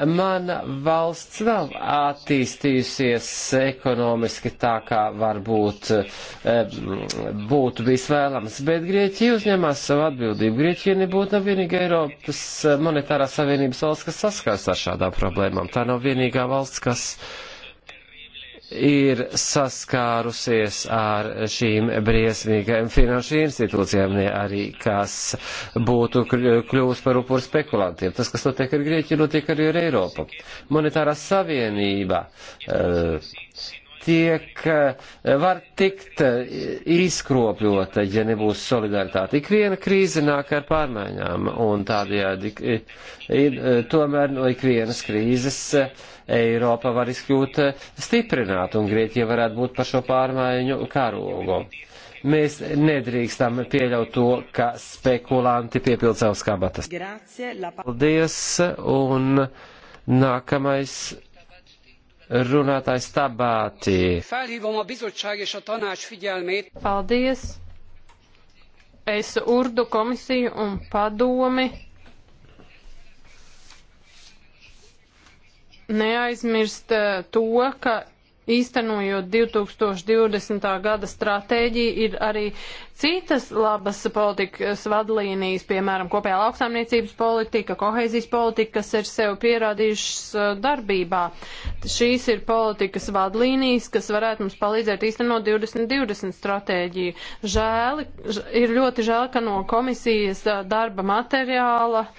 mana valsts nav attīstījusies ekonomiski tā, kā varbūt eh, būtu bijis vēlams, bet Grieķija uzņemās savu atbildību. Grieķija nebūtu nav vienīga Eiropas monetārā savienības valsts, kas saskars ar šādām problēmām. Tā nav vienīgā valsts, kas ir saskārusies ar šīm briesmīgajām finanšu institūcijām, ne arī kas būtu kļūst par upuru spekulantiem. Tas, kas notiek ar Grieķiju, notiek arī ar Eiropu. Monetārā savienība. Uh, tiek, eh, var tikt eh, izkropļota, ja nebūs solidaritāte. Ik viena krīze nāk ar pārmaiņām, un tādējādi eh, tomēr no ik vienas krīzes Eiropa var izkļūt stiprināt, un Grieķija varētu būt par šo pārmaiņu karogu. Mēs nedrīkstam pieļaut to, ka spekulanti piepild savas kabatas. Paldies, un nākamais runātājs Tabāti. Paldies! Es urdu komisiju un padomi neaizmirst eh, to, ka īstenojot 2020. gada stratēģiju, ir arī citas labas politikas vadlīnijas, piemēram, kopējā lauksaimniecības politika, kohēzijas politika, kas ir sev pierādījušas uh, darbībā. Šīs ir politikas vadlīnijas, kas varētu mums palīdzēt īstenot 2020 stratēģiju. Žēli, ir ļoti žēl, ka no komisijas uh, darba materiāla uh,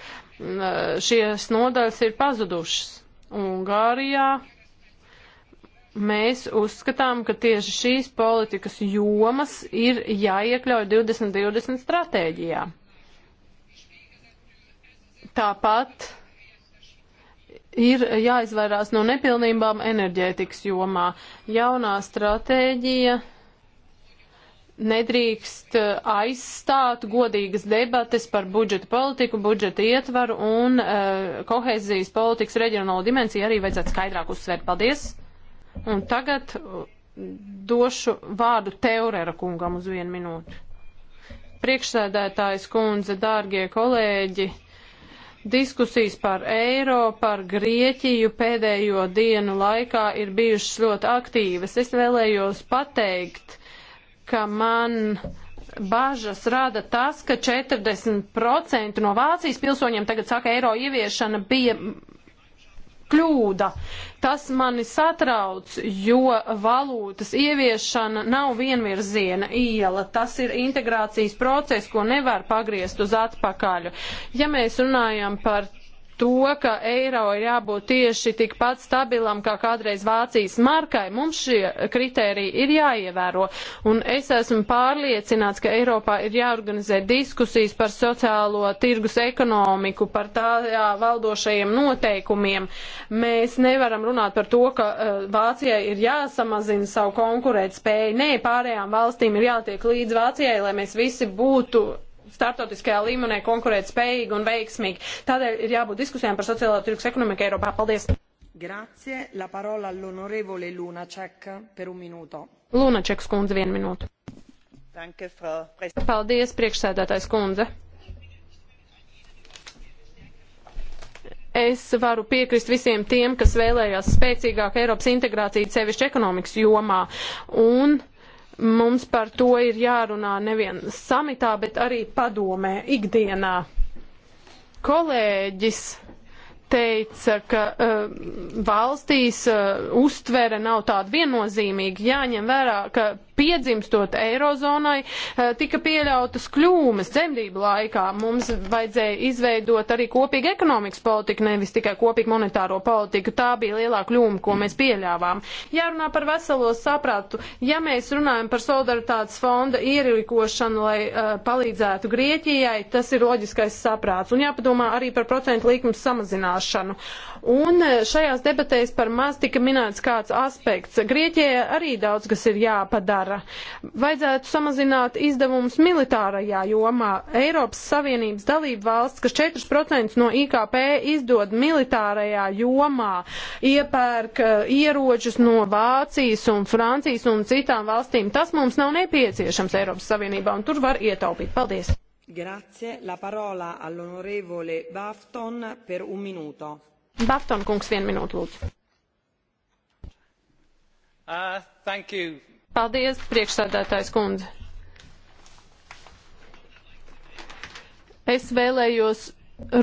šies nodaļas ir pazudušas. Ungārijā mēs uzskatām, ka tieši šīs politikas jomas ir jāiekļauj 2020 stratēģijā. Tāpat ir jāizvairās no nepilnībām enerģētikas jomā. Jaunā stratēģija nedrīkst aizstāt godīgas debates par budžeta politiku, budžeta ietvaru un uh, kohēzijas politikas reģionālo dimensiju arī vajadzētu skaidrāk uzsvērt. Paldies! Un tagad uh, došu vārdu Teurera kungam uz vienu minūti. Priekšsēdētājs kundze, dārgie kolēģi, diskusijas par eiro, par Grieķiju pēdējo dienu laikā ir bijušas ļoti aktīvas. Es vēlējos pateikt, ka man bažas rada tas, ka 40% no Vācijas pilsoņiem tagad saka, eiro ieviešana bija kļūda. Tas mani satrauc, jo valūtas ieviešana nav vienvirziena iela. Tas ir integrācijas process, ko nevar pagriezt uz atpakaļ. Ja mēs runājam par to, ka eiro ir jābūt tieši tikpat stabilam kā kādreiz Vācijas markai, mums šie kriteriji ir jāievēro. Un es esmu pārliecināts, ka Eiropā ir jāorganizē diskusijas par sociālo tirgus ekonomiku, par tā jā, valdošajiem noteikumiem. Mēs nevaram runāt par to, ka uh, Vācijai ir jāsamazina savu konkurētspēju. Nē, pārējām valstīm ir jātiek līdz Vācijai, lai mēs visi būtu startautiskajā līmenī konkurēt spējīgi un veiksmīgi. Tādēļ ir jābūt diskusijām par sociālā tirgus ekonomiku Eiropā. Paldies! Grazie. La parola all'onorevole Lunacek per un minuto. Lunacek skundze vienu minūtu. Danke, Frau Paldies, priekšsēdētājs kundze. es varu piekrist visiem tiem, kas vēlējās spēcīgāku Eiropas integrāciju, sevišķi ekonomikas jomā. Un uh, Mums par to ir jārunā nevien samitā, bet arī padomē ikdienā. Kolēģis teica, ka uh, valstīs uh, uztvere nav tāda viennozīmīga. Jāņem vērā, ka piedzimstot Eirozonai, eh, tika pieļautas kļūmes dzemdību laikā. Mums vajadzēja izveidot arī kopīgu ekonomikas politiku, nevis tikai kopīgu monetāro politiku. Tā bija lielā kļūme, ko mēs pieļāvām. Jārunā par veselo saprātu. Ja mēs runājam par solidaritātes fonda ierīkošanu, lai uh, palīdzētu Grieķijai, tas ir loģiskais saprāts. Un jāpadomā arī par procentu likumu samazināšanu. Un eh, šajās debatēs par maz tika minēts kāds aspekts. Grieķijai arī daudz kas ir jāpadara jādara. Vajadzētu samazināt izdevumus militārajā jomā. Eiropas Savienības dalība valsts, kas 4% no IKP izdod militārajā jomā, iepērk eh, ieročus no Vācijas un Francijas un citām valstīm. Tas mums nav nepieciešams Eiropas Savienībā, un tur var ietaupīt. Paldies! Grazie. La parola all'onorevole Bafton per un minuto. Bafton kungs, vienu minūtu lūdzu. Uh, thank you, Paldies, priekšsādātājs kundze. Es vēlējos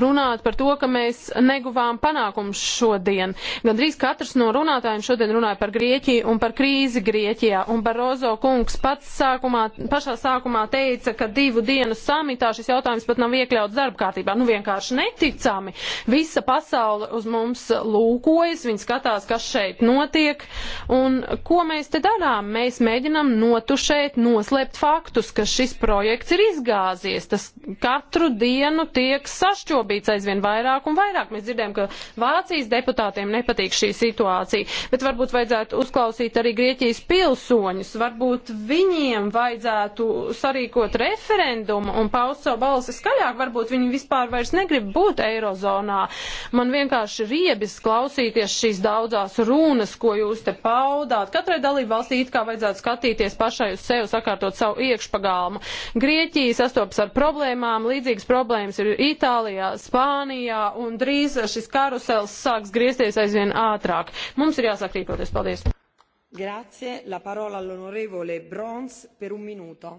runāt par to, ka mēs neguvām panākumus šodien. Gandrīz katrs no runātājiem šodien runāja par Grieķiju un par krīzi Grieķijā. Un Barozo kungs pats sākumā, pašā sākumā teica, ka divu dienu samitā šis jautājums pat nav iekļauts darba kārtībā. Nu vienkārši neticami. Visa pasaule uz mums lūkojas, viņi skatās, kas šeit notiek. Un ko mēs te darām? Mēs mēģinam notušēt, noslēpt faktus, ka šis projekts ir izgāzies. Tas katru dienu tiek sašķelts apšķobīts aizvien vairāk un vairāk. Mēs dzirdējam, ka Vācijas deputātiem nepatīk šī situācija, bet varbūt vajadzētu uzklausīt arī Grieķijas pilsoņus. Varbūt viņiem vajadzētu sarīkot referendumu un paust savu balsi skaļāk. Varbūt viņi vispār vairs negrib būt Eirozonā. Man vienkārši riebis klausīties šīs daudzās runas, ko jūs te paudāt. Katrai dalību valstī it kā vajadzētu skatīties pašai uz sevi, sakārtot savu iekšpagalmu. Grieķija sastopas ar problēmām, līdzīgas problēmas ir Itālija Itālijā, Spānijā, un drīz šis karusels sāks griezties aizvien ātrāk. Mums ir jāsāk rīkoties. Paldies! Grazie, la parola all'onorevole Brons per un minuto.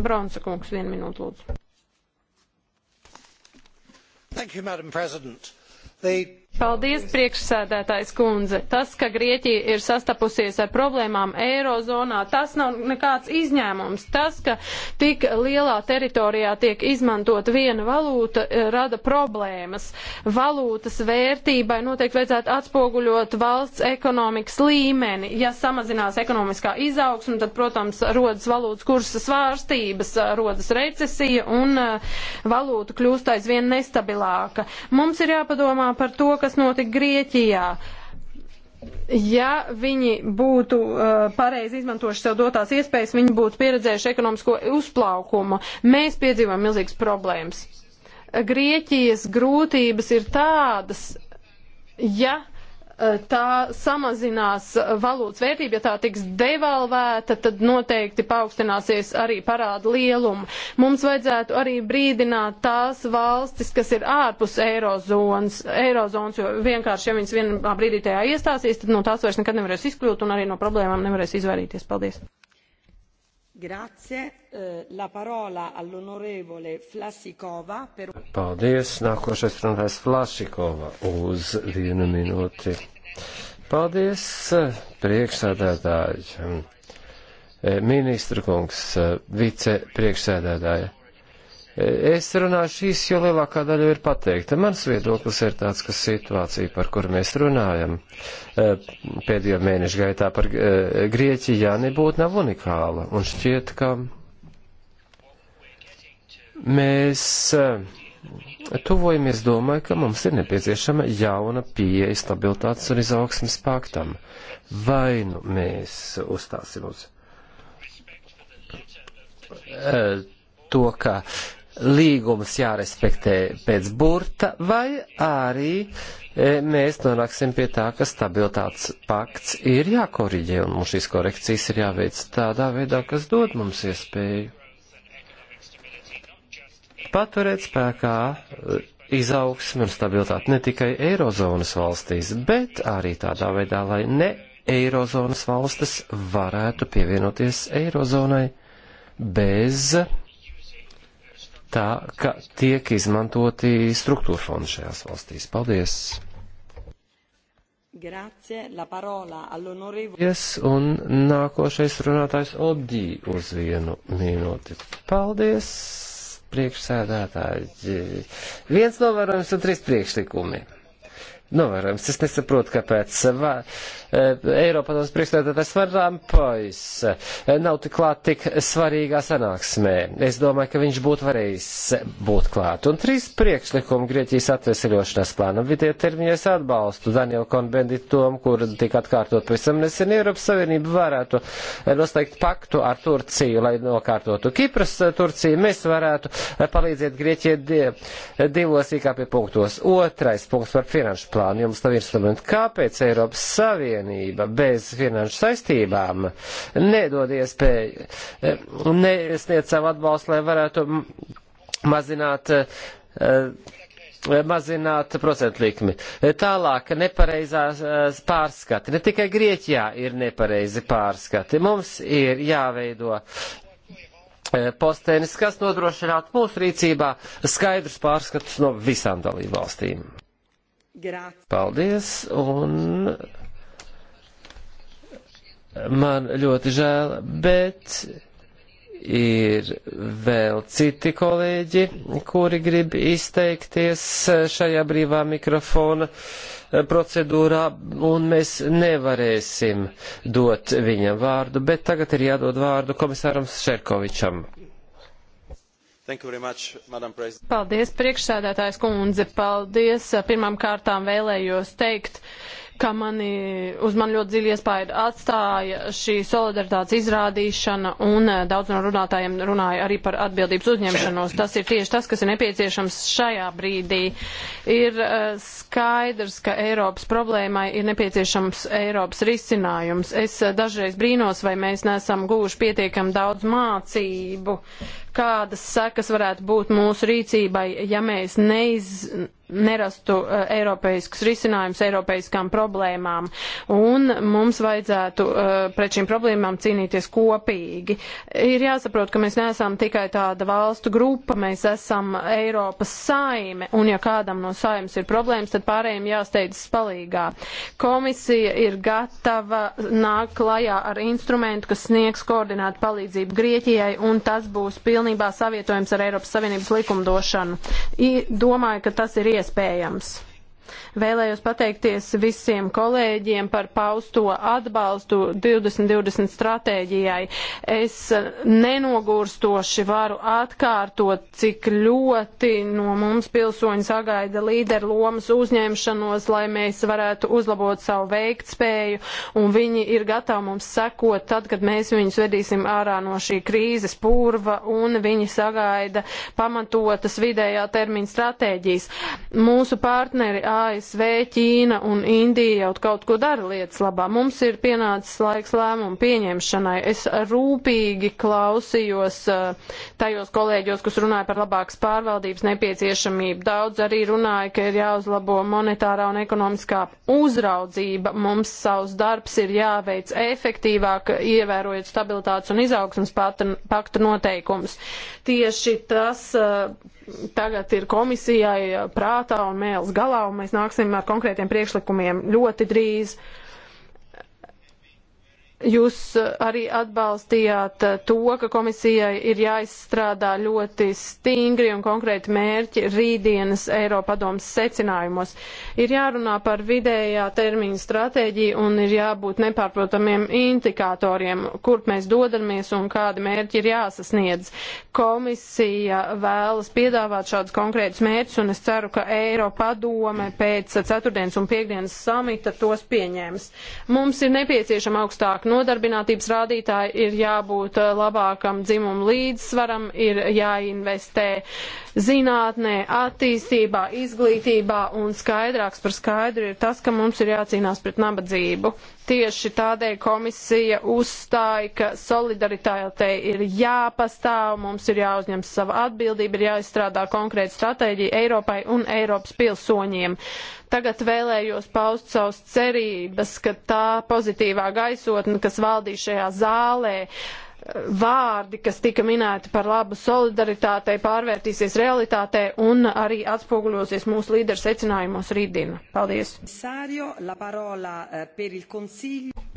Bronsa kungs, vienu minūtu lūdzu. Thank you, Madam President. The Paldies, priekšsēdētājs kundze. Tas, ka Grieķija ir sastapusies ar problēmām eirozonā, tas nav nekāds izņēmums. Tas, ka tik lielā teritorijā tiek izmantot viena valūta, eh, rada problēmas. Valūtas vērtībai noteikti vajadzētu atspoguļot valsts ekonomikas līmeni. Ja samazinās ekonomiskā izaugsme, tad, protams, rodas valūtas kursa svārstības, rodas recesija un eh, valūta kļūst aizvien nestabilāka. Mums ir jāpadomā par to, kas notika Grieķijā. Ja viņi būtu uh, pareizi izmantojuši sev dotās iespējas, viņi būtu pieredzējuši ekonomisko uzplaukumu. Mēs piedzīvojam milzīgas problēmas. Grieķijas grūtības ir tādas, ja Eh, tā samazinās valūtas vērtība, ja tā tiks devalvēta, tad noteikti paaugstināsies arī parāda lieluma. Mums vajadzētu arī brīdināt tās valstis, kas ir ārpus eirozonas, eirozonas jo vienkārši, ja viņas vienā brīdī tajā iestāsies, tad no tās vairs nekad nevarēs izkļūt un arī no problēmām nevarēs izvairīties. Paldies! Eh, Paldies, nākošais runājas Flašikova uz vienu minūti. Paldies, priekšsēdētāji, eh, ministra kungs, eh, vice priekšsēdētāji. Es runāšu īsi, jo lielākā daļa ir pateikta. Mans viedoklis ir tāds, ka situācija, par kuru mēs runājam eh, pēdējo mēnešu gaitā par eh, Grieķiju, jā, nebūtu nav unikāla. Un šķiet, ka mēs eh, tuvojamies domāju, ka mums ir nepieciešama jauna pieeja stabilitātes un izaugsmes paktam. Vai nu mēs uzstāsim uz to, ka līgums jārespektē pēc burta, vai arī e, mēs nonāksim pie tā, ka stabilitātes pakts ir jākoriģē, un mums šīs korekcijas ir jāveic tādā veidā, kas dod mums iespēju paturēt spēkā e, izaugsmi un stabilitāti ne tikai Eirozonas valstīs, bet arī tādā veidā, lai ne Eirozonas valstis varētu pievienoties Eirozonai bez tā, ka tiek izmantoti struktūra fondi šajās valstīs. Paldies! Grazie, la parola all'onorevole. Yes, un nākošais runātājs Odī uz vienu minūti. Paldies, priekšsēdētāji. Viens novērojums un trīs priekšlikumi novērojams. Es nesaprotu, kāpēc va, eh, Eiropa tos priekšstādātājs Van Rampojs eh, nav tik klāt tik svarīgā sanāksmē. Es domāju, ka viņš būtu varējis būt klāt. Un trīs priekšlikumi Grieķijas atveseļošanās plānam vidē termiņā es atbalstu Danielu Konbenditom, kur tika atkārtot pavisam nesen Eiropas Savienība varētu eh, noslēgt paktu ar Turciju, lai nokārtotu Kipras Turciju. Mēs varētu palīdzēt Grieķijai divos IKP punktos. Otrais punkts par finanšu plānu plānu, jums nav instrumentu. Kāpēc Eiropas Savienība bez finanšu saistībām nedod iespēju, eh, nesniedz savu atbalstu, lai varētu mazināt eh, eh, mazināt procentu likmi. Tālāk nepareizās pārskati. Ne tikai Grieķijā ir nepareizi pārskati. Mums ir jāveido postenis, kas nodrošinātu mūsu rīcībā skaidrus pārskatus no visām dalībvalstīm. Paldies, un man ļoti žēl, bet ir vēl citi kolēģi, kuri grib izteikties šajā brīvā mikrofona procedūrā, un mēs nevarēsim dot viņam vārdu, bet tagad ir jādod vārdu komisāram Šerkovičam. Paldies, priekšsēdētājs kundze. Paldies. Pirmām kārtām vēlējos teikt, ka mani, uz mani ļoti dziļi iespēja atstāja šī solidaritātes izrādīšana un eh, daudz no runātājiem runāja arī par atbildības uzņemšanos. Tas ir tieši tas, kas ir nepieciešams šajā brīdī. Ir eh, skaidrs, ka Eiropas problēmai ir nepieciešams Eiropas risinājums. Es eh, dažreiz brīnos, vai mēs nesam gūši pietiekam daudz mācību. Uh, kādas sekas varētu būt mūsu rīcībai, ja mēs neiz, nerastu uh, eiropeiskus risinājumus eiropeiskām problēmām. Un mums vajadzētu uh, pret šīm problēmām cīnīties kopīgi. Ir jāsaprot, ka mēs neesam tikai tāda valstu grupa, mēs esam Eiropas saime, un ja kādam no saimes ir problēmas, tad pārējiem jāsteidzas palīgā. Komisija ir gatava nākt klajā ar instrumentu, kas sniegs koordinātu palīdzību Grieķijai, un tas būs pilnīgi pilnībā savietojams ar Eiropas Savienības likumdošanu. I, domāju, ka tas ir iespējams. Vēlējos pateikties visiem kolēģiem par pausto atbalstu 2020 stratēģijai. Es nenogurstoši varu atkārtot, cik ļoti no mums pilsoņi sagaida līderu lomas uzņemšanos, lai mēs varētu uzlabot savu veiktspēju, un viņi ir gatavi mums sekot tad, kad mēs viņus vedīsim ārā no šī krīzes purva, un viņi sagaida pamatotas vidējā termiņa stratēģijas. Mūsu partneri ASV ASV, Ķīna un Indija jau kaut ko dara lietas labā. Mums ir pienācis laiks lēmumu pieņemšanai. Es rūpīgi klausījos uh, tajos kolēģos, kas runāja par labākas pārvaldības nepieciešamību. Daudz arī runāja, ka ir jāuzlabo monetārā un ekonomiskā uzraudzība. Mums savs darbs ir jāveic efektīvāk, ievērojot stabilitātes un izaugsmas paktu noteikumus. Tieši tas uh, tagad ir komisijai uh, prātā un mēls galā, un mēs nākam nāksim ar konkrētiem priekšlikumiem ļoti drīz. Uh, Jūs eh, arī atbalstījāt eh, to, ka komisijai ir jāizstrādā ļoti stingri un konkrēti mērķi rītdienas Eiropadomas secinājumos. Ir jārunā par vidējā termiņa stratēģiju un ir jābūt nepārprotamiem indikatoriem, kur mēs dodamies un kādi mērķi ir jāsasniedz. Komisija vēlas piedāvāt šādus konkrētus mērķus un es ceru, ka Eiropadome pēc ceturtdienas un piekdienas samita tos pieņems. Mums ir nepieciešama augstāka nodarbinātības rādītāji, ir jābūt eh, labākam dzimumu līdzsvaram, ir jāinvestē zinātnē, attīstībā, izglītībā un skaidrāks par skaidru ir tas, ka mums ir jācīnās pret nabadzību. Tieši tādēļ komisija uzstāja, ka solidaritātei ir jāpastāv, mums ir jāuzņem sava atbildība, ir jāizstrādā konkrēta stratēģija Eiropai un Eiropas pilsoņiem. Tagad vēlējos paust savus cerības, ka tā pozitīvā gaisotne, kas valdīs šajā zālē, uh, vārdi, kas tika minēti par labu solidaritātei, pārvērtīsies realitātē un arī atspoguļosies mūsu līderu secinājumos rītdien. Paldies! Eh,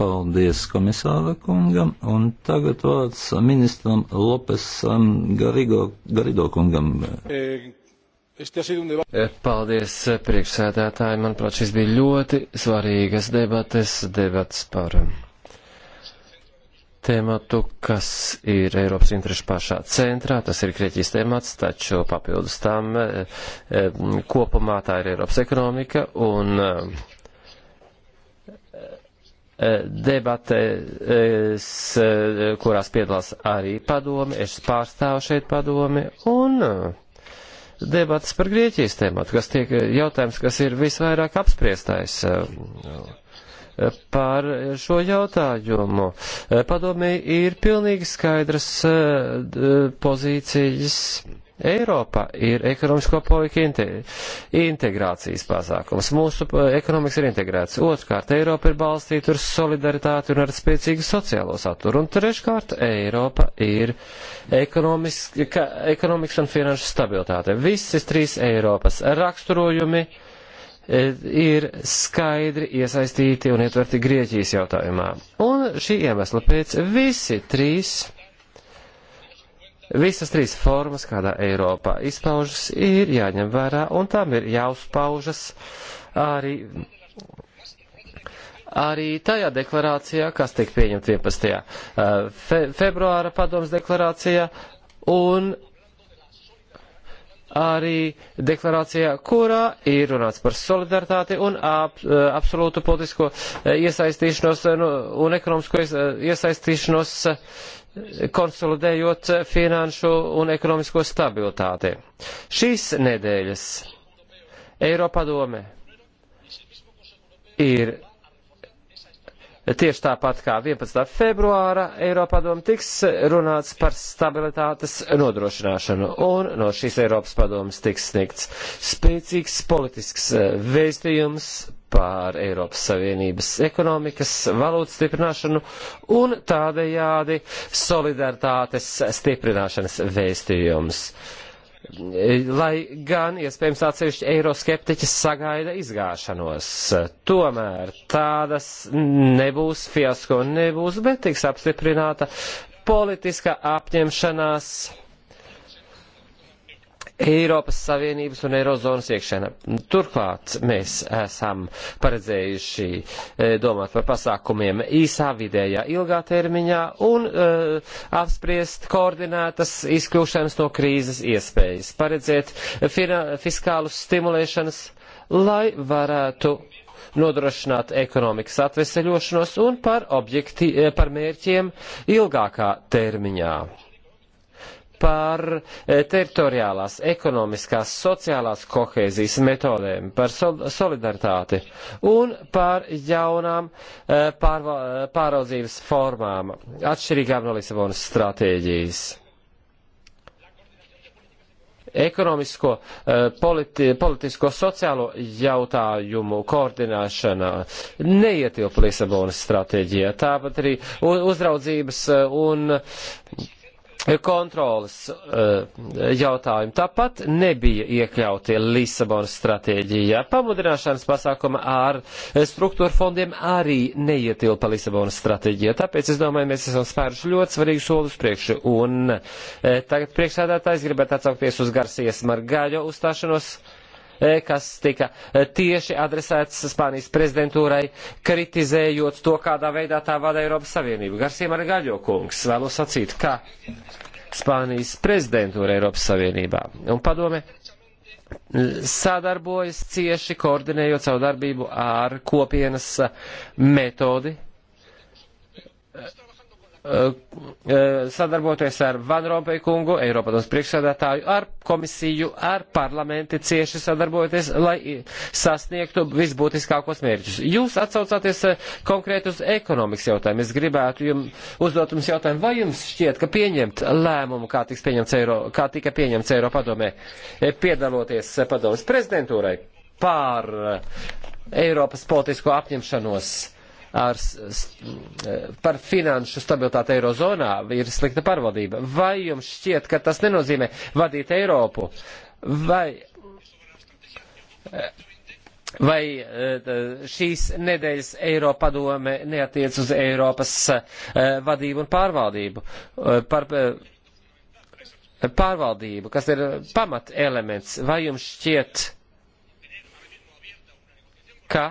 paldies komisāra kungam, un tagad vārds ministram Lopesam Garigo, Garido kungam. Eh, eh, paldies, priekšsēdētāji. Manuprāt, šis bija ļoti svarīgas debates, debates par tēmatu, kas ir Eiropas interešu pašā centrā, tas ir Grieķijas tēmats, taču papildus tam e, e, kopumā tā ir Eiropas ekonomika un e, debatēs, kurās piedalās arī padomi, es pārstāvu šeit padomi, un debatas par Grieķijas tēmatu, kas tiek jautājums, kas ir visvairāk apspriestais par šo jautājumu. Eh, padomē ir pilnīgi skaidras eh, pozīcijas. Eiropa ir ekonomisko politika inte, integrācijas pasākums. Mūsu eh, ekonomikas ir integrēts. Otrkārt, Eiropa ir balstīta uz solidaritāti un ar spēcīgu sociālo saturu. Un treškārt, Eiropa ir ekonomiska, ekonomikas un finanšu stabilitāte. Visas trīs Eiropas raksturojumi uh, E, ir skaidri iesaistīti un ietverti Grieķijas jautājumā. Un šī iemesla pēc visi trīs, visas trīs formas, kādā Eiropā izpaužas, ir jāņem vērā un tam ir jāuzpaužas arī. Arī tajā deklarācijā, kas tika pieņemta 11. E, fe, februāra padomas deklarācijā, un arī deklarācijā, kurā ir runāts par solidaritāti un ap, e, absolūtu politisko e, iesaistīšanos e, nu, un ekonomisko iesaistīšanos konsolidējot finanšu un ekonomisko stabilitāti. Šīs nedēļas Eiropadome ir Tieši tāpat kā 11. februāra Eiropadoma tiks runāts par stabilitātes nodrošināšanu, un no šīs Eiropas padomas tiks sniegts spēcīgs politisks vēstījums par Eiropas Savienības ekonomikas valūtas stiprināšanu un tādējādi solidaritātes stiprināšanas vēstījums. Uh, lai gan iespējams atsevišķi eiroskeptiķi sagaida izgāšanos. Tomēr tādas nebūs fiasko nebūs, bet tiks apstiprināta politiska apņemšanās Eiropas Savienības un Eirozonas iekšēnā. Turklāt mēs esam paredzējuši eh, domāt par pasākumiem īsā, vidējā, ilgā termiņā un uh, apspriest koordinētas izkļūšanas no krīzes iespējas, paredzēt fiskālus stimulēšanas, lai varētu nodrošināt ekonomikas atveseļošanos un par, objekti, par mērķiem ilgākā termiņā par eh, teritoriālās, ekonomiskās, sociālās kohēzijas metodēm, par solidaritāti un par jaunām eh, eh, pāraudzības formām, atšķirīgām no Lisabonas stratēģijas. Ekonomisko, politi, politisko, sociālo jautājumu koordinēšanā neietilp Lisabonas stratēģijā, tāpat arī uzraudzības un kontrolas uh, eh, jautājumu. Tāpat nebija iekļautie Lisabonas stratēģijā. Pamudināšanas pasākuma ar eh, struktūra fondiem arī neietilpa Lisabonas stratēģijā. Tāpēc es domāju, mēs esam spēruši ļoti svarīgu soli uz priekšu. Un uh, tagad priekšsēdētājs gribētu atsaukties uz Garsies Margaļo uzstāšanos. Uh, E, kas tika e, tieši adresēts Spānijas prezidentūrai, kritizējot to, kādā veidā tā vada Eiropas Savienību. Garsiem ar gaļo kungs vēlos sacīt, ka Spānijas prezidentūra Eiropas Savienībā un padome sadarbojas cieši koordinējot savu darbību ar kopienas metodi, Eh, sadarboties ar Van Rompēju kungu, Eiropadomas priekšsēdētāju, ar komisiju, ar parlamenti cieši sadarbojoties, lai sasniegtu visbūtiskākos mērķus. Jūs atsaucāties eh, konkrēti uz ekonomikas jautājumu. Es gribētu jums uzdot jums jautājumu, vai jums šķiet, ka pieņemt lēmumu, kā, tiks pieņemts Eiro, kā tika pieņemts Eiropadomē, eh, piedaloties padomas prezidentūrai pār Eiropas politisko apņemšanos ar, par finanšu stabilitāti Eirozonā ir slikta pārvaldība. Vai jums šķiet, ka tas nenozīmē vadīt Eiropu? Vai, vai e, šīs nedēļas Eiropadome neatiec uz Eiropas e, vadību un pārvaldību? E, par, pārvaldību, kas ir pamat elements, vai jums šķiet, ka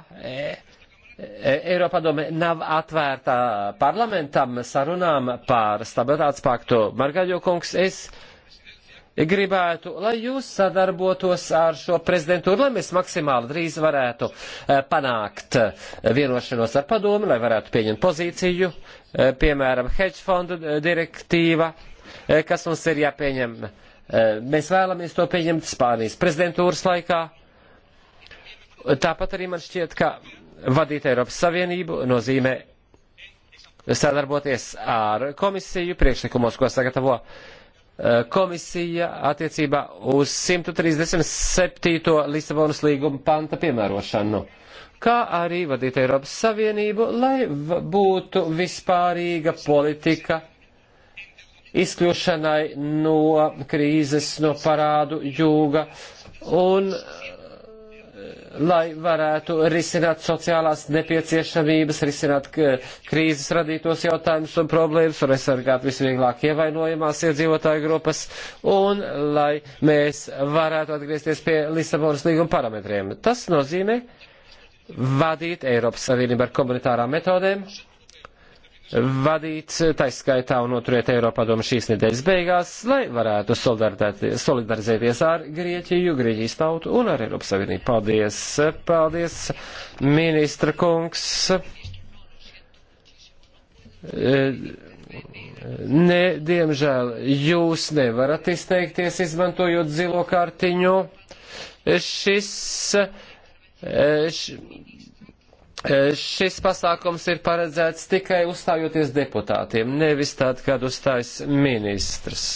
E, Eiropadome nav atvērta parlamentam sarunām par stabilitātes paktu. Margaļo kungs, es gribētu, lai jūs sadarbotos ar šo prezidentūru, lai mēs maksimāli drīz varētu e, panākt e, vienošanos ar padomi, lai varētu pieņemt pozīciju, piemēram, hedge fondu direktīva, kas mums ir jāpieņem. Mēs vēlamies to pieņemt Spānijas prezidentūras laikā. Tāpat arī man šķiet, ka vadīt Eiropas Savienību nozīmē sadarboties ar komisiju priekšlikumos, ko sagatavo eh, komisija attiecībā uz 137. Lisabonas līguma panta piemērošanu, kā arī vadīt Eiropas Savienību, lai būtu vispārīga politika izkļūšanai no krīzes, no parādu jūga un lai varētu risināt sociālās nepieciešamības, risināt krīzes radītos jautājumus un problēmas un aizsargāt visvieglāk ievainojamās iedzīvotāju grupas un lai mēs varētu atgriezties pie Lisabonas līguma parametriem. Tas nozīmē vadīt Eiropas Savienību ar komunitārām metodēm vadīt, taiskaitā un noturēt Eiropadomu šīs nedēļas beigās, lai varētu solidarizēties ar Grieķiju, Grieķijas tautu un ar Eiropas Savienību. Paldies, paldies, ministra kungs. Eh, ne, diemžēl jūs nevarat izteikties izmantojot zilo kartiņu. Šis, eh, š, E, šis pasākums ir paredzēts tikai uzstājoties deputātiem, nevis tad, kad uzstājas ministrs.